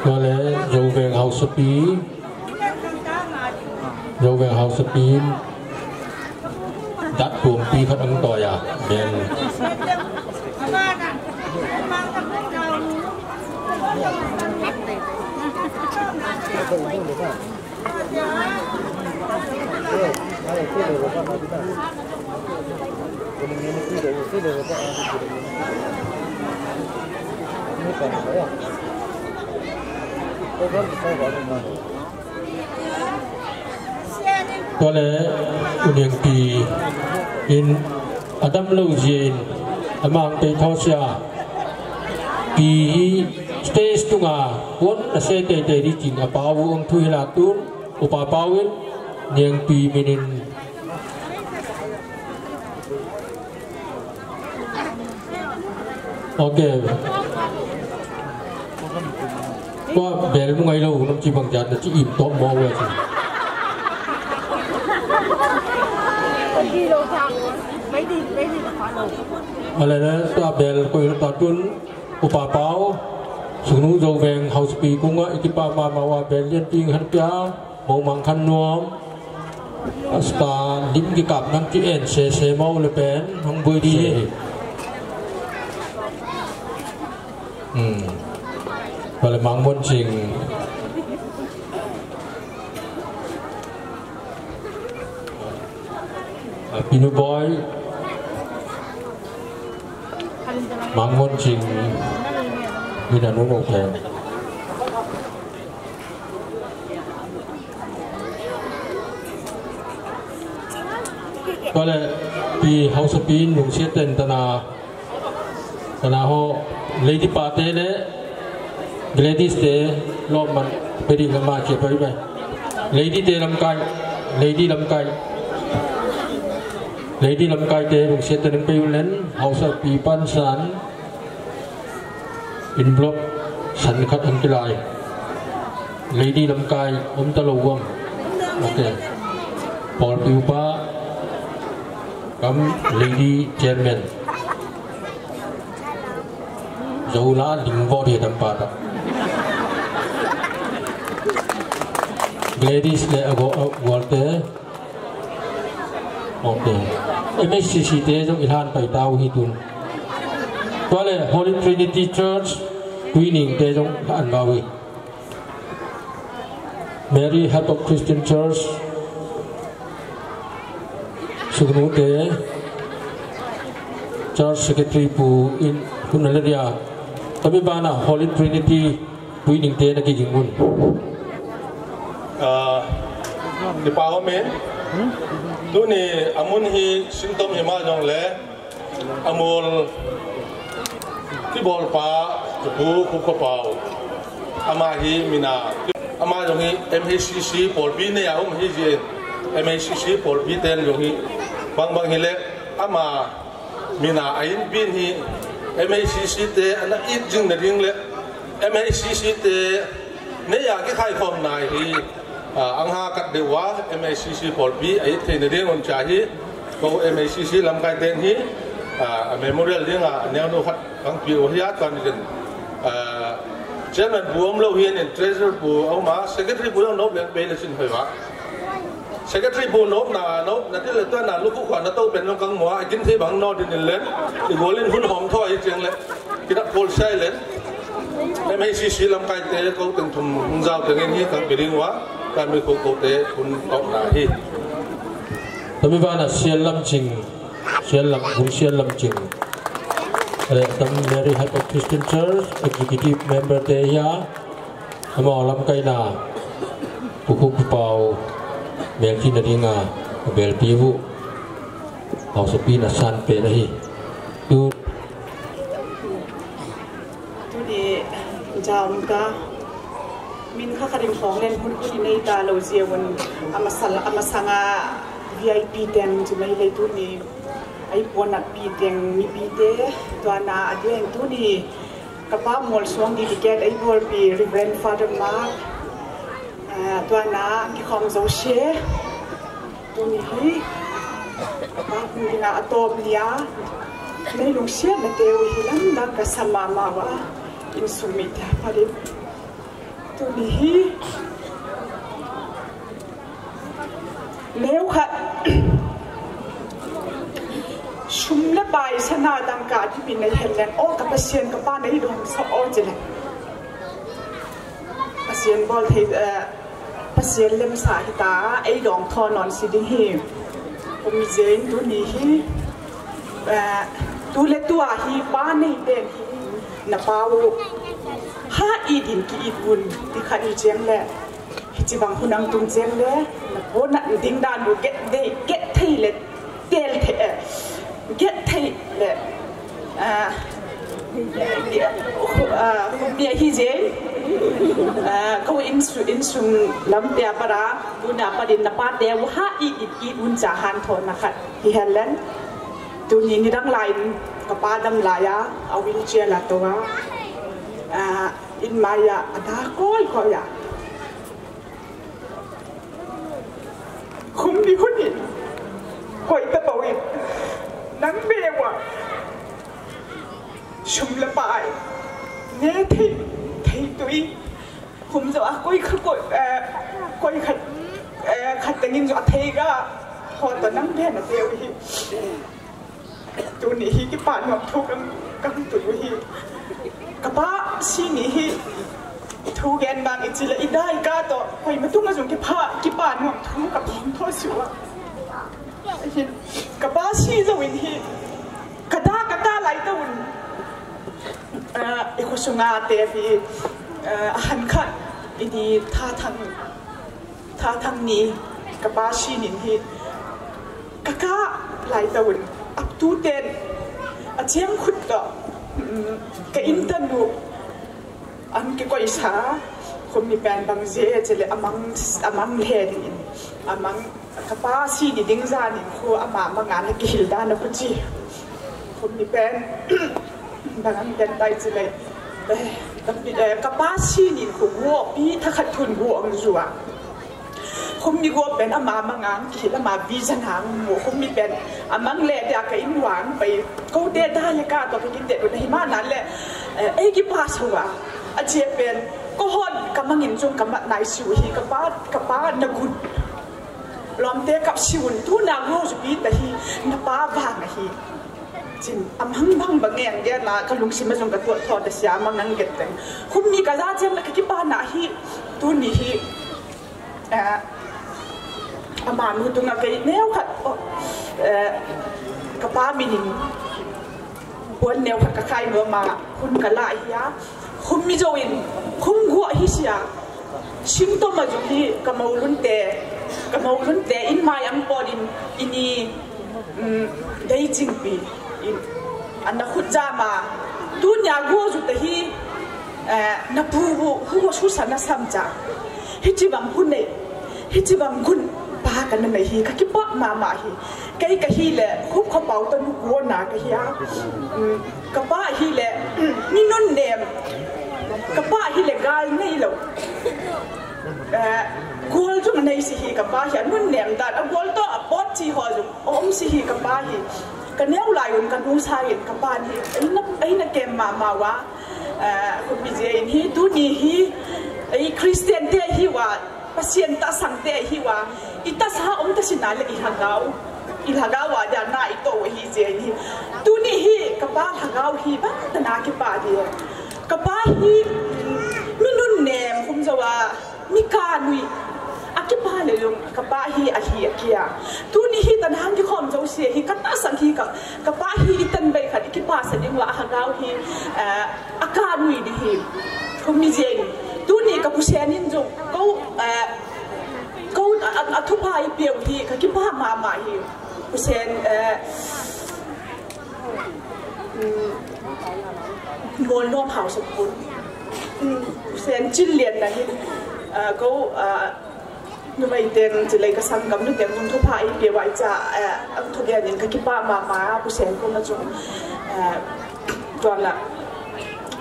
Kale dấu vẹn hậu sắp bí dấu vẹn hậu sắp bí đặt buồn bí phát ấn tòa à Nên Wale unyang pi in adam lo jin amang pe thosia pi stage tu nga won na se te te di jing a pa wu ong thui la tu u pa pa win niang pi minin okay qua bel mu ngai lo nam chi bang jan chi im to mo we chi đi đâu sang mấy đi mấy đi khóa lâu mà lại đó ta coi ta tuân của bà báo sunu dâu vàng hậu spi cũng ngã ít ba ba mà qua bên liên tiên hắn kia mong mang khăn nuông spa lim cái cặp năng chỉ en xe xe mau lên bên không vui đi ừ. và lại mang môn trình Pinu boy mang môn trình như là nó một hàng có lẽ vì hậu sắp pin lùng xe tên tana tana ho lady party lệ ladies tế lo mặt đi làm mà chế bởi vậy lady tế làm cay lady làm cay lady làm cay tế lùng xe tên bê lên hậu sắp pin ban sản in block san khat an kilai lady lam kai om ta lo wam okay paul piupa kam lady chairman zola lingvo de dam Bà ta ladies le ago walte okay mscc te jong ilhan pai tau hi tun qua đây là Holy Trinity Church quy ninh tế trong ăn bao vị Mary Help of Christian Church sung nung tế Church Secretary pu in Hunalaria tapi bana Holy Trinity quy ninh tế là cái gì ngun ni pa homi tu ni amun hi symptom hi ma jong le amul à ที่บอลปลาคุกคุกกระเป๋าอามาฮีมินาอามาตรงนี้ MHCC ปอลบีเนี่ยผมให้เจน MHCC ปอลบีเต็นตรงนี้บางบางฮีเล็กอามามินาอินบินฮี MHCC เตอันนั้นอินจึงเรื่องเล็ก MHCC เตเนี่ยอยากให้ใครความนายฮีอังหากัดเดว่า MHCC ปอลบีไอ้เทนเรื่องมันจ่ายฮีเขา MHCC ลำไกเต็นฮี a à, à, memorial ding a neo no khat kang pi o hiya kan din chairman buom lo hian and treasurer bu au ma secretary bu no ben ben sin hoi wa secretary bu no na no na ti le ta na lúc khu nó na bên nó no mua mo a kin se đi lên din len ti golin hun hom tho ai cheng le ki da kol sai len em hay xí xí làm cái tế câu từng thùng hung giao từng em hi các bị liên hóa các mi cô cô tế cũng học lại hi. Tôi biết là xuyên lâm trình lâm, Sian Lam Hung Sian Lam Ching. Ờ, Tam Mary Hype of Christian Church, Executive Member là, Teya, Ama Lam Kaina, Kuku Kupau, Melki Naringa, Bel Pivu, House of Pina San Penahi. Good. Today, Jamka. min kha karin khong len hun kun nei ta lo zia won ama Vân, ama sanga VIP teng tu mai lay tu ni ai pon ap pi teng ni pi te tu ana adeng tu ni kapa mol song di ticket ai bol pi reverend father ma ah, tu ana ki khom zo she tu ni hi kapa ku ni atop lia ne lu she me te u hilang da ka sama ma wa in sumita pare tu ni hi ลี้ยวค่ะชุมลบายชนะดังการที่มีในเฮลันโอกับเซียนกับป้าในดงสอโอจิเลยเซียนบอลเทเออเซียนเล่มสายตาไอ้ดองทอนอนสิดิฮีผมมีเจนตัวนี้ฮีเออตัวเล็กตัวฮีป้าในเดนฮีนับเอาห้าอีดินกี่อีดุญที่ขัดอีเจมแหละ chỉ bằng cô năng tung chém lẽ là cô nặng đinh đàn của kết đây kết thì là tiền thế kết thì là à, à không biết à, gì à in thế kau insu insum lam te para tuna padin napa te wa ha ít ít ít un cha han thôi, nè khat hi helen tu ni ni dang lai ka pa dam la ya a win là la to wa in ma ya ada koi ko ya 홈리훈이 hoita bawin nang mewa shumla pai ne thi thi tui hum zo a koi kha koi koi kha kha tình zo thei ga ho to nang be na teu hi tu ni hi ki pa no thuk kang tu hi kapa si ni hi ทูแกนบางอิจิละอีได้ก้าต่อไปมาตุ้งมาจงกี่ผ้ากี่ป่านหวงทุ่งกับท้องทอสิวะกับบ้าชีจะวินฮีกระด้ากระด้าไหลตะวันเอ่อเอกคนชงาเตฟีเอ่อหันขัดอีนีท่าทางท่าทางนี้กับบ้าชีนินฮีกะก้าไหลตะวันอับตูเตนอาเชียงขุดต่อกับอินเตอร์นูอันกี่ก็อิสระคนมีแปนบางเจเจเลยอมังอมังเลดินอมังกระป้าซีดิด้งจานินคืออามามางานใี้กิลดานะพีจีคนมีแปนบางอันเดนไปเจเลยเกับกระป้าซีนินคอวัวปีถ้าขัดทุนวัวอังจัวคมมีวัวเป็นอามามางานกิลมาบีจันหางหมูคนมีเป็นอามังเลดยากอินหวานไปก็เดด้าเลยกาตัวไปกินเด็ดในหิมะนั่นแหละเอ้กี่ป้าสัว a chia pen ko hon kamang in chung kamat nai siu hi kapa kapa na gun lom te kap siun tu na ro ju bi ta hi na pa va na hi chin am hang bang bang ngen ge na ka lung si ma jong ka tu tho da sia mang nang get teng khum ni ka za chen la ki pa na hi tu ni hi a ama nu tu na ke ne khat ka pa minin buồn nếu các cái à, khai nữa mà kun cả lại ya khummi join khumgu hi sia symptom ma juli kamaulun te kamaulun te in mai đi podin ini dai jingpi in anna khutja ma tu nya go ju te hi na phù hu hu su sana samja hi chi bang kun nei hi chi bang quân pa kan mai hi ka kipa ma ma hi cái cái hi le khup kho bảo tan ko na ka hi ka pa hi le ni non ne ka pa hi le gal nei lo gol chu nei si hi ka pa hi nun nem da a gol to a pot chi ho ju om si hi cái pa hi cái neo lai um kan u sa hi ka pa hi na ai na kem ma ma wa ko bi je hi tu ni hi ai christian te hi wa ปเสียนตาสังเดฮีวาอิตาสาอมตาสินาเลอิฮังเอาอิหังเอาวะยานาอิโตวะฮีเจนีตุนิฮีกบ้าหังเอาฮิบ้าตนาคกปาดีกบ้าฮีมิลุนเนมคุณจว่ามิการุยอักบ้าเลยลงกบ้าฮิอัลฮีอักยาตุนิฮิตนาฮังิคอมจวเสฮิกตาสังฮีกับกบ้าฮิอิตันเบคันอิกบ้าเสดิงว่าหังเอาฮีอักการุยดีฮิคุมมิเจน tu ni ka pusian in zo ko eh, ko eh, a thu pa i piu hi ka ki pa ma ma hi pusian ngol eh, mm, nom hau sa pun pusian chin lien na hi ko như vậy tiền chỉ lấy cái sản phẩm được tiền dùng thuốc phải để vậy cha thuốc điện những cái kipa mà mà bố sen cũng là chúng toàn là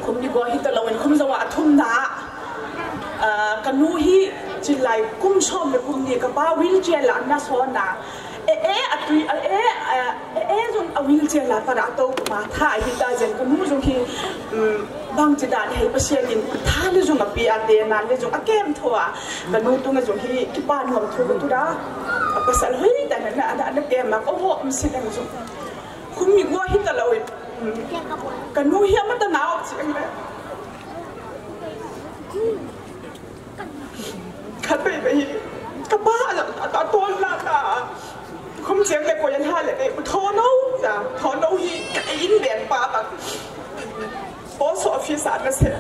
không đi qua hết hít lâu mình không ra hòa thun đã kanu ờ, chỉ chin cung kum để le đi ni ka ba wheelchair là anh so na e e atui e e e zun a wheelchair la para to ma tha hi ta jen kanu zun hi bang chi dan hei pasien in tha le zun a pi a de na le zun a kem thoa kanu tu nga zun hi ki pa nuam thu tu da a pasal hoi ta na na na kem ma ko ho mi sin nga zun kum mi go hi ta la oi kanu hi ma ta na op chi nga Mm-hmm. ข้าไปไปกับบ้าจ้ะตาตัวละตาคมเสียงแกกว่ายันท่าเลยเนี่ยทอนเอาจ้ะทอนู้ยิ่งยิ่งแดงป้าแบบโอ้สอฟีสารกนเสีย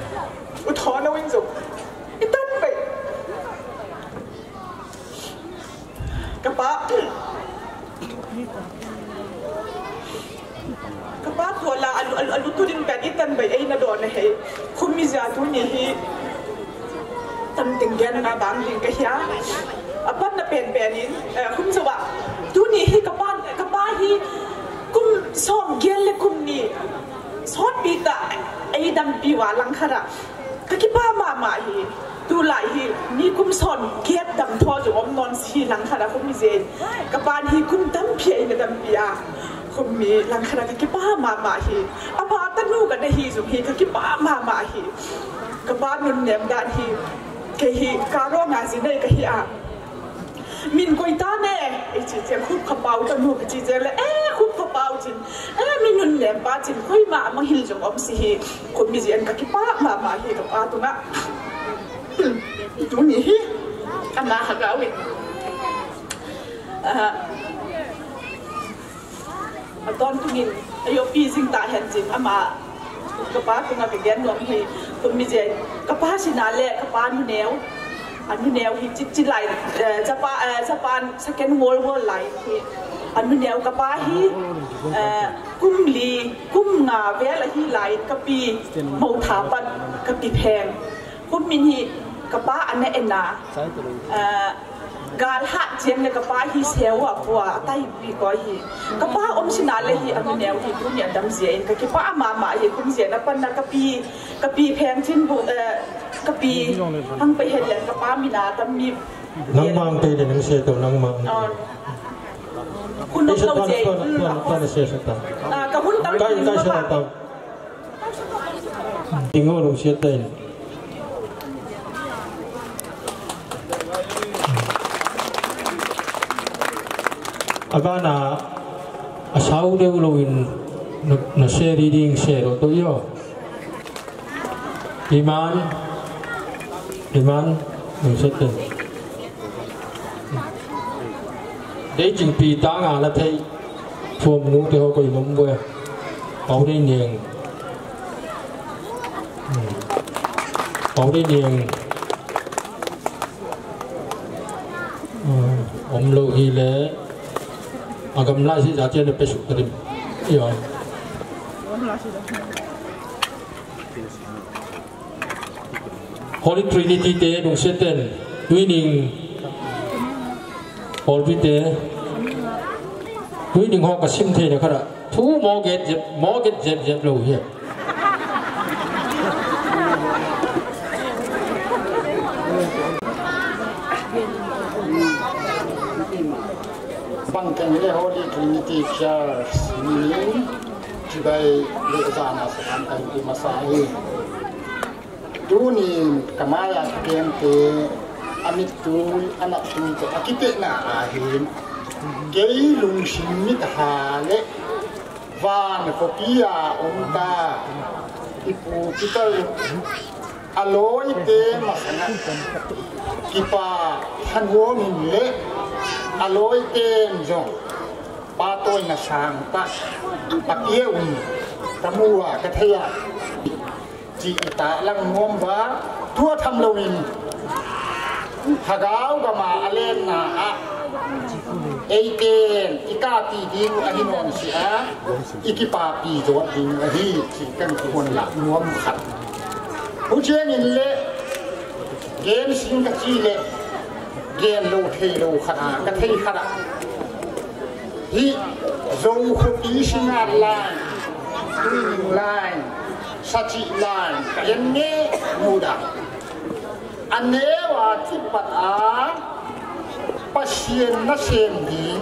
อุทอนู้ยิ่งจบอีตั้งไปกับบ้ากับบ้าตัวละอันอันอันอัวดินแบบอนตั้งไปไอ้นาดอนเนี่ยคุณมีจ้าตัวนี้ตั้งติงแกนนะบางลิงกะยาอปั้นนะเปลี่ยนแปลนินเอ่อคุ้มสวะดูนี่ให้กับบ้านกับบ้านที่คุ้มซอบเกลเลยคุ้มนี่สอนปีตาไอ้ดำปีวาลังคาระก็คิดบ้ามามาฮีดูไหลฮีนี่คุ้มสอนเกลดำทอจย่อมนอนสีลังคาระคุ้มมีเจนกับบ้านที่คุ้มดำเพียนดำปีอาคุมีลังคระกิป้ามามาฮีอาบาตันูกันได้ฮีสุฮีกิป้ามามาฮีกบ้านนุนเนมดานฮี cái hi cà rô ngà gì đây cái hi à mình quay ta nè chị chị khúc khập bao cho nụ chị chị là ê khúc khập bao chị ê mình nôn nhẹ ba chị quay mà mà hi giống ông xì hi còn mình gì em cái ba mà mà hi gặp ba tụi ạ tụi nhỉ anh à, mà hạt gạo vậy à à toàn tụi mình ayo pi sinh tại hiện chị à mà cái ba tụi nó bị ghen luôn thì คุณมีเจกระป้าชินาเล่กป้านุนว อันนุแนวฮิจิจิไลจะป้าจะปานสแกนวอลวอลไลอันนุแนวกะป้าฮิกุ้มลีกุ้มงาแวละฮิไลกะปีมาถาปันกะปีแพงคุณมินฮิกะป้าอันเนเอ็นนา gan hat chim le ka pa hi sewa kwa tai bi ko hi ka pa om sina le hi ami neu hi kun ya dam zia in ka ki pa ma ma hi kun zia na pan na ka pi ka pi phem chin bu ka pi hang pe hen le ka pa mi na tam mi nang mang te de nang se to nang mang kun nong lo zia ta na se ta ka hun tam kai kai se ta tingo nong se ta agana asau de uloin na se reading se ro to yo iman iman mình sẽ tin để chính bị ta ngà là thấy phùm ngũ thì họ có mong về bảo đi niềng bảo đi niềng ờ, ông lộ hi lễ à cầm lái xe giá tiền là bảy chục tiền rồi Holy Trinity tế đúng sẽ tên tuy ninh Holy vi tế tuy ninh họ cả sim thế này khá là thu mô kết dẹp mô kết dẹp dẹp holy trinity teachers ni chibai le zana sa kan kan ki masai tu ni kamaya kem te amit tu anak tu te akite na ahin gei lung shin mit ha le van kopia onta ipu kital aloi te masana kipa hanwo min le aloi te jong ป้าตวนนะสางปะปักเอี้ยวตะมัวกระเทียจีตาลังงมวะทั่วทำลวินหากาวกมาอเลนนาเอเกนอีกาตีดิงอหินอนเสียอิกิปาปีจวดิงอหีสิกันคนละนวมขัดผู้เชี่ยนินเลเกมสิงกะจีเลเกนโลเทโลขนาดกะเทยขนาด hi dùng khu tí sinh ngạt lại tuyên lại sa trị lại yên nghe mù đà anh nế và thích bật á bác xiên nó xem đi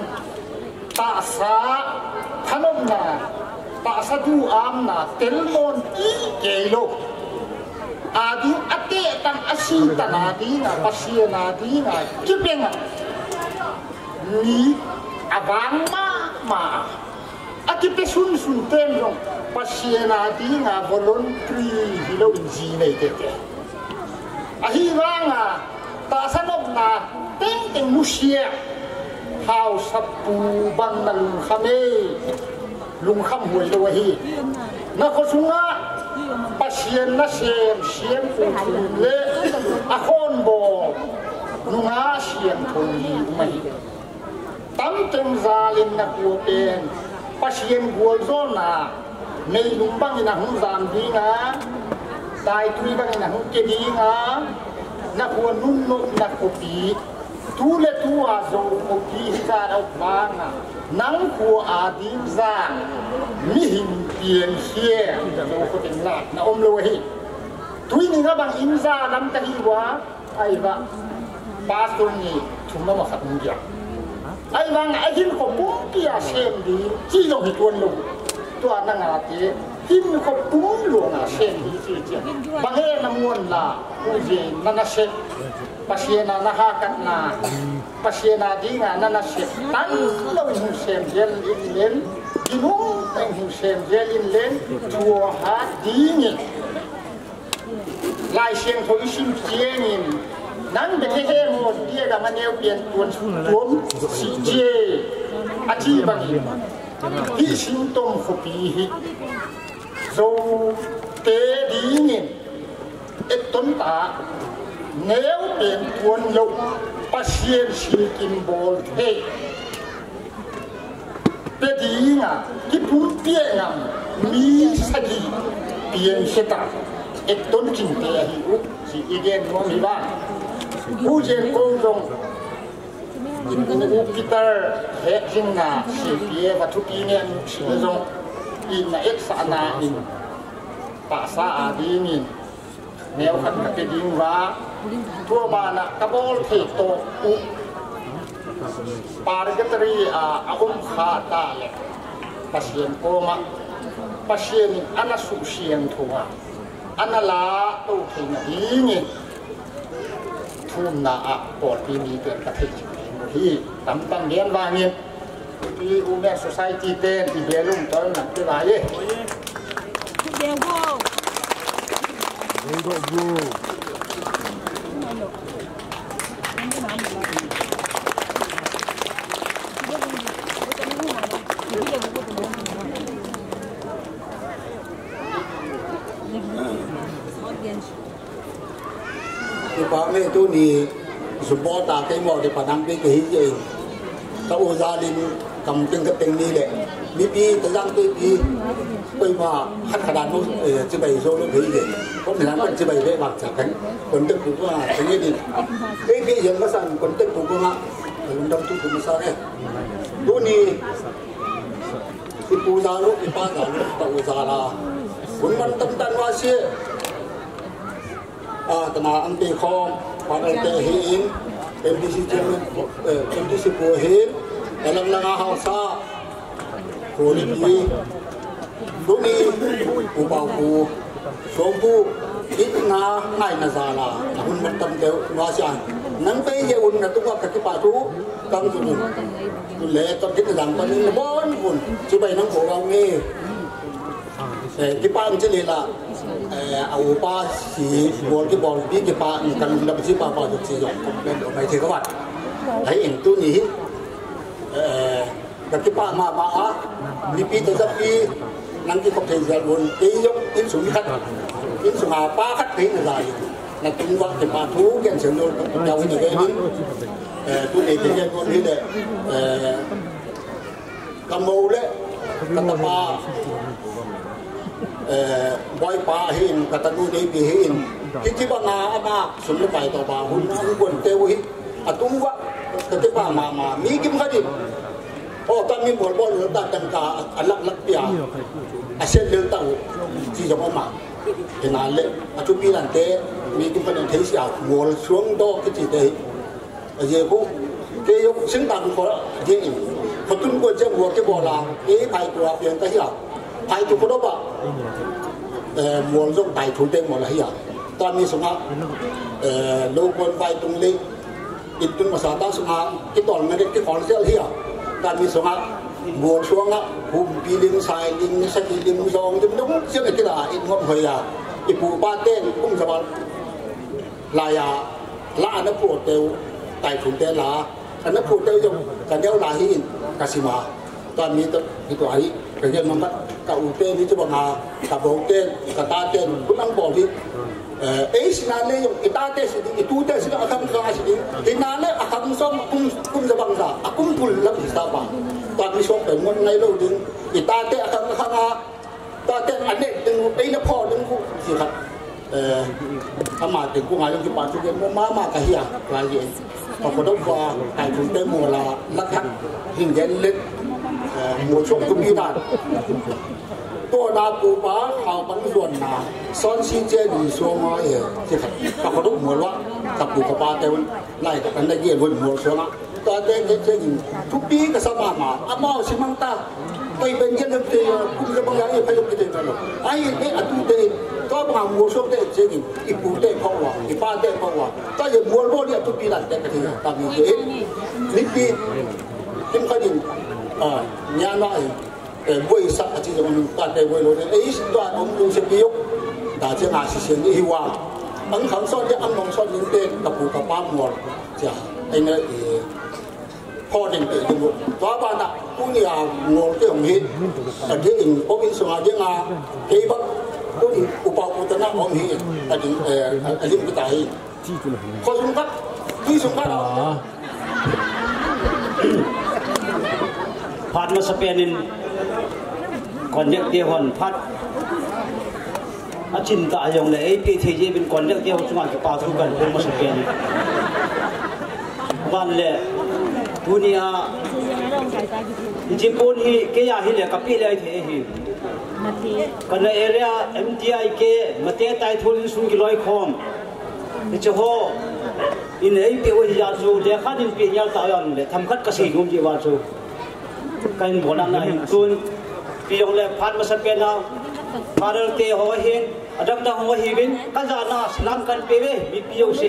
ta xá thân ông nà tạ xá du ám nà tên môn ý kề lô à đi á tệ tăng á xí tà nà đi nà bác xiên nà đi nà kiếp bên nà 你。avany mama aty mpiasony sonoteny zao pasiena aty igny avalohany krizy lao injina itety ahiragna tasanaovina tenteny mosia hao sapobanna longhame longham huay lao ahi nakosogna pasienna sem siem kotonle ahonbo nonga siem toni mahi tam tem za lên na ku ten pasien gol zo na nei lum bang na hung zam di nga tai tui bang na hung ke đi nga na ku nôn no na ku pi tu le tu a zo ku pi za ra ba nga nang ku a di za mi hin tiền xe zo ku ten la na om lo hi tui ni nga bang in za lam ta hi wa ai ba pastor ni chúng nó mà khát muốn giảng ai mang ai hin ko bum Kia xem đi chỉ lo hi quân lu tòa năng nga ti hin ko bum lu na sem di chi chi ba he na muon la ku je na na se pasiena na ha kat na pasiena di nga na na se tan lo hin sem gel in len di nu tan hin sem gel in len tua ha di ni lai sem ko isim chien in nan bete he mo dia da maneu bien tuan tuom si je achi bangi hi sin tom fo pi hi so te di ni et ton ta neu bien tuan lo pasien si kim bol he te di nga ki pur pie nga mi sa sagi pien ta, et ton kim te hi u si igen mo mi ba 不前公众因无皮带、黑镜啊、手表嘛，就避免轻松因那一些原把萨阿弟尼没有看到个电话，多半那卡包被盗，帕格特利啊，阿公卡大了，保鲜膜嘛，保鲜阿那保鲜土啊，阿那拉露天阿弟尼。ทุ่มนาอักกอดปีนี้เป็นกระถิ่นมุฮีตั้มตั้งเรียนวางเงี้ยปีอุเมสุไซจีเต้นที่เบลุ่มตอนนั้นที่ไรเย่เดี๋ยวโบ ni support ta cái mò để phản cái cái gì ta ô gia đình cầm tiếng cái tiếng đi lệ đi đi tới răng tôi đi tôi mà hát khả đàn nó ờ, chỉ bày số nó thấy gì có thể làm còn chỉ bày vệ bạc chả cánh còn tức cũng là cái gì, đi cái gì gì nó sang còn tức cũng là còn đông tôi cũng sao đấy tôi đi thì phụ gia lúc thì ba gia lúc tàu gia là cũng văn tâm tan hoa xia à tao mà ăn tiền không mangalta hin MDC chairman ờ, MDC po hin alam langa hausa kuni ni luni ubau ku sombu ít na ngày na già là hun mất tâm đều nói rằng nắng tây giờ hun là tung qua các cái bà chú tăng tụi lệ tập cái rằng con nên là bốn hun chứ bây nó khổ vào nghe 誒嘅班即係啦，誒牛巴士我嘅望邊嘅班唔近諗知辦法就自用咁樣，咪睇嗰份喺營都你誒入嘅班嘛嘛啊，你邊度得邊？nanti kok tinggal pun tiup tin sulihat tin sungapa kat tin lagi na tin wa tin ma thu kan seno jauh ni ke ni eh tu ni ờ, dia à, ko ờ, ni le eh kamau le kata pa Eh, boy pa hin katanu dei bi hin kiti ba nga ama sunu pai to ba hun hun gon te wi atung wa kati pa ma ma mi kim ga di o ta mi bol bol ta kan ka alak lak pia asel del ta wo ji jo ma ina le atu pi lan te mi kim ga den thei sia wol suang do kiti dei a ye bu te yo sing ta ko je ni ko tun ko je wo ke bola e pai ko a pian ta hi ภัทุกคนบอกเอ่อมวลส่งไปทุเต็งหมดเลยอย่าตอนนี้สมัเอ่อลูกคนไปตรงนี้อิดตึงภาษาต้าสมัที่ตอนไม่ได้ที่ขอนเสียเียอ่ะตอนนีสมัครบวชช่วงอ่ะภูมิปีลิงสายลิงสกีลิงซองจุมันต้อเสียอะไรกันล่อิดงบเฮียอิปูป้าเต้นกุ้งสะบัดลายาลาอันนั้นปวดเตลไตขุนเตลลาอันนั้นปวดเตลยังกันเดียวลายหินกัสิมา ตอนนี้ตัวที่ตัวนีเห็นมันก็อุเตนที่จะบอกวากับอุเตนกับตาเตนก็นั่งบอกที่เออไอ้สินาเลยอิตาเตสิอิตูเทสิอาคัมกาสิอินาเลยอาคัมซอมคุ้มคุ้มจะบังซาอาคุ้มพุลลับสิตาบังตอนนี้ส่งไปมันในโลกดึงอิตาเทอาคัมข้างาตาเตนอันเนตดึงไอ้ละพ่อดึงกูสิครับเออทำมาถึงกูงานยังจะปั่นทุกเย็นมามากระเฮียรายเย็นพอคนต้องฟ้าไอ้คุณเต้โมลาลักทักหิ่งเย็นเล็กมูชงตุ้มีดันตัวนาปูปาเขาวปันส่วนนาซ้อนชิเจนีสวงอ่ะเจ็ดตากกระดุกหัวล้อตับปูปลาเต้นไล่กันได้เย็นวันหัวสวอ่ะตอนเด็กเจนีทุกปีก็สมามาอาม่าชิมังตาไปเป็นเจนีเตยคุณจะบองยังไงไปยุบเตยกันหรอไอ้เนี่ยอัตุเตยก็มามัวสวงเตยเจนีอีปูเตยพ่อว่าอีป้าเตยพ่อวะตอนเด็กมัวร้อเนี่ยทุกปีหลังเดนกเตยตามยุคนี้นิดนี้ทิมขยิน Ờ, nhà nội để quay sắc chỉ dùng toàn để quay lối đến ấy toàn ông luôn sẽ biết đã trên ngài sẽ xin hiệu quả ông khẩn son đi ăn mong son những tên tập vụ tập ba nguồn chả anh ấy ờ, kho đình tự dùng tòa ban ạ cũng như là nguồn cái hồng hiện ở thế đình có bên sông hà giang à thế bắc cũng cụ bảo cụ tân ông hiện ở đình ờ, ở đình cái tài kho sung bắc đi sung bắc đó phát mà sắp in còn nhận tiêu hoàn phát nó chìm tạ dòng lễ thì thế giới bên còn nhận tiêu chúng anh bảo thu gần bên mà sắp in van lệ dunia chỉ còn à, hi cái nhà hi lệ cặp lệ thế hi còn là area MTI cái mà té tai thôn xuống cái loại khom thì chỗ in ấy bị ôi giá dù để khác in bị nhau tạo ra để tham khát cái gì cũng chỉ vào rồi kain bona na hin tun piyong le phat ma sape na pharal te ho hin adam da ho hi bin ka za na slam kan pe be mi piyong se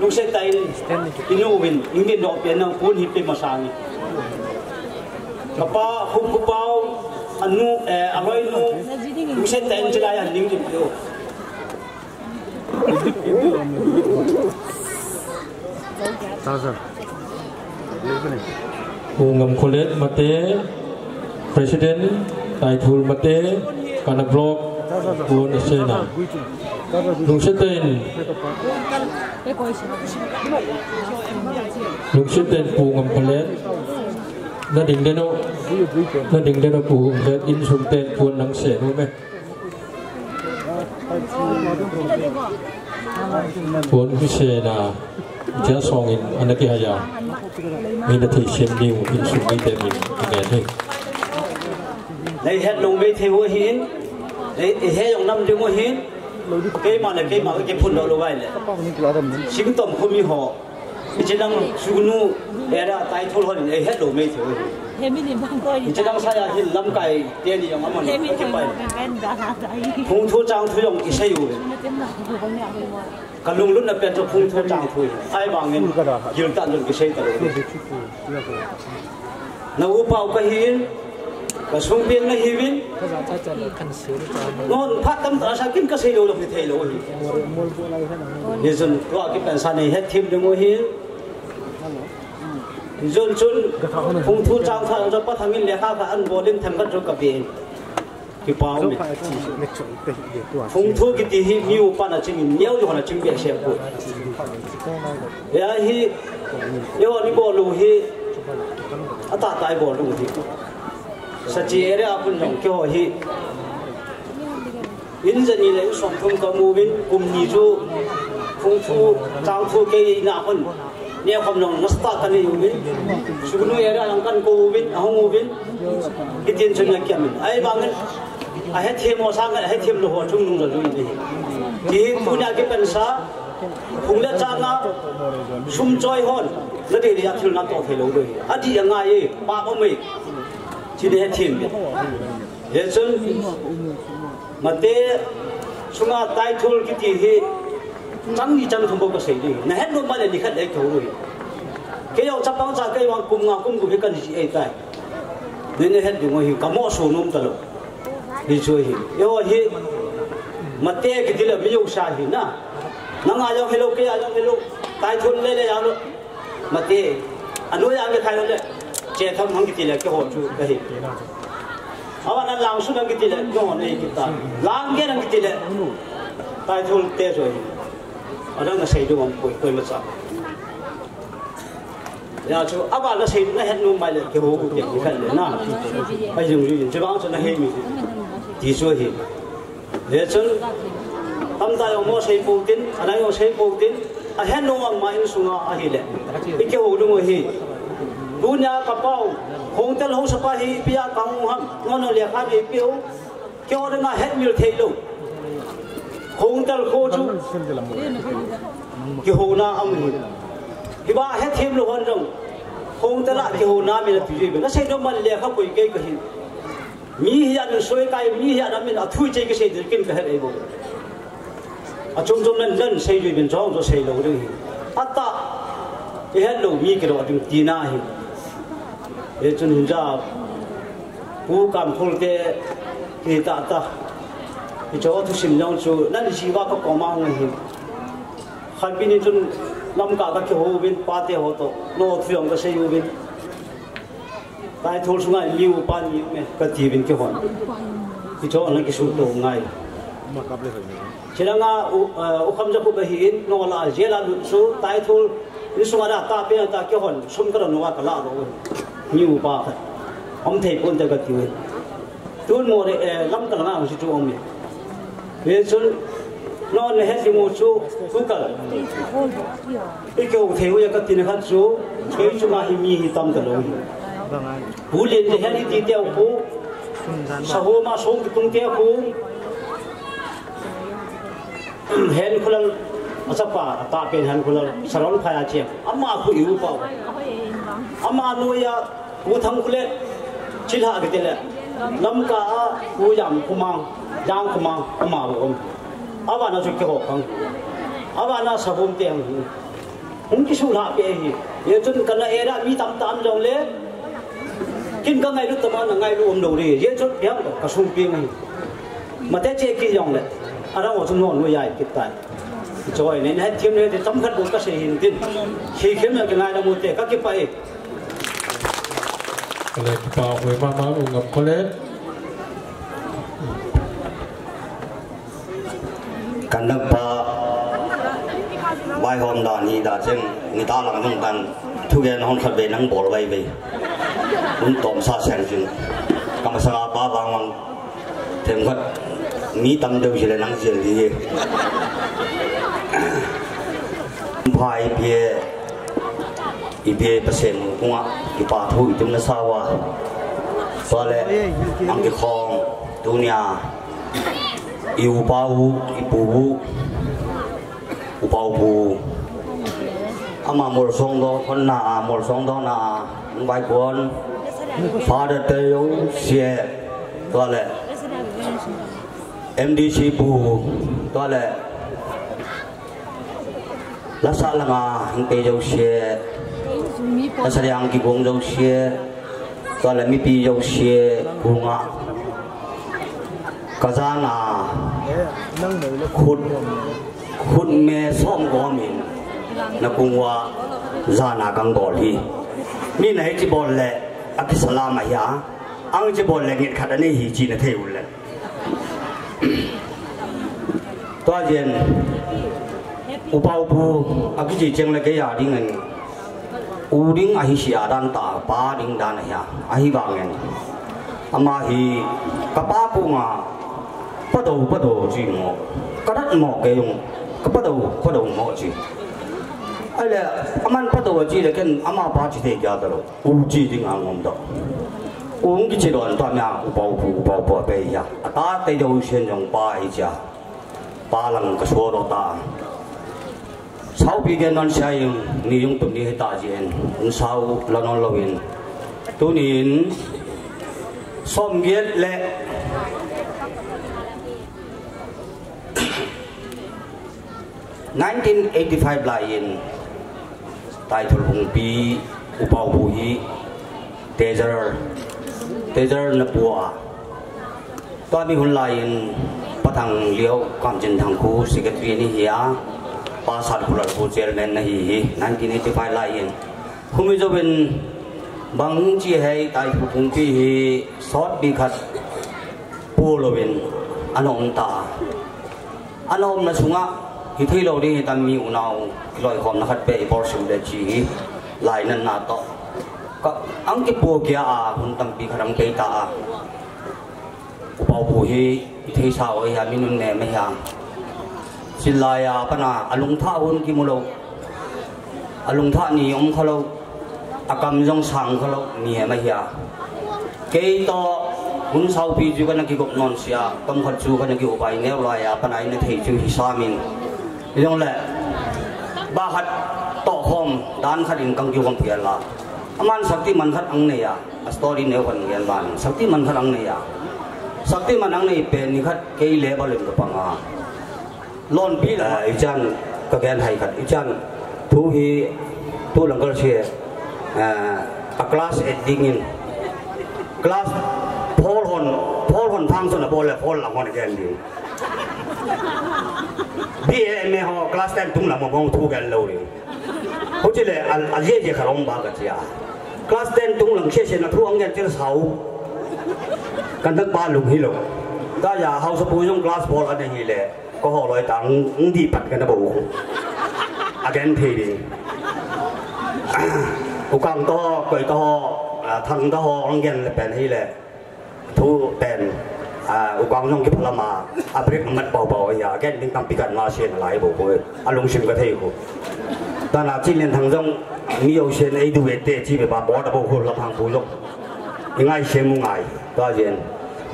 nung se tai inu bin ingin do pe na kun hi pe ma sangi kapa hum kupau anu eh aroi nu nung se tai jela ya ning di piyong Tazer. Leben. Ungam College Mate, President Taitul Mate, Kana Block, Buon Sena. Nung Seten, Nung Seten Ungam College, Nó đỉnh đến đâu, nó đỉnh đến đâu phụ sẽ in xuống tên cuốn nắng sẽ đúng không? Cuốn cái xe là giá song in anh kia ya mình đã thấy xem nhiều thì sung đi tìm mình nghe thế lấy hết nông mấy thiếu hiến lấy hết dòng năm thiếu hiến cái mà là cái mà cái phun đầu vậy này chính tổng không như họ mình chỉ đang sunu era tay thôi hơn lấy hết đồ mấy thiếu mình chỉ đang sai ra thì lâm cái tiền gì mà mình không phải phun thuốc trang thuốc dùng cái sai rồi ka lung lun na pen cho phung thu chang thôi ai bang in yil ta lun cái xe ta lu na u pau ka hin ka sung biên na hiwin non phát tâm ta sa kiếm cái sei lo lo ni thei lo hi ni zun cái a ki này hết nei het thim de mo hi zun chun phung thôi chang tha cho pa thangin le kha ka an lên tham ka cho ka biển cái bao nhiêu à, phong thua cái gì hi miu pan là chính mình nhau cho là chính biệt xem của ya hi yêu anh bỏ lù hi à ta tại bỏ lù thì sao chỉ ấy là phần lòng kêu hi in dân như này sòng không có mua bên cùng nhị du phong thua trang thua cái nào hơn nếu không nông nó start cái này ubin sugnu era mua bên không à, mua bên, cái tiền chuyện này kia mình ai bằng à hết thêm một sang hết thêm lô hoa chung nung rồi đi thì cũng đã cái bên sa cũng đã cha na sum chơi hồn là để đi ăn nó tổ thể lâu rồi à đi ăn ngay ba bốn mươi, chỉ để hết thêm hết chân mà thế chúng ta tại thul cái gì hết chẳng đi chẳng không bao giờ xảy đi hết luôn mà để đi khách để thấu rồi cái ông chấp bằng ra cái ông cùng ngà cùng cùng cái cần gì ấy tại nên hết được ngồi hiểu cả mỏ số nông tao हिजोही मत गिदी अभी उशाही ना नंग आज हेलो के आज हेलो कई जाओ मत अनु आगे खाई चेथ हंगी के हो कही अब ना लाश नंगी क्यों किता लागे नंगी कई थोल तेज हो रंग सही जो कोई मचा अब आलो सही हेनू माइल के हो ना जो हे मिले di chu hi le chun tam ta yo mo sei pu tin ana yo sei pu tin a hen no ang main sunga a hi le ikke ho lu hi dunya ka pau hong tel ho sapa hi pia ông ham no no khác kha bi piu kyo de na het mil thei lo hong tel kho chu ki ho na am hi ki ba het him lo hon rong hong tel a ki ho na mi la tu ji na sei do man le kha koi cái ka hi มีเฮียนสวยกายมีเฮียนนั้นอ่ะทุยใจก็เสียดกินก็เห็นไอ้บุอ่ะจมจมนั่นนั่นเสียด้วยเป็นจ้องจะเสียเราด้วยอัตตาเฮียนเรามีกระโดดถึงตีน่าหิเฮ้ยจนหินจ้าผู้กำพูดเตะที่ตาตาที่จ้องทุกสิ่งอย่างจู่นั่นชีวะก็กอมาหงหิขันปีนี้จนลำกาตะเขียวบินปาเตหัวโตโนทุยองก็เสียอยู่บิน tại thôn xuống ngay nhiều ban nhiều mẹ cái gì bên kia hòn thì cho anh cái xuống đồ ngay chỉ là nga u ờ, khăm cho cô bé hiện nó là dễ là được số tại thôn nếu xuống đó ta bây giờ ta kia hòn xong cái đó nó là lạ rồi nhiều ba thật ông thầy con ta cái gì tuôn mồ để ờ, lắm cái là mà chỉ cho ông mẹ vì số nó là hết thì một số cứ cả cái kiểu thế của cái tiền khác số cái chúng ta hình như tâm tới rồi भूले देहली दीते अपु सहो मा सो कुंते अपु हेन खुलल अचपा ता पेन हेन खुलल सरोन फाया छे अम्मा अपु यु पाव अम्मा नोया पुथम खुले चिल्हा गतेले लमका पु याम कुमा जांग कुमा कुमा बगम अब आना चुके हो पंग अब आना सबों ते हम उनकी सुलह पे ये जो कल एरा भी तम तम जाऊं kin ka ngai lu tama na ngai lu om do ri ye chot yam ka sum pi ngai mà thế chế kia dòng này ở à đó một trong nón nuôi dài kịp tại rồi nên hết thêm này thì tâm khát của các sự hiện tin khi kiếm được cái này là một thể các kịp phải là kịp bảo với ba má cùng ngập con lên cần được ba bài hôm đó thì đã xem người ta làm công tần thu gian không thật về nắng bỏ về về un tom sa sen jin kam sa ba ba mang thêm gắt mi tam đều chỉ là nắng chỉ đi phải bia ibie pasem kunga ipa thu itum na sawa soale ang khong dunia iu pau ipu upau bu ama mor song do thon na mor song do na bai kon pha de te yo sie to le mdc bu to le la sa la nga hing te yo sie la sa yang ki gong yo sie to le mi pi yo sie bu nga ka za na khut khut me som go min na kungwa zana kang gol hi mi na chi bol le aki salam ya ang chi bol le ngit khadani hi chi na theu le to jen upau bu aki chi cheng le ke ya ding ngan u ding a hi sia dan ta pa ding dan ya a hi ba ngan ama hi ka pa pu nga bắt đầu bắt đầu chỉ ngộ, cái đất ngộ cái dùng, cái bắt đầu bắt đầu ngộ chỉ अहिले अमान पतो हो चिरे केन अमा बाँची थिए क्या तर ऊ चिदिङ आउँदा cũng cái chế độ anh toàn nhà bảo phụ bảo bảo bé ya ta tây đầu xuyên trong ba ấy cha ba lần cái số đó ta sau bị cái non sai yung ni yung tụi ni hết ta chuyện cũng sau là non lâu yên tụi ni xóm giết lệ nineteen eighty five lại ไตุ่ลุงปีอุปาบุยเตจรเตจรนบัวตอนมีคนไลน์ปะทังเลี้ยวคำจินทังคูสิกตรีนี่เฮียปาสัตว์ผลัดผู้เชี่ยวแมนนี่ฮีนั่นกินให้จะไปไลน์คุณวิจะเปนบางจีใต้ไตุ่ลุงปีฮีซอดบีขัดปูโลวินอนุมตาอนุมนะชุงอ่ะฮิตที่เราดีตันมีอุณาวลอยความนักเป็นบอลสุดเด็ดจีลายนั้นนาโตก็อังกฤษบวกยาคุณตั้มปีครั้งเกตาอุปบุหีที่ชาวเฮียมินุนเนไม่ยังสิลายาปนาอลุงท่าอุนกิมุโลอลุงท่านิยมเขาเราอากรรมยงสังเขาเราเนี่ยไม่ยังเกตาคุณสาวพี่จูกันนักกีฬานอนเสียต้องขัดจูกันนักกีฬาไปเนี่ยลายาปนายในเที่ยวที่ามินยังแหละบ้าหัดต่อคอมด้านขัดอิงกังยูของเพียรละมันสักที่มันขัดอังเนียสตอรี่เนวันเพียนบานสักที่มันขัดอังเนียสักที่มันอังเนียเป็นนี่ขัดเกยเล่บอะไร่กับปังอาลอนปีละอีจันก็แกนไทยขัดอีจันทูฮีทูหลังกระเชียอ่าคลาสเอ็ดดิ้งอินคลาสพอลฮอนพอลฮอนทางสนบอลเล่พอลหลังคอนแกนดิ้ง BM ho class 10 tung lama bong thu gal lo ri ho chi le al al ye je kharong ba ga chia à? class 10 tung lang khe se na thu ang gen chir sau kan dak ba lung hi lo ta ya house pu jong class 4 an hi le ko ho loi tang ng di pat kan bo again thi ri ko kang to ko to à, thằng to ho ang gen le pen hi le thu pen à u cái phần mà à bây giờ mất bảo bảo cái mình cầm pican mà xuyên lại bộ của à long xuyên cái thế của ta là chỉ nên thằng rong mi yêu xuyên ấy đủ chỉ về bà bỏ đã bộ của lập hàng phụ rong nhưng ai xuyên mu ngài ta diện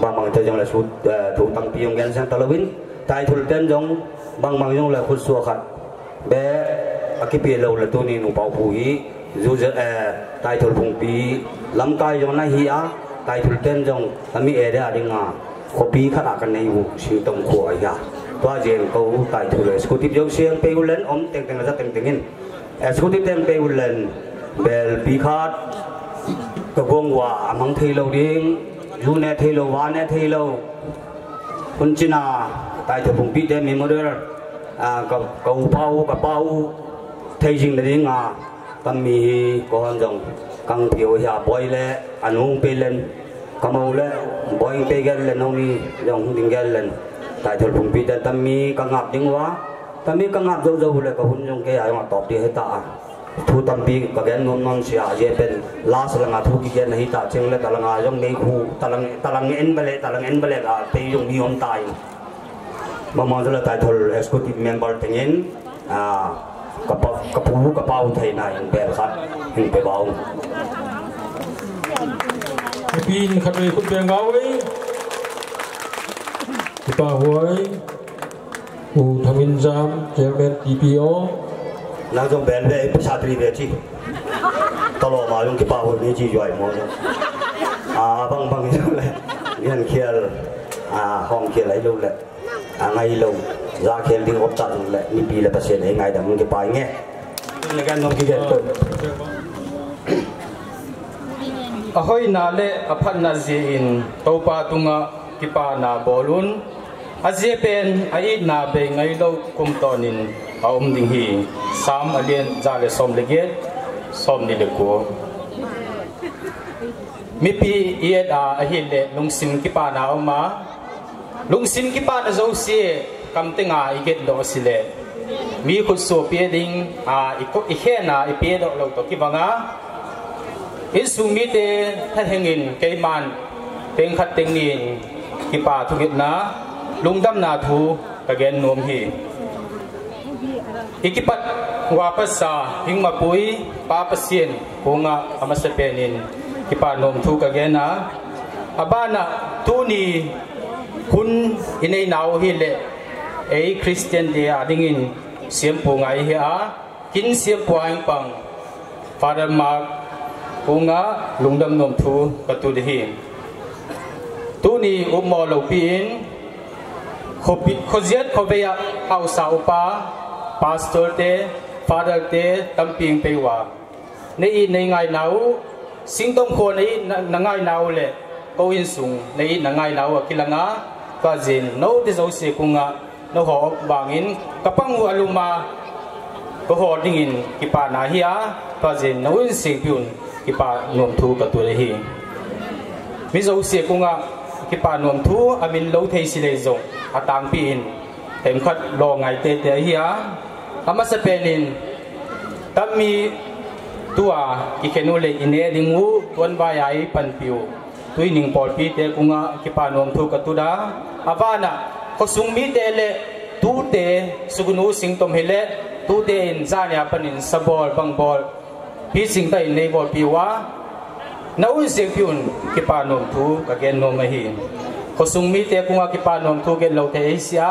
bằng bằng cho rằng là số ờ, tăng pi gan sang ta là tại thủ tên rong bằng bằng rong là khuất xua khát bé à, cái bia lâu là tôi nên u bảo phụ ý ờ, tại thủ phùng pi lắm cái rong này hi á tại thủ tên rong là mi ở đây à đi ngang kopi khá là cái này vụ sinh tông của ya toa diện câu tại thủ lệ scoot tiếp giống xiên pe ulen om teng teng ra teng tengin à, scoot tiếp tem pe ulen bel pi khát cái bông hoa mang thấy lâu điên du nè thấy lâu hoa nè thấy lâu quân chín à tại thủ vùng pi tem mình mới được à cầu cầu bao cầu bao thấy riêng là tiếng à tâm mi có hơn rồng căng biểu hạ bôi lệ anh uống pe lên kamaula boing pegal le nomi jong dinggal len tai thol phung pi dan tammi ka ngap ding wa tammi ka ngap zo zo le ka hun jong ke ai ma top ti heta thu tampi ka gen non non sia je pen las la nga thu ki gen nahi ta cheng le talang a jong nei khu talang talang en bale talang en bale ga pe jong mi om tai ma ma zo la tai thol executive member tengen a kapau kapau thai na in pe khat in pe baung pin bin khabe khut be ngawi ta huai u thamin jam chairman tpo na jong ben be satri be chi talo ma jong ki pa hol mà dùng joi bà a bang bang le yan khial à hong khial ai lâu le à ngay lâu ra khial ding op chat le ni pi le pasien ai ngai dam ki pa nge le gan nong ki ge ahoi na le aphat na zi in topa tunga kipa na bolun azia pen ai na be ngai lo kum tonin aum ding hi sam alien za le som le ge som ni le ko mi pi ie da a hi le lung sim kipa na ma lung sim kipa na zo si e, kam te nga i get lo si le mi khu so pe ding a i ko i he na i pe do lo to ki banga อิสุมิเตท่านเฮงินเกมันเป็งขัดเต็งนินกิป่าทุกิตนะลุงดำนาทูกะเกนนวมฮีอิกิปัตวาปัสสาหิงมาปุยปาปเซียนคงะอมัสเปนินกิป่านมทูกะเกนนะอบานะตูนีคุณอินในนาวฮิเลเอคริสเตียนเดียดิ้งินเสียมปูไงเฮียกินเสียมปูไงปังฟาร์มา u nga lungdam nom thu tu đi hiền tu ni u mò lo pin giết khopi khoziat khobeya au sa pa pastor te father bây te tamping pewa nei nei nào sinh sing tom kho nei na ngai nào le câu in sung nei na ngai nau akilanga ka jin no de zo se kunga no ho bangin kapangu aluma ko ho dingin kipa na hiya ka jin no in se pyun kipa nom thu ka tu le hi mi zo se ku nga kipa nom thu amin lo thei si le zo atang pi in tem khat lo ngai te te hi a ama se pelin tammi tua ki kenu le ine dingu tuan ba yai pan piu tui ning pol pi te kunga kipa nom thu ka tu da avana ko sung mi te le tu te sugunu sing tom hele tu te in zanya panin sabol bang bol pi sing tai nei bo pi wa na un se pi un ki pa nom thu ka gen nom hi ko sung mi te kunga ki pa nom thu gen lo te asia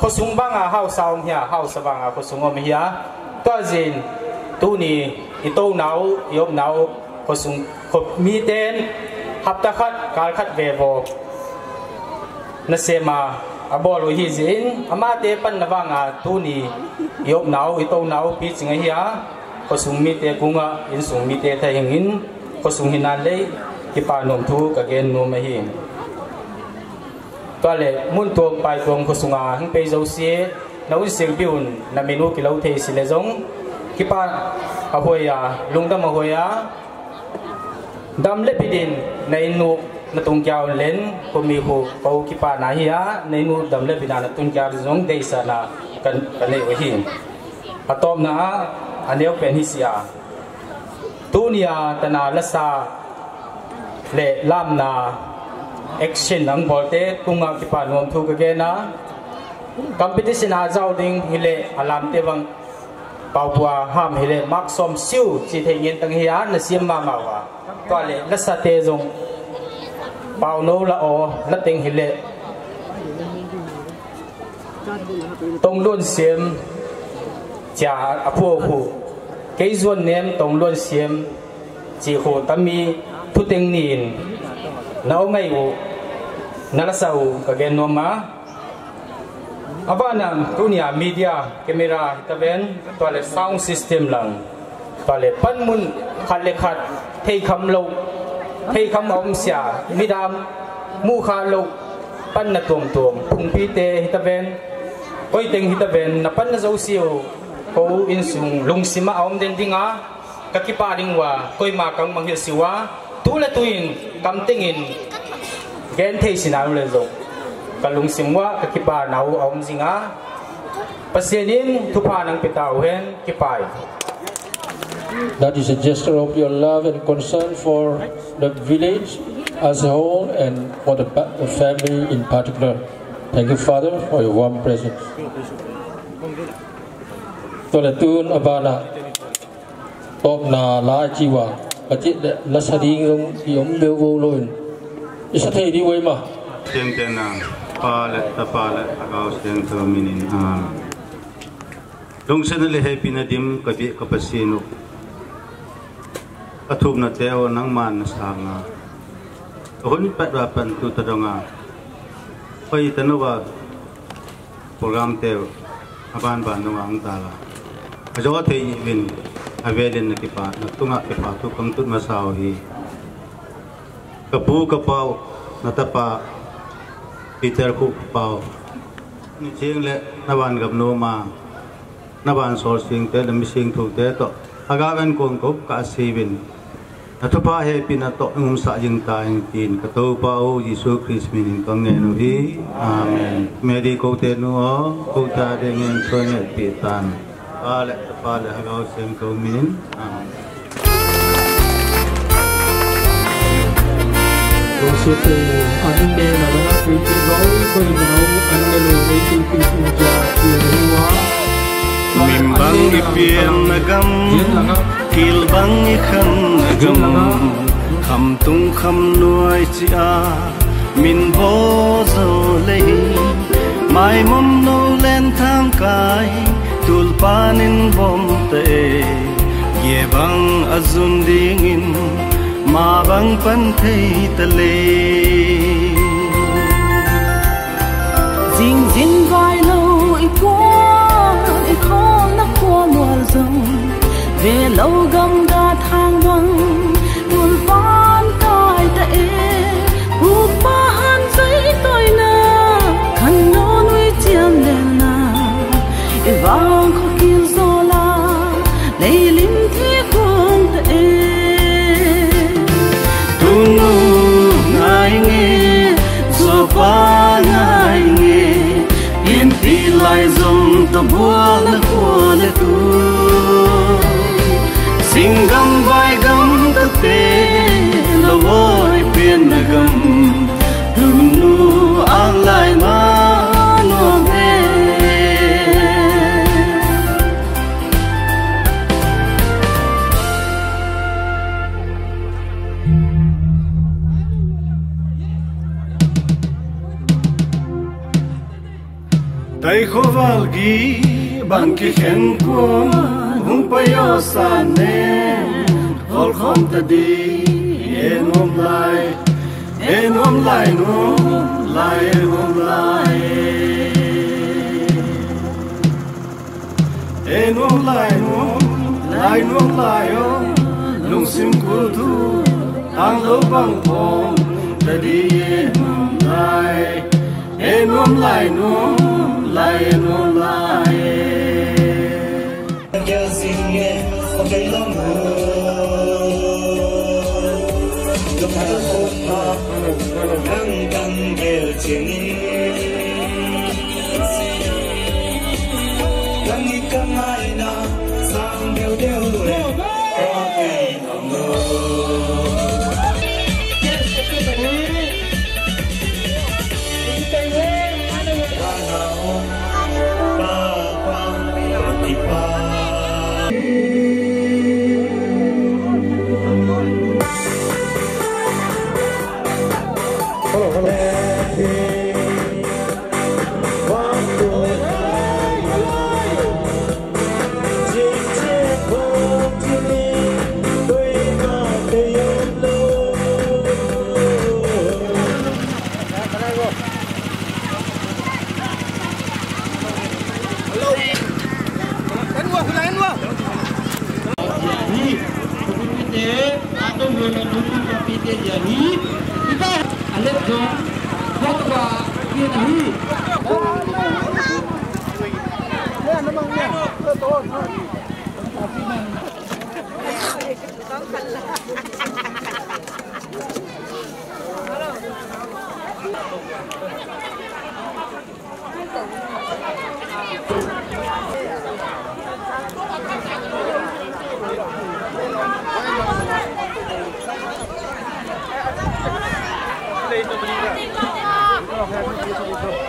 ko sung ba nga hau saung hia hau sa ba nga ko sung om hia to jin tu ni i to nau yom nau ko sung ko mi ten hap ta khat kal khat ve bo na se ma lo hi jin ama te pan na wa nga tu ni yom nau i to nau pi chinga hia có sung mi cung ạ, in sung mi te thay hình in có sung hình an lấy khi pa nom thu cả gen nom hi to le mun tuong pai tuong có sung à, hing pe dâu xie nấu sing biun na menu ki lâu thế xí le giống khi pa a hoi a à, lung dam a hoi a à. dam le pidin na in nu na tung kiao len ko mi hu pau ki pa na hi a na in nu dam le na tung kiao giống đây sa na kan kan le hi atom na anh yêu bên hi xia tu nia ta na la sa le lam na action ang bolte tunga ki pa nom thu ka na competition a zau ding hile alam te wang pau bua ham hile mak som siu chi the yen tang hi an na siam ma ma wa to le la sa te zong pau no la o la teng hile tông luôn xiêm cha phù hu cái zuan niệm tông luôn xiêm chỉ hồ tâm mi thu tiếng nín nấu ngay u nala sau cái gen nó mà à Abana dunia media camera kamera hitaben toilet sound system lang toilet panmun khale thấy thei lâu thấy thei ông om mi đam mu kha lâu pan na tuom tuom phung pi bên hitaben oi teng bên na pan na zo siu ko in sung lung sima om den dinga kakipa dingwa koi ma kang mang hil siwa tu la tuin kam tingin gen thei sinaru le zo ka lung simwa kakipa nau om zinga pasienin thupa nang pitau hen kipai That is a gesture of your love and concern for the village as a whole and for the, the family in particular. Thank you, Father, for your warm presence. ตัวเลตุนอบานะตบนาลาจีวาปฏิเลสดีงรงยมเบลโวลนอิสเทดีไว้มาเสียงเตนังปาเลตปาเลอากาเสียงเทอมินินอาลงเสนเลยให้พินาดิมกับเบกับสีนุกระทุมนาเตวนังมันสางาคนนี้ปัดว่าปันตุตรงาไปตนว่าโปรแกรมเตวอาบานบานนวังตาลา ajo te even avelin na kipa na tunga kipa tu kang tut masaw hi kapu kapaw na tapa Peter ku kapaw ni jing le na ban gap no ma na ban sol sing te na mising thu te to aga ben kong kop ka sibin na tu pa he pin na to ngum sa jing ta ing tin ka to pa o Jesu Christ min kang ne no hi amen meri ko te no ko ta de ngin so ne pi tan ale صالح وسلم كومين آمين Cầu sư phụ ở những đêm là vẫn áp vị trí anh đã lưu tình phi sinh trà Quyền Mình băng đi phiền nà găm băng đi khăn nà găm tung khăm nuôi chị à Mình vô dầu lấy Mai mong nô lên thang cài tul panin ye bang azun ma bang pan tale jing jing vai lo i ko i ko na ko nual zong ve lo gam da thang bang tul pan tai ta e u han sai toi na kan no nui tiam le na e vai to bua na khua na tu sing gam vai gam ta te ki khen ko hung pa yo sa ne hol khom ta di en om lai en om lai no lai en om lai en om lai e no lai no lai yo lung sim ku tu ang lo bang om ta di en om lai en om lai no lai en om lai e 请你。Italie, Italie, à Lebdon, Côte d'Ivoire, Vietnam. Thank you. Beautiful, beautiful.